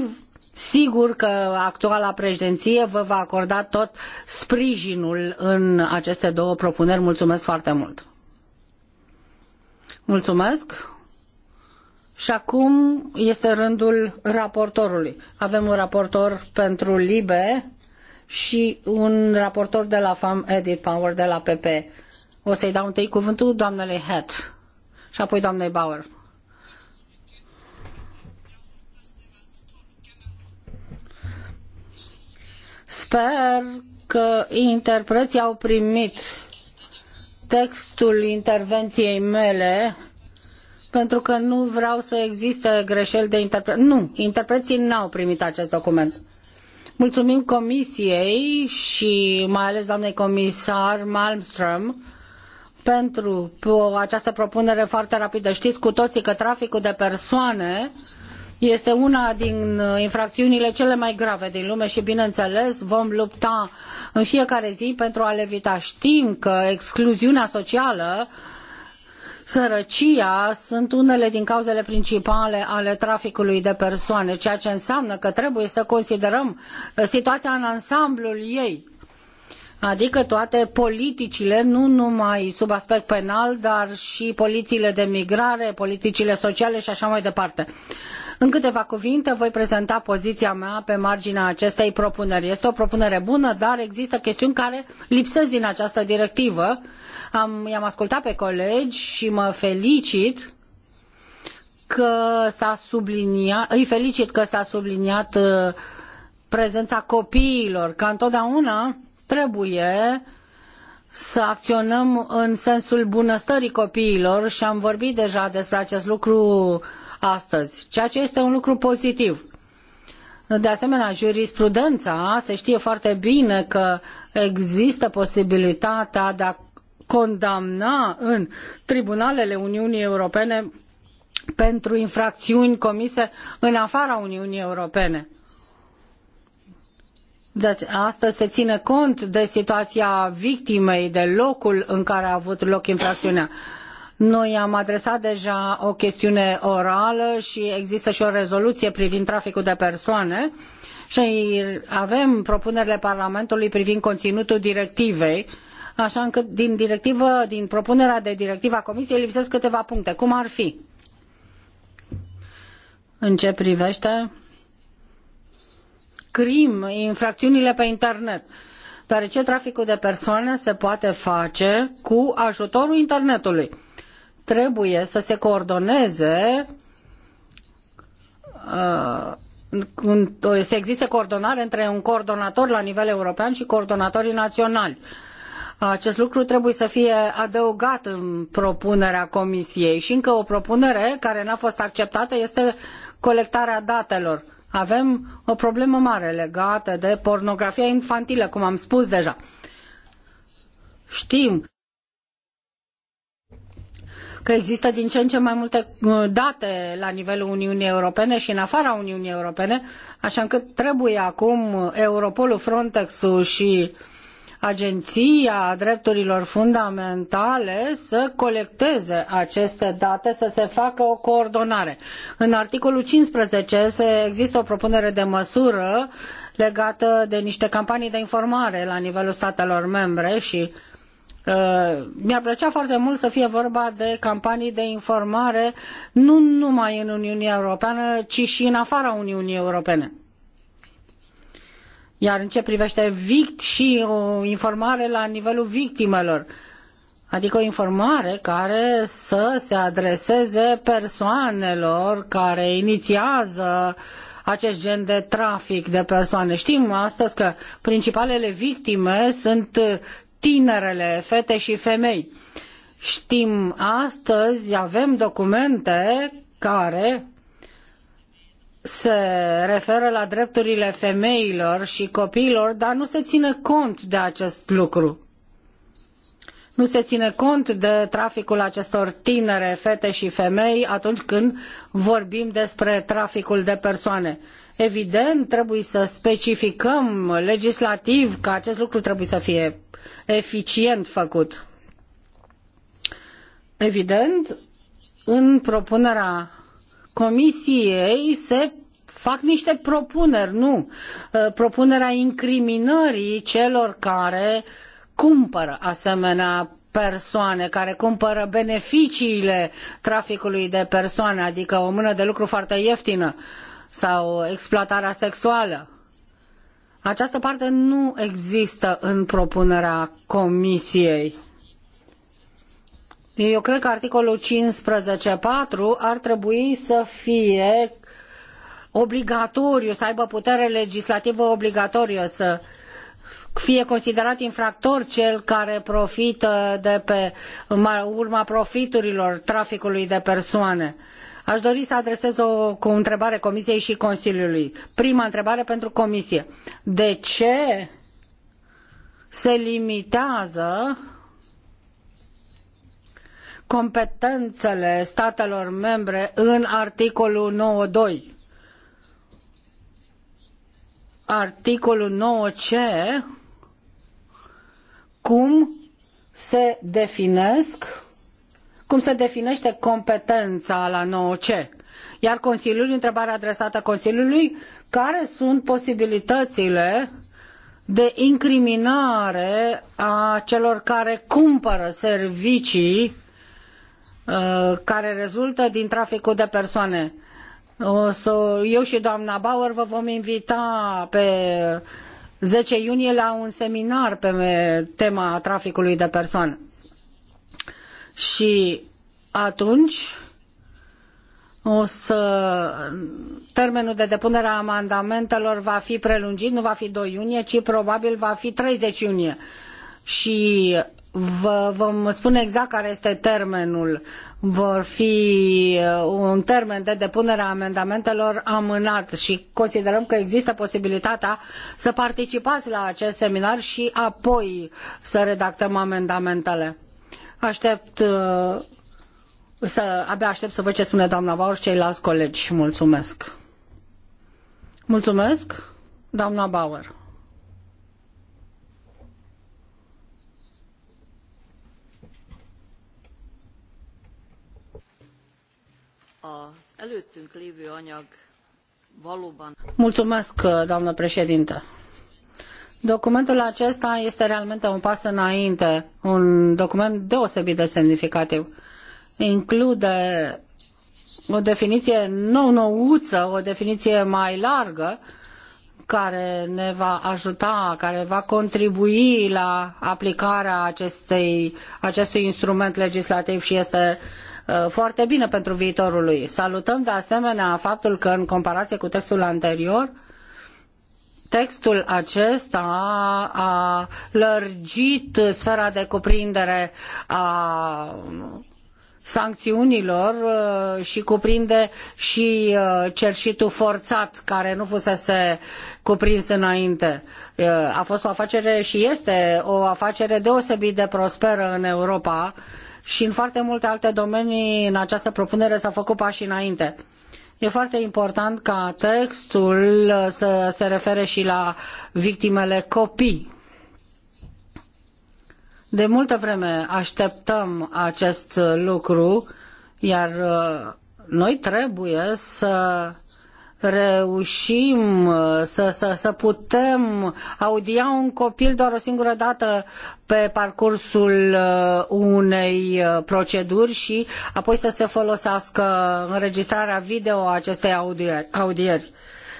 sigur că actuala președinție vă va acorda tot sprijinul în aceste două propuneri. Mulțumesc foarte mult! Mulțumesc! Și acum este rândul raportorului. Avem un raportor pentru LIBE, și un raportor de la FAM, Edith Power, de la PP. O să-i dau întâi cuvântul doamnei Het și apoi doamnei Bauer. Sper că interpreții au primit textul intervenției mele pentru că nu vreau să existe greșeli de interpretare. Nu, interpreții n-au primit acest document. Mulțumim Comisiei și mai ales doamnei comisar Malmström pentru această propunere foarte rapidă. Știți cu toții că traficul de persoane este una din infracțiunile cele mai grave din lume și, bineînțeles, vom lupta în fiecare zi pentru a le evita. Știm că excluziunea socială uh, sărăcia sunt unele din cauzele principale ale traficului de persoane, ceea ce înseamnă că trebuie să considerăm uh, situația în ansamblul ei adică toate politicile, nu numai sub aspect penal, dar și polițiile de migrare, politicile sociale și așa mai departe. În câteva cuvinte voi prezenta poziția mea pe marginea acestei propuneri. Este o propunere bună, dar există chestiuni care lipsesc din această directivă. Am, i-am ascultat pe colegi și mă felicit că s-a subliniat, îi felicit că s-a subliniat uh, prezența copiilor, ca întotdeauna Trebuie să acționăm în sensul bunăstării copiilor și am vorbit deja despre acest lucru astăzi, ceea ce este un lucru pozitiv. De asemenea, jurisprudența se știe foarte bine că există posibilitatea de a condamna în tribunalele Uniunii Europene pentru infracțiuni comise în afara Uniunii Europene. Deci astăzi se ține cont de situația victimei, de locul în care a avut loc infracțiunea. Noi am adresat deja o chestiune orală și există și o rezoluție privind traficul de persoane și avem propunerile Parlamentului privind conținutul directivei, așa încât din directivă, din propunerea de directivă a Comisiei lipsesc câteva puncte. Cum ar fi? În ce privește crim, infracțiunile pe internet, deoarece traficul de persoane se poate face cu ajutorul internetului. Trebuie să se coordoneze uh, să existe coordonare între un coordonator la nivel european și coordonatorii naționali. Acest lucru trebuie să fie adăugat în propunerea Comisiei și încă o propunere care n-a fost acceptată este colectarea datelor. Avem o problemă mare legată de pornografia infantilă, cum am spus deja. Știm că există din ce în ce mai multe uh, date la nivelul Uniunii Europene și în afara Uniunii Europene, așa încât trebuie acum Europolul, Frontex-ul și uh, Agenția Drepturilor Fundamentale să colecteze aceste date, să se facă o coordonare. În articolul 15 se există o propunere de măsură legată de niște campanii de informare la nivelul statelor membre și uh, mi-ar plăcea foarte mult să fie vorba de campanii de informare nu numai în Uniunea Europeană, ci și în afara Uniunii Europene. Iar în ce privește vict și o uh, informare la nivelul victimelor, adică o informare care să se adreseze persoanelor care inițiază acest gen de trafic de persoane. Știm astăzi că principalele victime sunt tinerele, fete și femei. Știm astăzi, avem documente care se referă la drepturile femeilor și copiilor, dar nu se ține cont de acest lucru. Nu se ține cont de traficul acestor tinere, fete și femei atunci când vorbim despre traficul de persoane. Evident, trebuie să specificăm legislativ că acest lucru trebuie să fie eficient făcut. Evident, în propunerea Comisiei se fac niște propuneri, nu. Uh, propunerea incriminării celor care cumpără asemenea persoane, care cumpără beneficiile traficului de persoane, adică o mână de lucru foarte ieftină sau exploatarea sexuală. Această parte nu există în propunerea Comisiei. Eu cred că articolul 15.4 ar trebui să fie obligatoriu, să aibă putere legislativă obligatorie, să fie considerat infractor cel care profită de pe urma profiturilor traficului de persoane. Aș dori să adresez o, o întrebare Comisiei și Consiliului. Prima întrebare pentru Comisie. De ce se limitează competențele statelor membre în articolul doi. Articolul 9c cum se definesc cum se definește competența la 9C. Iar Consiliul, întrebarea adresată Consiliului, care sunt posibilitățile de incriminare a celor care cumpără servicii Uh, care rezultă din traficul de persoane. eu și doamna Bauer vă vom invita pe 10 iunie la un seminar pe tema traficului de persoane. Și atunci o să termenul de depunere a amendamentelor va fi prelungit, nu va fi 2 iunie, ci probabil va fi 30 iunie. Și Vă vom spune exact care este termenul. Vor fi uh, un termen de depunere a amendamentelor amânat și considerăm că există posibilitatea să participați la acest seminar și apoi să redactăm amendamentele. Aștept uh, să, abia aștept să văd ce spune doamna Baur și ceilalți colegi. Mulțumesc. Mulțumesc, doamna Bauer. doamnă președintă. Documentul acesta este realmente un pas înainte, un document deosebit de semnificativ. Include o definiție nou-nouță, o definiție mai largă, care ne va ajuta, care va contribui la aplicarea acestei, acestui instrument legislativ și este uh, Uh, foarte bine pentru viitorul lui. Salutăm de asemenea faptul că în comparație cu textul anterior, textul acesta a lărgit sfera de cuprindere a sancțiunilor uh, și cuprinde și uh, cerșitul forțat care nu fusese cuprins înainte. A fost o afacere și este o afacere deosebit de prosperă în Europa și în foarte multe alte domenii în această propunere s-au făcut pași înainte. E foarte important ca textul uh, să se refere și la victimele copii. De multă vreme așteptăm acest lucru, iar uh, noi trebuie să reușim uh, să, să, să putem audia un copil doar o singură dată pe parcursul uh, unei uh, proceduri și apoi să se folosească înregistrarea video a acestei audieri. audieri.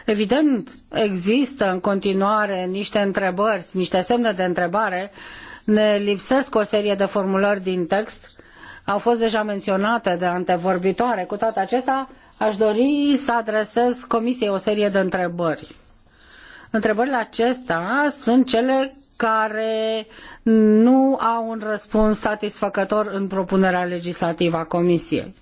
Evident, există în continuare niște întrebări, niște semne de întrebare. Ne lipsesc o serie de formulări din text, au fost deja menționate de antevorbitoare. Cu toate acestea, Aș dori să adresez Comisiei o serie de întrebări. Întrebările acestea sunt cele care nu au un răspuns satisfăcător în propunerea legislativă a Comisiei.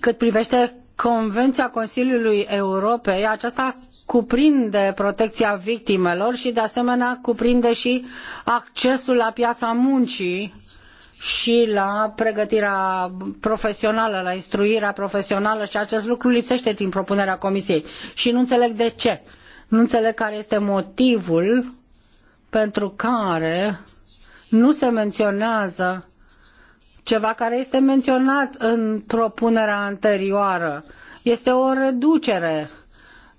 Cât privește Convenția Consiliului Europei, aceasta cuprinde protecția victimelor și de asemenea cuprinde și accesul la piața muncii și la pregătirea profesională, la instruirea profesională și acest lucru lipsește din propunerea comisiei. Și nu înțeleg de ce. Nu înțeleg care este motivul pentru care nu se menționează ceva care este menționat în propunerea anterioară. Este o reducere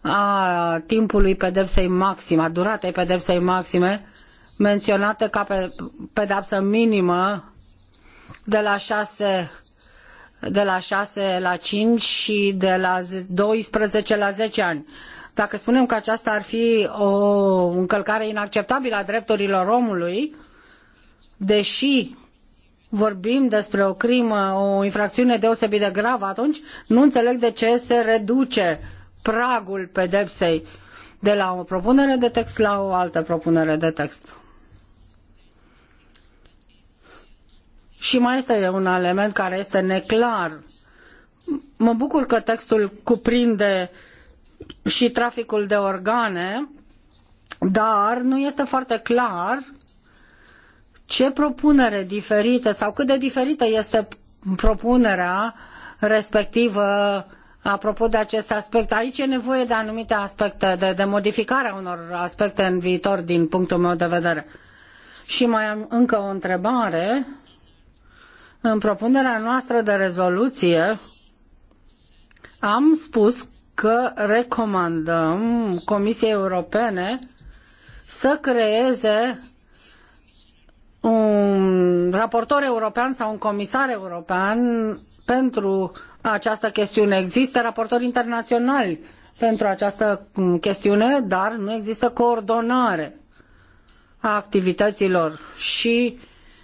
a timpului pedepsei maxime, a duratei pedepsei maxime, menționată ca pe, pedapsă minimă de la 6 de la 6 la 5 și de la 12 la 10 ani. Dacă spunem că aceasta ar fi o încălcare inacceptabilă a drepturilor omului, deși vorbim despre o crimă, o infracțiune deosebit de gravă, atunci nu înțeleg de ce se reduce uh, pragul pedepsei de la o propunere de text la o altă propunere de text. Și mai este un element care este neclar. Mă bucur că textul cuprinde și traficul de organe, dar nu este foarte clar ce propunere diferită sau cât de diferită este propunerea respectivă uh, Apropo de acest aspect, aici e nevoie de anumite aspecte, de, de modificarea unor aspecte în viitor, din punctul meu de vedere. Și mai am încă o întrebare. În propunerea noastră de rezoluție am spus că recomandăm Comisiei Europene să creeze un raportor european sau un comisar european pentru această chestiune. Există raportori internaționali pentru această chestiune, dar nu există coordonare a activităților și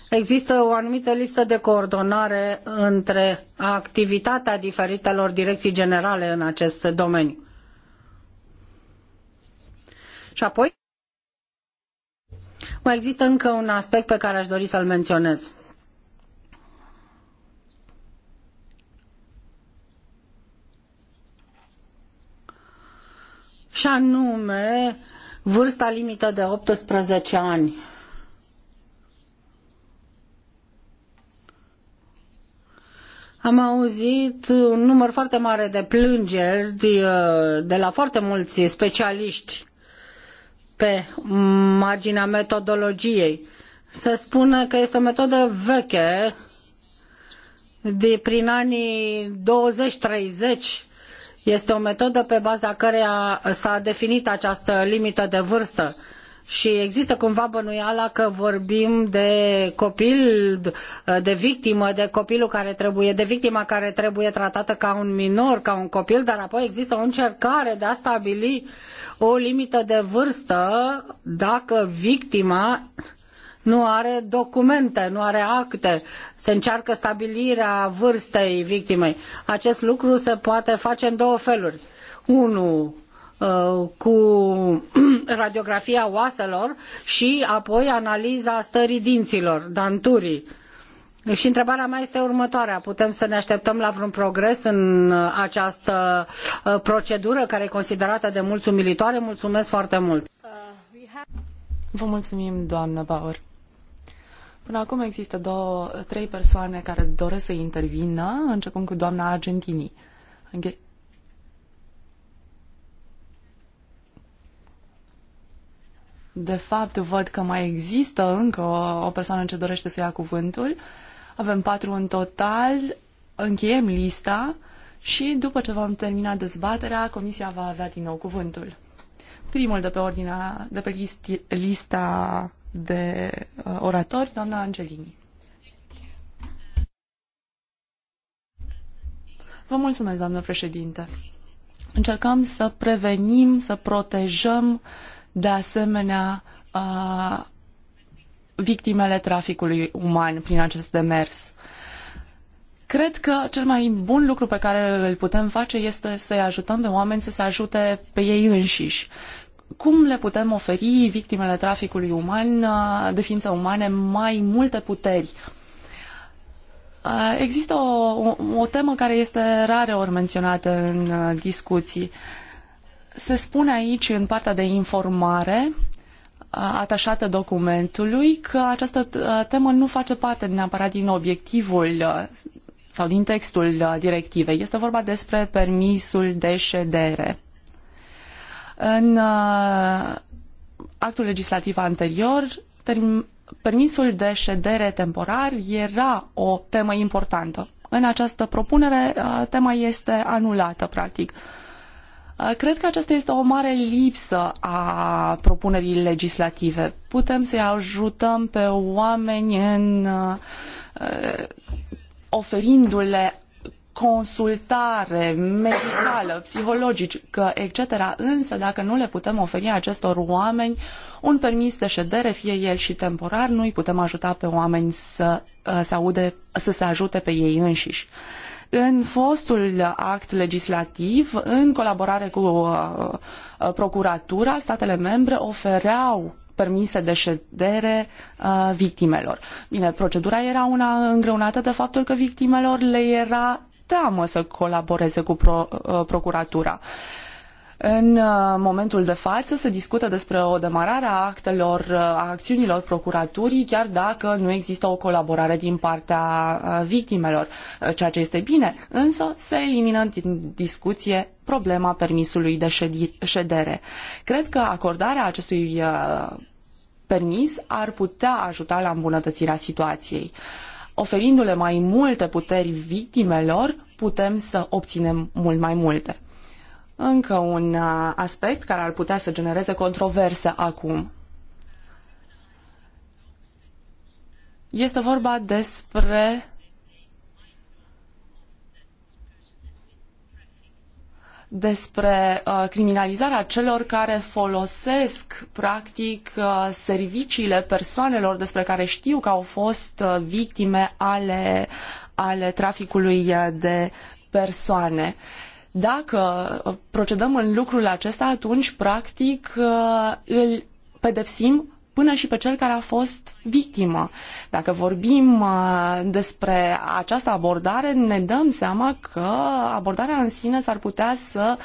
există o anumită lipsă de coordonare între activitatea diferitelor direcții generale în acest domeniu. Și apoi mai există încă un aspect pe care aș dori să-l menționez. și anume vârsta limită de 18 ani. Am auzit un număr foarte mare de plângeri uh, de la foarte mulți specialiști pe marginea metodologiei. Se spune că este o metodă veche de prin anii 20-30 este o metodă pe baza căreia s-a definit această limită de vârstă și există cumva bănuiala că vorbim de copil, de victimă, de copilul care trebuie, de victima care trebuie tratată ca un minor, ca un copil, dar apoi există o încercare de a stabili o limită de vârstă dacă victima nu are documente, nu are acte, se încearcă stabilirea vârstei victimei. Acest lucru se poate face în două feluri. Unu, uh, cu (clears throat) radiografia oaselor și apoi analiza stării dinților, danturii. Și întrebarea mea este următoarea. Putem să ne așteptăm la vreun progres în uh, această uh, procedură care e considerată de mulți umilitoare? Mulțumesc foarte mult! Vă mulțumim, doamnă Bauer. Până acum există două, trei persoane care doresc să intervină, începând cu doamna Argentini. Înghe- De fapt, văd că mai există încă o, o persoană ce dorește să ia cuvântul. Avem patru în total. Încheiem lista și după ce vom termina dezbaterea, comisia va avea din nou cuvântul. Primul de pe ordinea, de pe listi, lista de uh, oratori, doamna Angelini. Vă mulțumesc, doamnă președinte. Încercăm să prevenim, să protejăm de asemenea a, uh, victimele traficului uman prin acest demers. Cred că cel mai bun lucru pe care îl putem face este să-i ajutăm pe oameni să se ajute pe ei înșiși cum le putem oferi victimele traficului uman, uh, de ființe umane, mai multe puteri. Uh, există o, o temă care este ori menționată în uh, discuții. Se spune aici, în partea de informare, atașată documentului, că această temă nu face parte neapărat din obiectivul sau din textul directivei. Este vorba despre permisul de ședere. În uh, actul legislativ anterior, permisul de ședere temporar era o temă importantă. În această propunere, uh, tema este anulată, practic. Uh, cred că aceasta este o mare lipsă a propunerii legislative. Putem să-i ajutăm pe oameni în oferindu-le consultare medicală, psihologică, etc. Însă, dacă nu le putem oferi acestor oameni un permis de ședere, fie el și temporar, nu îi putem ajuta pe oameni să ă, se, aude, să se ajute pe ei înșiși. În fostul act legislativ, în colaborare cu ă, ă, procuratura, statele membre ofereau permise de ședere uh, victimelor. Bine, procedura era una îngreunată de faptul că victimelor le era teamă să colaboreze cu pro, uh, procuratura. În uh, momentul de față se discută despre o demarare a actelor, uh, a acțiunilor procuraturii, chiar dacă nu există o colaborare din partea victimelor, ceea ce este bine, însă se elimină din discuție problema permisului de ședere. Cred că acordarea acestui permis ar putea ajuta la îmbunătățirea situației oferindu-le mai multe puteri victimelor, putem să obținem mult mai multe. Încă un uh, aspect care ar putea să genereze controverse acum. Este vorba despre despre uh, criminalizarea celor care folosesc, practic, uh, serviciile persoanelor despre care știu că au fost uh, victime ale, ale traficului de persoane. Dacă procedăm în lucrul acesta, atunci, practic, îl pedepsim până și pe cel care a fost victimă. Dacă vorbim uh, despre această abordare, ne dăm seama că abordarea în sine s-ar putea să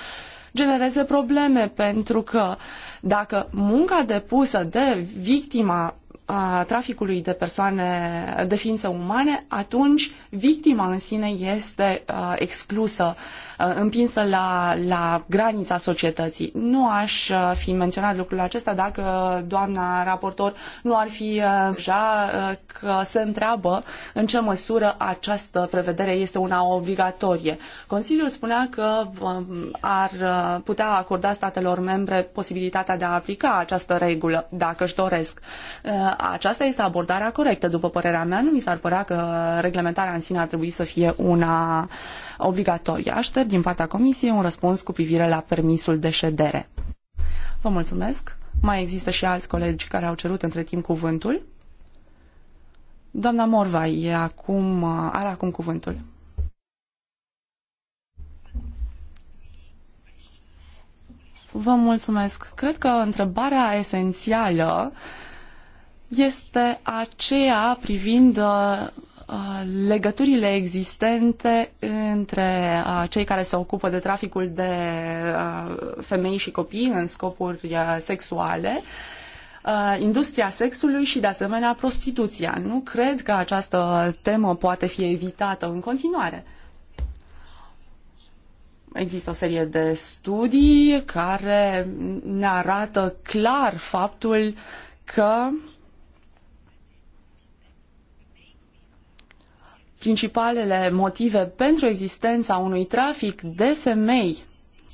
genereze probleme, pentru că dacă munca depusă de victima a uh, traficului de persoane, de ființe umane, atunci victima în sine este uh, exclusă Uh, împinsă la, la granița societății. Nu aș uh, fi menționat lucrul acesta dacă doamna raportor nu ar fi uh, deja că se întreabă în ce măsură această prevedere este una obligatorie. Consiliul spunea că um, ar putea acorda statelor membre posibilitatea de a aplica această regulă, dacă își doresc. Aceasta este abordarea corectă, după părerea mea. Nu mi s-ar părea că reglementarea în sine ar trebui să fie una obligatorie. Aștept din partea Comisiei un răspuns cu privire la permisul de ședere. Vă mulțumesc. Mai există și alți colegi care au cerut între timp cuvântul. Doamna Morva e acum, are acum cuvântul. Vă mulțumesc. Cred că întrebarea esențială este aceea privind uh, Uh, legăturile existente între uh, cei care se ocupă de traficul de uh, femei și copii în scopuri sexuale, industria sexului și, de asemenea, prostituția. Nu cred că această temă poate fi evitată în continuare. Există o serie de studii care ne arată clar faptul că principalele motive pentru existența unui trafic de femei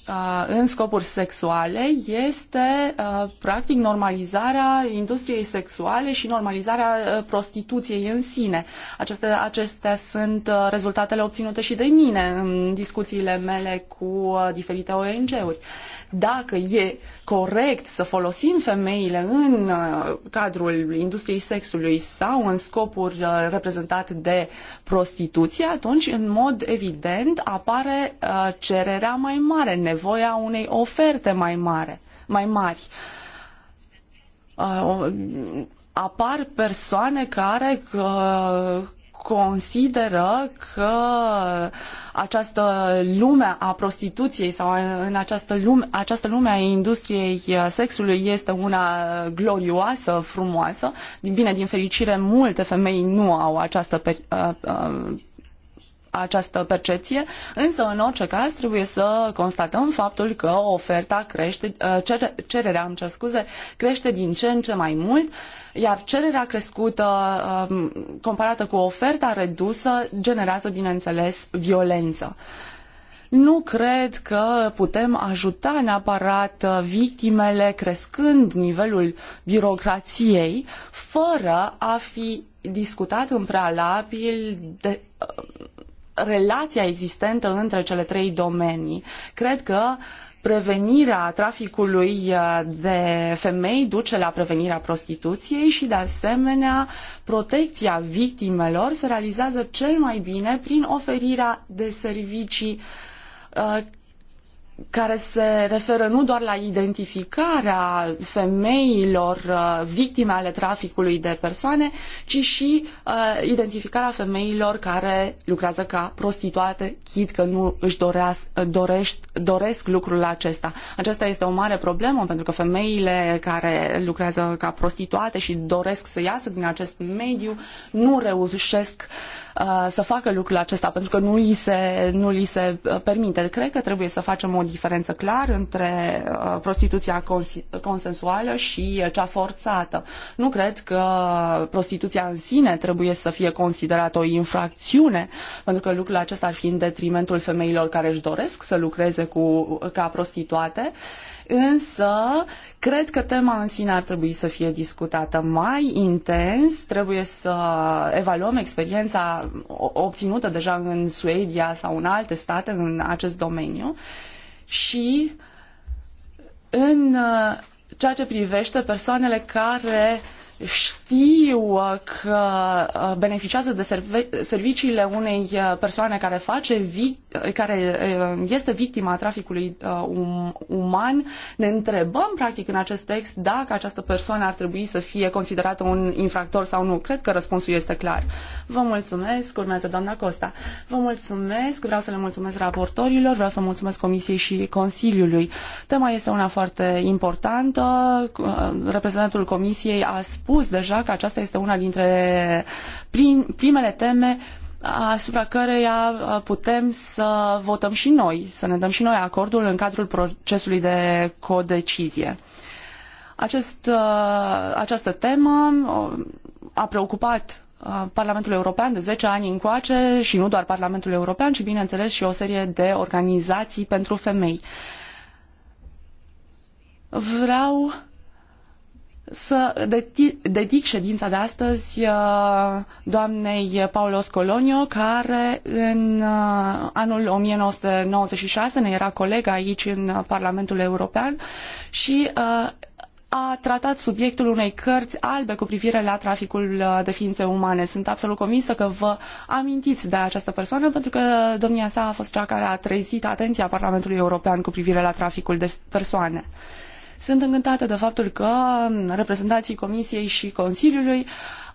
Uh, în scopuri sexuale este uh, practic normalizarea industriei sexuale și normalizarea uh, prostituției în sine. Aceste, acestea sunt rezultatele obținute și de mine în discuțiile mele cu diferite ONG-uri. Dacă e corect să folosim femeile în cadrul industriei sexului sau în scopuri reprezentate de prostituție, atunci, în mod evident, apare cererea mai mare, nevoia unei oferte mai mare, mai mari. Uh, apar persoane care uh, consideră că această lume a prostituției sau în această lume, această lume a industriei uh, sexului este una glorioasă, frumoasă. Bine, din fericire, multe femei nu au această această percepție, însă în orice caz trebuie să constatăm faptul că oferta crește, uh, cererea, îmi cer scuze, crește din ce în ce mai mult, iar cererea crescută um, comparată cu oferta redusă generează, bineînțeles, violență. Nu cred că putem ajuta neapărat uh, victimele crescând nivelul birocrației fără a fi discutat în prealabil de, uh, relația existentă între cele trei domenii. Cred că prevenirea traficului uh, de femei duce la prevenirea prostituției și, de asemenea, protecția victimelor se realizează cel mai bine prin oferirea de servicii uh, care se referă nu doar la identificarea femeilor uh, victime ale traficului de persoane, ci și uh, identificarea femeilor care lucrează ca prostituate, chid că nu își doreasc, dorești, doresc lucrul acesta. Aceasta este o mare problemă pentru că femeile care lucrează ca prostituate și doresc să iasă din acest mediu nu reușesc uh, Uh, să facă lucrul acesta pentru că nu li se, nu li se uh, permite. Cred că trebuie să facem o diferență clară între uh, prostituția cons consensuală și cea forțată. Nu cred că prostituția în sine trebuie să fie considerată o infracțiune pentru că lucrul acesta ar fi în detrimentul femeilor care își doresc să lucreze cu, ca prostituate Însă, cred că tema în sine ar trebui să fie discutată mai intens, trebuie să evaluăm experiența obținută deja în Suedia sau în alte state în acest domeniu și în uh, ceea ce privește persoanele care știu uh, că uh, beneficiază de serviciile unei persoane care face victime care um, este victima traficului uh, um, uman, ne întrebăm practic în acest text dacă această persoană ar trebui să fie considerată un infractor sau nu. Cred că răspunsul este clar. Vă mulțumesc, urmează doamna Costa. Vă mulțumesc, vreau să le mulțumesc raportorilor, vreau să mulțumesc Comisiei și Consiliului. Tema este una foarte importantă. Reprezentantul Comisiei a spus deja că aceasta este una dintre primele teme asupra căreia uh, putem să votăm și noi, să ne dăm și noi acordul în cadrul procesului de codecizie. Acest, uh, această temă uh, a preocupat Parlamentul European de zece ani încoace și nu doar Parlamentul European, ci bineînțeles și o serie de organizații pentru femei. Vreau să dedic ședința de astăzi uh, doamnei Paulos Colonio, care în uh, anul 1996 ne era colegă aici în Parlamentul European și uh, a tratat subiectul unei cărți albe cu privire la traficul de ființe umane. Sunt absolut convinsă că vă amintiți de această persoană pentru că domnia sa a fost cea care a trezit atenția Parlamentului European cu privire la traficul de persoane. Sunt încântată de faptul că reprezentanții Comisiei și Consiliului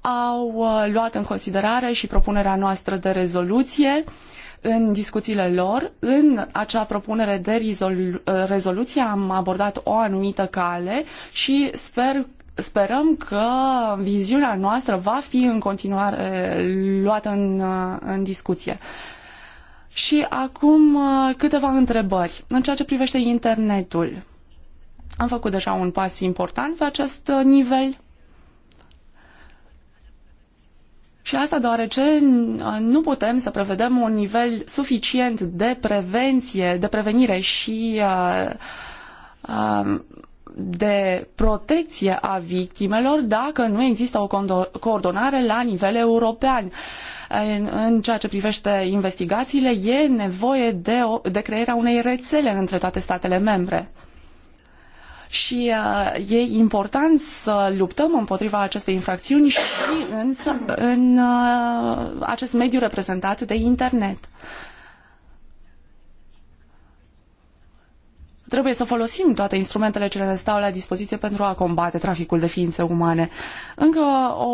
au uh, luat în considerare și propunerea noastră de rezoluție în discuțiile lor. În acea propunere de uh, rezoluție am abordat o anumită cale și sper sperăm că viziunea noastră va fi în continuare luată în, uh, în discuție. Și acum câteva întrebări în ceea ce privește internetul. Am făcut deja un pas important pe acest uh, nivel. Și asta deoarece uh, nu putem să prevedem un nivel suficient de prevenție, de prevenire și uh, um, de protecție a victimelor dacă nu există o coordonare la nivel european. În ceea ce privește investigațiile, e nevoie de, o, de crearea unei rețele între toate statele membre și uh, e important să luptăm împotriva acestei infracțiuni și însă în uh, acest mediu reprezentat de internet. trebuie să folosim toate instrumentele ce ne stau la dispoziție pentru a combate traficul de ființe umane. Încă o,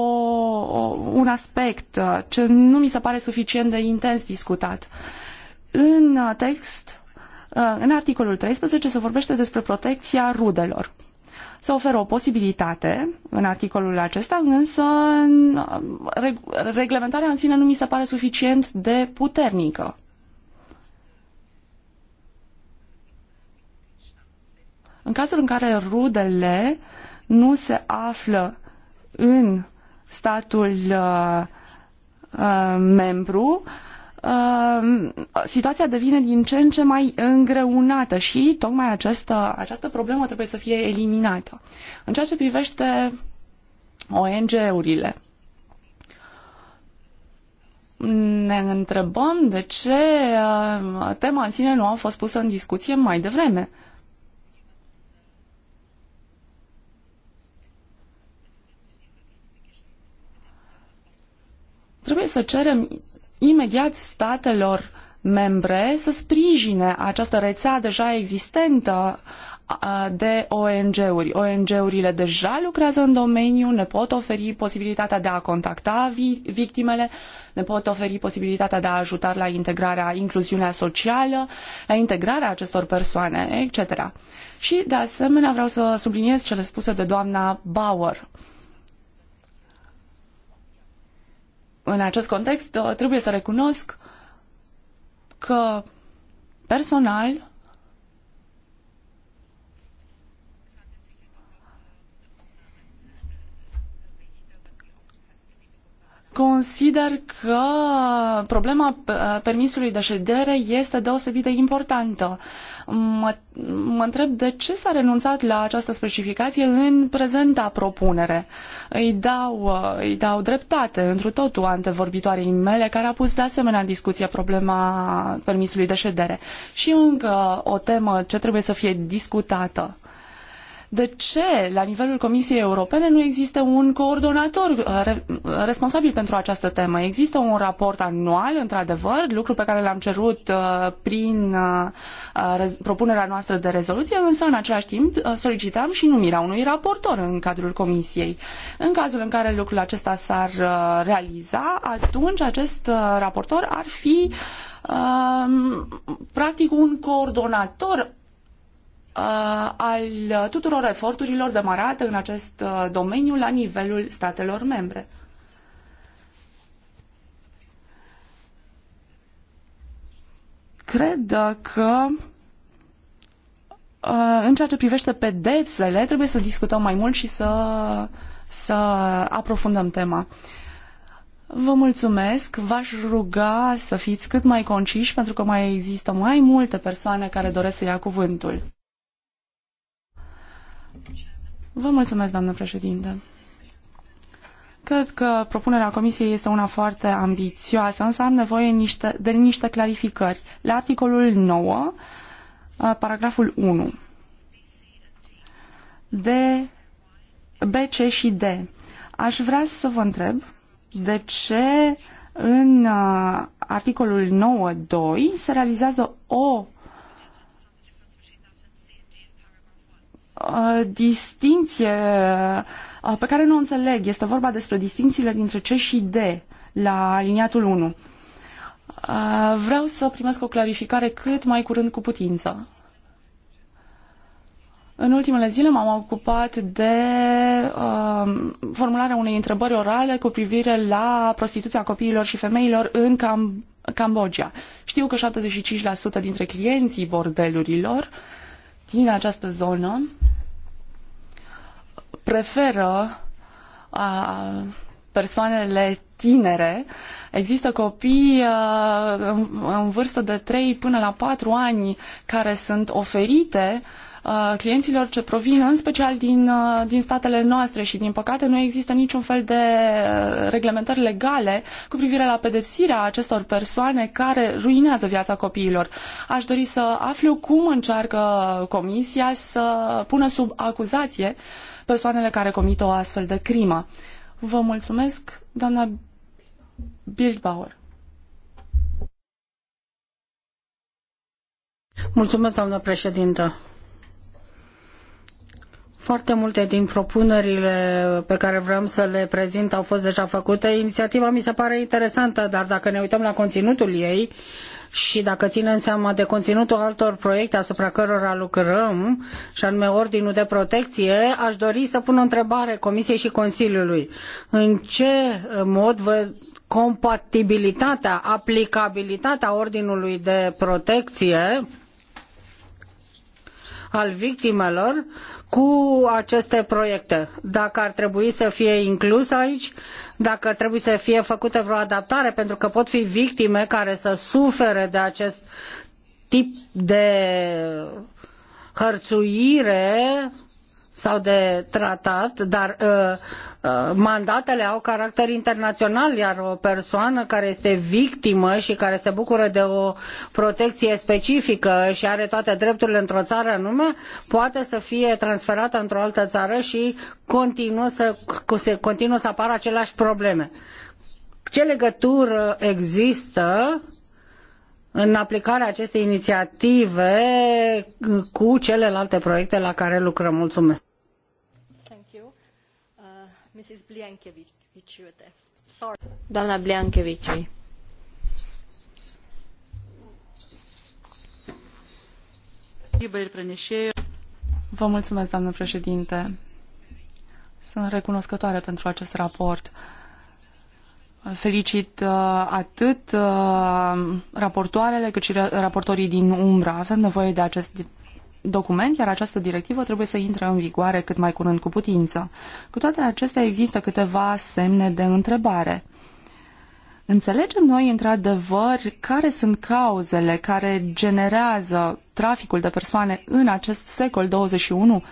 un aspect uh, ce nu mi se pare suficient de intens discutat. În text Uh, în articolul 13 se vorbește despre protecția rudelor. Se oferă o posibilitate în articolul acesta, însă uh, reglementarea în sine nu mi se pare suficient de puternică. În cazul în care rudele nu se află în statul uh, uh, membru, uh, Um, situația devine din ce în ce mai îngreunată și tocmai această, această problemă trebuie să fie eliminată. În ceea ce privește ONG-urile, ne întrebăm de ce um, tema în sine nu a fost pusă în discuție mai devreme. Trebuie să cerem imediat statelor membre să sprijine această rețea deja existentă de ONG-uri. ONG-urile deja lucrează în domeniu, ne pot oferi posibilitatea de a contacta victimele, ne pot oferi posibilitatea de a ajuta la integrarea, incluziunea socială, la integrarea acestor persoane, etc. Și, de asemenea, vreau să subliniez cele spuse de doamna Bauer. Uh, în acest context uh, trebuie să recunosc că personal consider că problema uh, permisului de ședere este deosebit de importantă. Mă, mă întreb de ce s-a renunțat la această specificație în prezenta propunere. Îi dau, uh, îi dau dreptate întru totul antevorbitoarei mele care a pus de asemenea în discuție problema permisului de ședere. Și încă o temă ce trebuie să fie discutată de ce la nivelul Comisiei Europene nu există un coordonator uh, re uh, responsabil pentru această temă. Există un raport anual, într-adevăr, lucru pe care l-am cerut uh, prin propunerea noastră de rezoluție, însă în același timp solicitam și numirea unui raportor în cadrul Comisiei. În cazul în care lucrul acesta s-ar realiza, atunci acest raportor ar fi practic un coordonator Uh, al tuturor eforturilor demarate în acest uh, domeniu la nivelul statelor membre. Cred că uh, în ceea ce privește pedepsele, trebuie să discutăm mai mult și să, să aprofundăm tema. Vă mulțumesc, v-aș ruga să fiți cât mai conciși pentru că mai există mai multe persoane care doresc să ia cuvântul. Vă mulțumesc, doamnă președinte. Cred că propunerea Comisiei este una foarte ambițioasă, însă am nevoie niște, de niște clarificări. La articolul 9, paragraful 1, de B, C și D. Aș vrea să vă întreb de ce în articolul 9.2 se realizează o Uh, distinție uh, pe care nu o înțeleg. Este vorba despre distințiile dintre C și D la aliniatul 1. Uh, vreau să primesc o clarificare cât mai curând cu putință. În ultimele zile m-am ocupat de uh, formularea unei întrebări orale cu privire la prostituția copiilor și femeilor în Cam- Cambodgia. Știu că 75% dintre clienții bordelurilor din această zonă preferă a, persoanele tinere. Există copii în vârstă de 3 până la 4 ani care sunt oferite clienților ce provin în special din, din statele noastre și din păcate nu există niciun fel de reglementări legale cu privire la pedepsirea acestor persoane care ruinează viața copiilor. Aș dori să aflu cum încearcă comisia să pună sub acuzație uh, persoanele care comit o astfel de crimă. Vă mulțumesc, doamna Bildbauer. Mulțumesc, doamnă președintă. Foarte multe din propunerile pe care vreau să le prezint au fost deja făcute. Inițiativa mi se pare interesantă, dar dacă ne uităm la conținutul ei, și dacă ținem seama de conținutul altor proiecte asupra cărora lucrăm, și anume Ordinul de Protecție, aș dori să pun o întrebare Comisiei și Consiliului. În ce mod vă compatibilitatea, aplicabilitatea Ordinului de Protecție al victimelor cu aceste proiecte. Dacă ar trebui să fie inclus aici, dacă ar trebui să fie făcută vreo adaptare, pentru că pot fi victime care să sufere de acest tip de hărțuire sau de tratat, dar uh, Uh, mandatele au caracter internațional, iar o persoană care este victimă și care se bucură de o protecție specifică și are toate drepturile într-o țară anume, poate să fie transferată într-o altă țară și continuă să, se continuă să apară aceleași probleme. Ce legătură există în aplicarea acestei inițiative cu celelalte proiecte la care lucrăm? Mulțumesc! Mrs. Bliankeviciute. Sorry. Doamna Bliankevici. Vă mulțumesc, doamnă președinte. Sunt recunoscătoare pentru acest raport. Felicit uh, atât uh, raportoarele cât și raportorii din umbră. Avem nevoie de acest document, iar această directivă trebuie să intre în vigoare cât mai curând cu putință. Cu toate acestea există câteva semne de întrebare. Înțelegem noi, într-adevăr, care sunt cauzele care generează traficul de persoane în acest secol 21?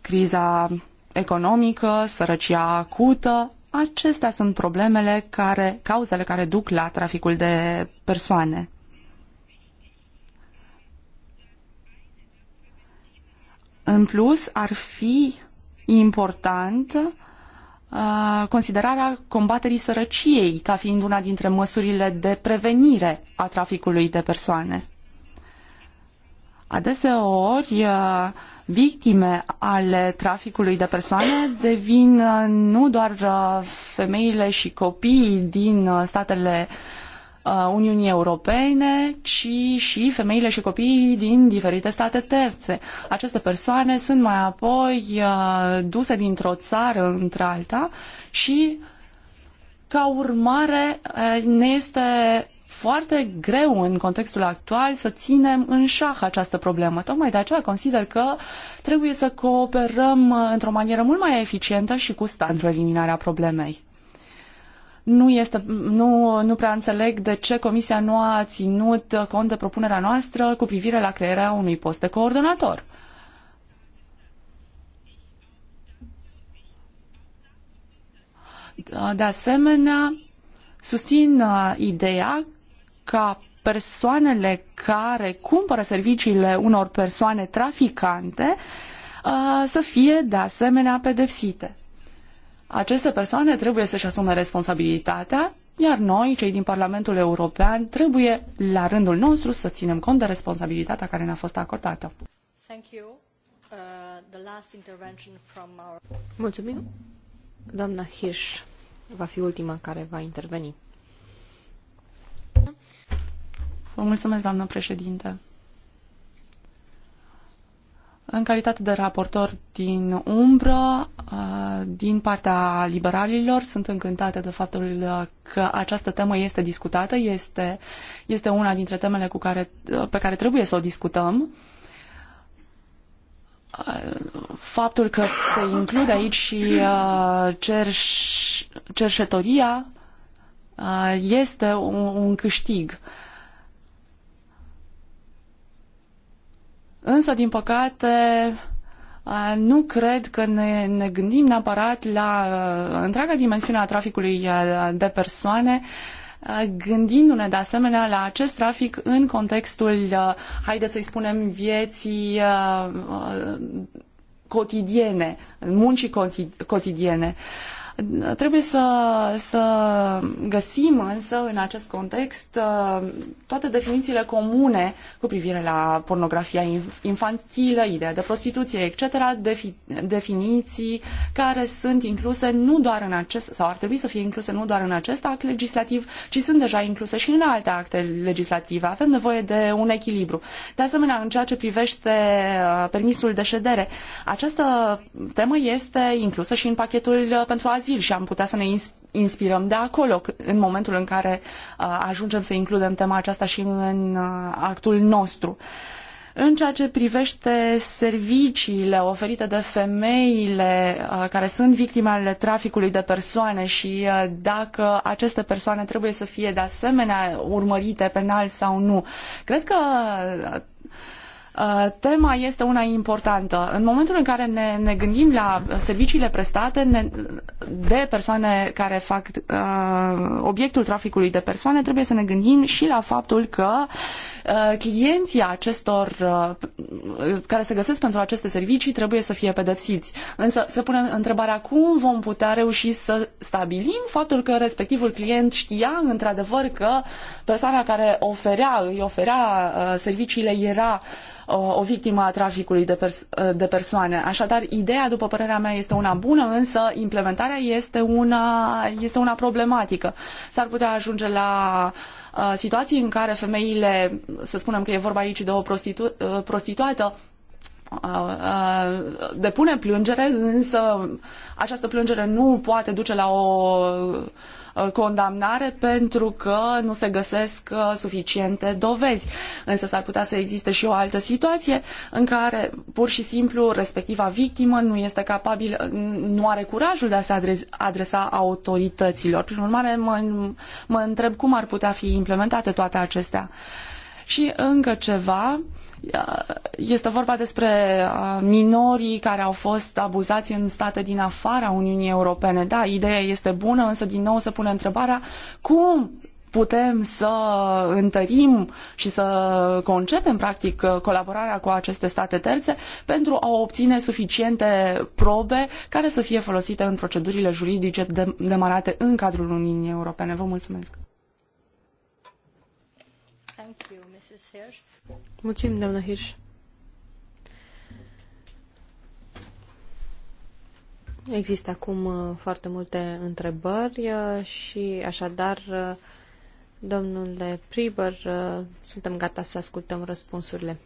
Criza economică, sărăcia acută, acestea sunt problemele care, cauzele care duc la traficul de persoane. În plus, ar fi important uh, considerarea combaterii sărăciei ca fiind una dintre măsurile de prevenire a traficului de persoane. Adeseori, uh, victime ale traficului de persoane devin uh, nu doar femeile și copiii din statele uh, Uh, Uniunii Europene, ci și femeile și copiii din diferite state terțe. Aceste persoane sunt mai apoi uh, duse dintr-o țară într-alta și ca urmare uh, ne este foarte greu în contextul actual să ținem în șah această problemă. Tocmai de aceea consider că trebuie să cooperăm într-o manieră mult mai eficientă și cu stat pentru eliminarea problemei nu, este, nu, nu prea înțeleg de ce Comisia nu a ținut cont de propunerea noastră cu privire la crearea unui post de coordonator. De asemenea, susțin uh, ideea ca persoanele care cumpără serviciile unor persoane traficante uh, să fie de asemenea pedepsite. Aceste persoane trebuie să-și asume responsabilitatea, iar noi, cei din Parlamentul European, trebuie la rândul nostru să ținem cont de responsabilitatea care ne-a fost acordată. Uh, Mulțumim. Doamna Hirsch va fi ultima care va interveni. Vă mulțumesc, doamnă președinte. În calitate de raportor din umbră, din partea liberalilor, sunt încântată de faptul că această temă este discutată, este, este una dintre temele cu care, pe care trebuie să o discutăm faptul că se include aici și cerș, cerșetoria este un, un câștig. Însă, din păcate, nu cred că ne, ne gândim neapărat la întreaga dimensiune a traficului de persoane, gândindu-ne de asemenea la acest trafic în contextul, haideți să-i spunem, vieții cotidiene, muncii cotidiene. Trebuie să, să găsim însă în acest context uh, toate definițiile comune cu privire la pornografia infantilă, ideea de prostituție, etc., defi- definiții care sunt incluse nu doar în acest, sau ar trebui să fie incluse nu doar în acest act legislativ, ci sunt deja incluse și în alte acte legislative. Avem nevoie de un echilibru. De asemenea, în ceea ce privește uh, permisul de ședere, această temă este inclusă și în pachetul uh, pentru azi Brazil și am putea să ne inspirăm de acolo în momentul în care uh, ajungem să includem tema aceasta și în uh, actul nostru. În ceea ce privește serviciile oferite de femeile uh, care sunt victime ale traficului de persoane și dacă aceste persoane trebuie să fie de asemenea urmărite penal sau nu, cred că Uh, tema este una importantă. În momentul în care ne, ne gândim la serviciile prestate ne, de persoane care fac uh, obiectul traficului de persoane, trebuie să ne gândim și la faptul că uh, clienții acestor uh, care se găsesc pentru aceste servicii trebuie să fie pedepsiți. Însă se pune întrebarea cum vom putea reuși să stabilim faptul că respectivul client știa într-adevăr că persoana care oferea, îi oferea uh, serviciile era uh, o, o victimă a traficului de, pers de persoane. Așadar, ideea, după părerea mea, este una bună, însă implementarea este una, este una problematică. S-ar putea ajunge la uh, situații în care femeile, să spunem că e vorba aici de o prostitu uh, prostituată, uh, uh, depune plângere, însă această plângere nu poate duce la o Uh, condamnare pentru că nu se găsesc uh, suficiente dovezi. Însă s-ar putea să existe și o altă situație în care pur și simplu respectiva victimă nu este capabilă, nu are curajul de a se adresa autorităților. Prin urmare, mă, mă întreb cum ar putea fi implementate toate acestea. Și încă ceva, uh, este vorba despre uh, minorii care au fost abuzați în state din afara Uniunii Europene. Da, ideea este bună, însă din nou se pune întrebarea cum putem să întărim și să concepem practic colaborarea cu aceste state terțe pentru a obține suficiente probe care să fie folosite în procedurile juridice demarate în cadrul Uniunii Europene. Vă mulțumesc! Mulțumim, doamnă Hirsch. Există acum uh, foarte multe întrebări uh, și așadar, uh, domnule Priber, suntem gata să ascultăm răspunsurile.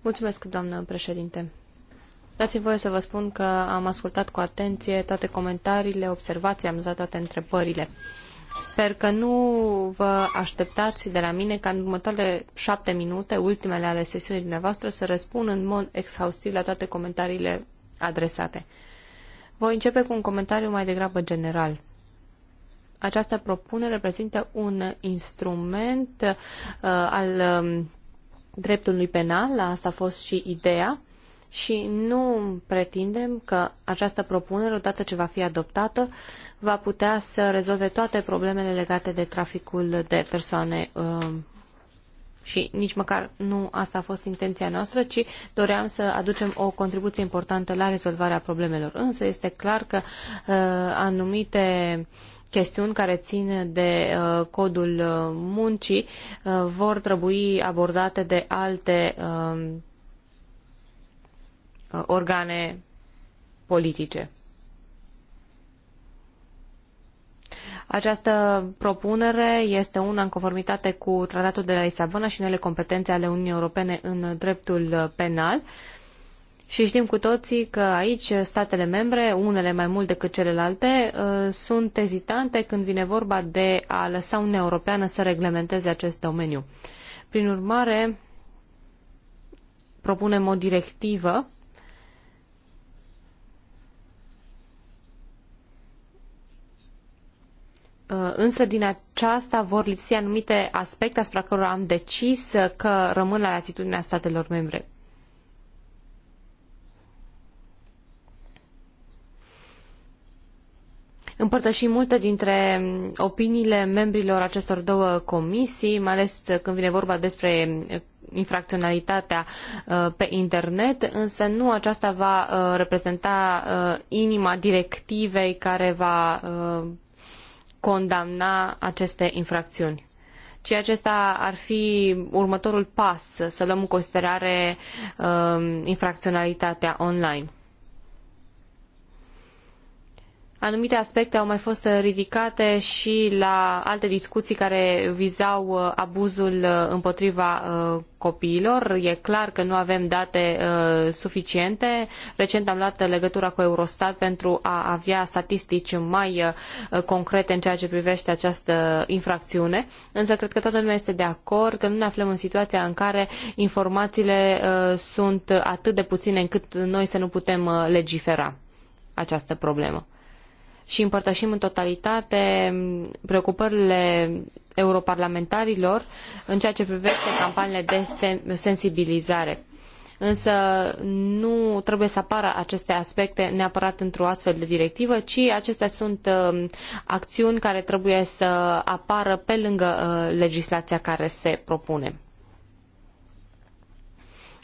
Mulțumesc, doamnă președinte. Dați-mi voie să vă spun că am ascultat cu atenție toate comentariile, observații, am dat toate întrebările. Sper că nu vă așteptați de la mine ca în următoarele șapte minute, ultimele ale sesiunii dumneavoastră, să răspund în mod exhaustiv la toate comentariile adresate. Voi începe cu un comentariu mai degrabă general. Această propunere reprezintă un instrument uh, al um, dreptului penal, asta a fost și ideea, și nu pretindem că această propunere, odată ce va fi adoptată, va putea să rezolve toate problemele legate de traficul de persoane um, și nici măcar nu asta a fost intenția noastră, ci doream să aducem o contribuție importantă la rezolvarea problemelor. Însă este clar că uh, anumite chestiuni care țin de uh, codul uh, muncii uh, vor trebui abordate de alte uh, Uh, organe politice. Această propunere este una în conformitate cu Tratatul de la Lisabona și unele competențe ale Uniunii Europene în dreptul penal. Și știm cu toții că aici statele membre, unele mai mult decât celelalte, uh, sunt ezitante când vine vorba de a lăsa Uniunea Europeană să reglementeze acest domeniu. Prin urmare, propunem o directivă Uh, însă din aceasta vor lipsi anumite aspecte asupra cărora am decis uh, că rămân la latitudinea statelor membre. Împărtășim multe dintre um, opiniile membrilor acestor două comisii, mai ales uh, când vine vorba despre infracționalitatea pe internet, însă nu aceasta va reprezenta inima directivei care va condamna aceste infracțiuni ci acesta ar fi următorul pas, să luăm în considerare um, infracționalitatea online. Anumite aspecte au mai fost ridicate și la alte discuții care vizau uh, abuzul uh, împotriva uh, copiilor. E clar că nu avem date suficiente. Recent am luat legătura cu Eurostat pentru a avea statistici mai concrete în ceea ce privește această infracțiune, însă cred că toată lumea este de acord că nu ne aflăm în situația în care informațiile sunt atât de puține încât noi să nu putem legifera această problemă și împărtășim în totalitate preocupările europarlamentarilor în ceea ce privește campaniile de sensibilizare. Însă nu trebuie să apară aceste aspecte neapărat într-o astfel de directivă, ci acestea sunt uh, acțiuni care trebuie să apară pe lângă uh, legislația care se propune.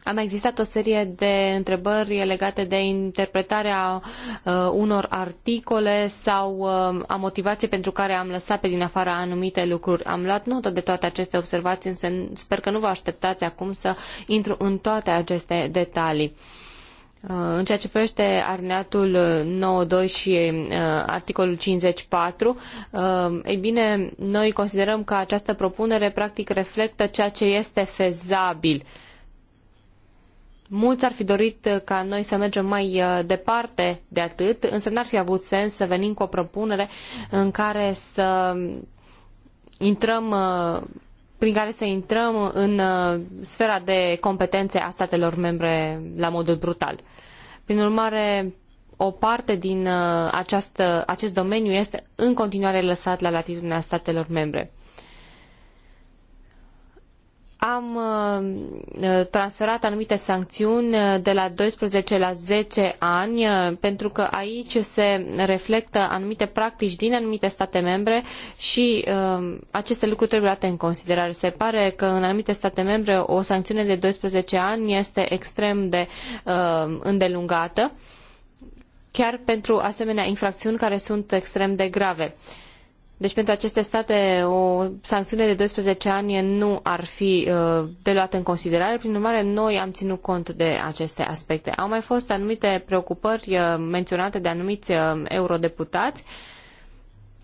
A mai existat o serie de întrebări legate de interpretarea uh, unor articole sau uh, a motivației pentru care am lăsat pe din afara anumite lucruri. Am luat notă de toate aceste observații, însă sper că nu vă așteptați acum să intru în toate aceste detalii. Uh, în ceea ce privește alineatul 9.2 și uh, articolul 54, uh, ei bine, noi considerăm că această propunere practic reflectă ceea ce este fezabil. Uh, Mulți ar fi dorit uh, ca noi să mergem mai uh, departe de atât, însă n-ar fi avut sens să venim cu o propunere în care să intrăm uh, prin care să intrăm în sfera de competențe a statelor membre la modul brutal. Prin urmare, o parte din această, acest domeniu este în continuare lăsat la latitudinea statelor membre am uh, uh, transferat anumite sancțiuni uh, de la 12 la 10 ani, pentru că aici se reflectă anumite practici din anumite state membre și aceste lucruri trebuie luate în considerare. Se pare că în anumite state membre o sancțiune de 12 ani este extrem de îndelungată, chiar pentru asemenea infracțiuni care sunt extrem de grave. Deci pentru aceste state o sancțiune de 12 ani nu ar fi uh, de luat în considerare, prin urmare noi am ținut cont de aceste aspecte. Au mai fost anumite preocupări uh, menționate de anumiți uh, eurodeputați uh,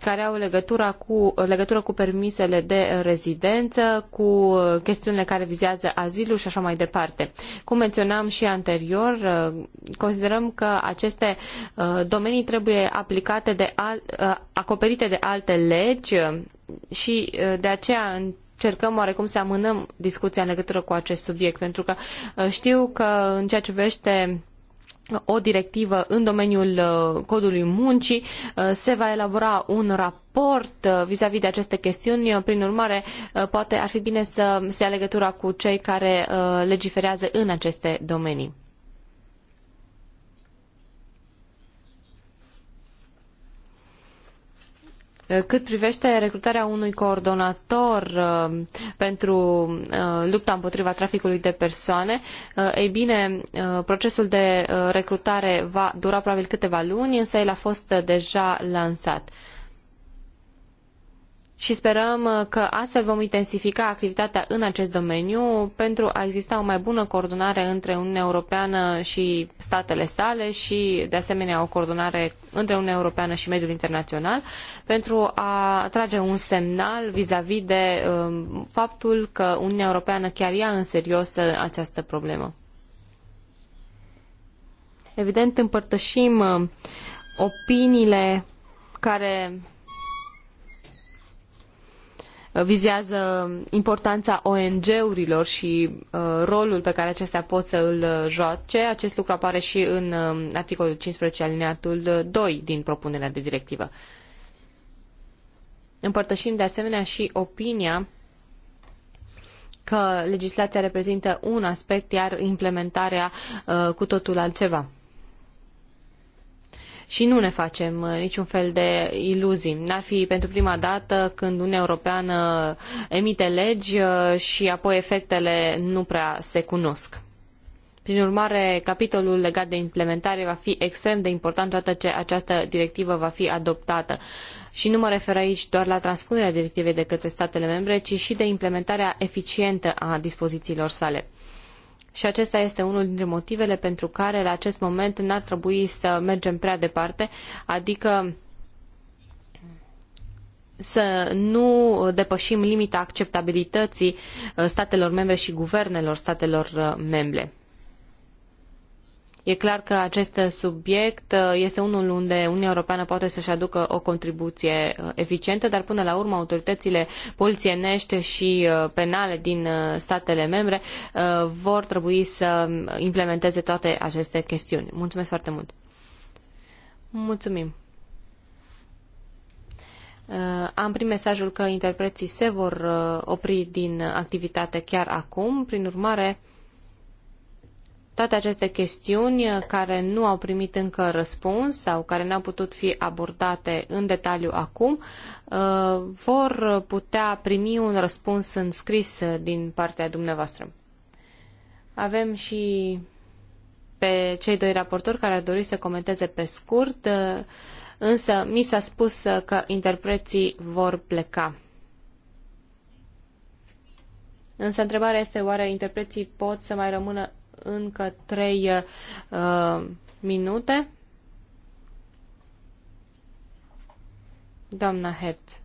care au legătura cu, legătură cu permisele de rezidență, cu chestiunile care vizează azilul și așa mai departe. Cum menționam și anterior, uh, considerăm că aceste uh, domenii trebuie aplicate de al, uh, acoperite de alte legi și de aceea încercăm oarecum să amânăm discuția în legătură cu acest subiect, pentru că știu că în ceea ce privește o directivă în domeniul uh, codului muncii, uh, se va elabora un raport uh, vis-a-vis de aceste chestiuni, prin urmare poate ar fi bine să se ia legătura cu cei care legiferează în aceste domenii. Eh, cât privește recrutarea unui coordonator eh, pentru eh, lupta împotriva traficului de persoane, ei bine, procesul de recrutare va dura probabil câteva luni, însă el a fost deja lansat și sperăm uh, că astfel vom intensifica activitatea în acest domeniu pentru a exista o mai bună coordonare între Uniunea Europeană și statele sale și, de asemenea, o coordonare între Uniunea Europeană și mediul internațional pentru a trage un semnal vizavi de um, faptul că Uniunea Europeană chiar ia în serios uh, această problemă. Evident, împărtășim uh, opiniile care vizează importanța ONG-urilor și uh, rolul pe care acestea pot să îl uh, joace. Acest lucru apare și în um, articolul 15 alineatul 2 uh, din propunerea de directivă. Împărtășim de asemenea și opinia că legislația reprezintă un aspect, iar implementarea uh, cu totul altceva și nu ne facem uh, niciun fel de iluzii. N-ar fi pentru prima dată când Uniunea Europeană uh, emite legi uh, și apoi efectele nu prea se cunosc. Prin urmare, capitolul legat de implementare va fi extrem de important toată ce această directivă va fi adoptată. Și nu mă refer aici doar la transpunerea directivei de către statele membre, ci și de implementarea eficientă a dispozițiilor sale. Și acesta este unul dintre motivele pentru care la acest moment n-ar trebui să mergem prea departe, adică să nu depășim limita acceptabilității uh, statelor membre și guvernelor statelor uh, membre. E clar că acest subiect uh, este unul unde Uniunea Europeană poate să-și aducă o contribuție uh, eficientă, dar până la urmă autoritățile polițienești și uh, penale din statele membre vor trebui să implementeze toate aceste chestiuni. Mulțumesc foarte mult! Mulțumim! Am primit mesajul că interpreții se vor opri din activitate chiar acum, prin urmare toate aceste chestiuni uh, care nu au primit încă răspuns sau care n-au putut fi abordate în detaliu acum uh, vor putea primi un răspuns în scris uh, din partea dumneavoastră. Avem și pe cei doi raportori care ar dori să comenteze pe scurt, însă mi s-a spus că interpreții vor pleca. Însă întrebarea este oare interpreții pot să mai rămână încă trei uh, minute. Doamna Hertz.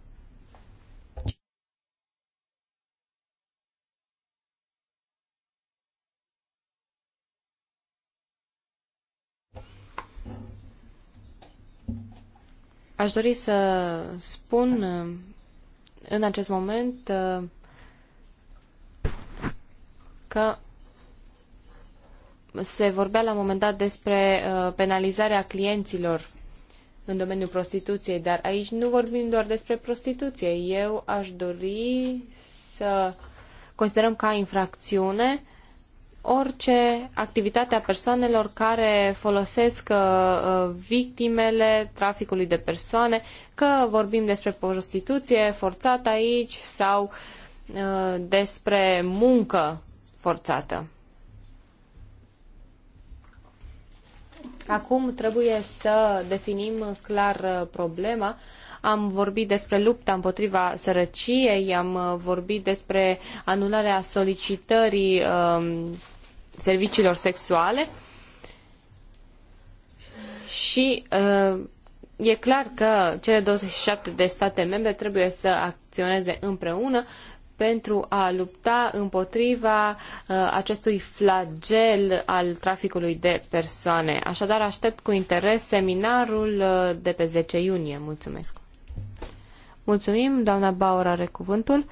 Aș dori să spun uh, în acest moment uh, că se vorbea la un moment dat despre uh, penalizarea clienților în domeniul prostituției, dar aici nu vorbim doar despre prostituție. Eu aș dori să considerăm ca infracțiune orice activitate a persoanelor care folosesc uh, uh, victimele traficului de persoane, că vorbim despre prostituție forțată aici sau despre muncă forțată. Acum trebuie să definim clar uh, problema. Am vorbit despre lupta împotriva sărăciei, am uh, vorbit despre anularea solicitării um, serviciilor sexuale și uh, e clar că cele 27 de state membre trebuie să acționeze împreună pentru a lupta împotriva uh, acestui flagel al traficului de persoane. Așadar, aștept cu interes seminarul uh, de pe 10 iunie. Mulțumesc! Mulțumim, doamna Bauer are cuvântul. Uh,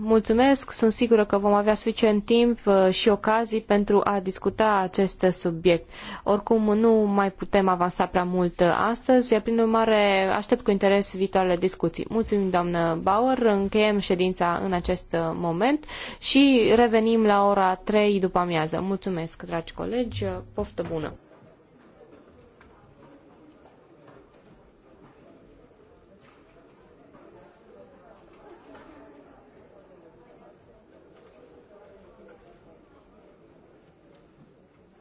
Mulțumesc, sunt sigură că vom avea suficient timp uh, și ocazii pentru a discuta acest subiect. Oricum, nu mai putem avansa prea mult astăzi, prin urmare aștept cu interes viitoarele discuții. Mulțumim, doamnă Bauer, încheiem ședința în acest moment și revenim la ora 3 după amiază. Mulțumesc, dragi colegi, poftă bună!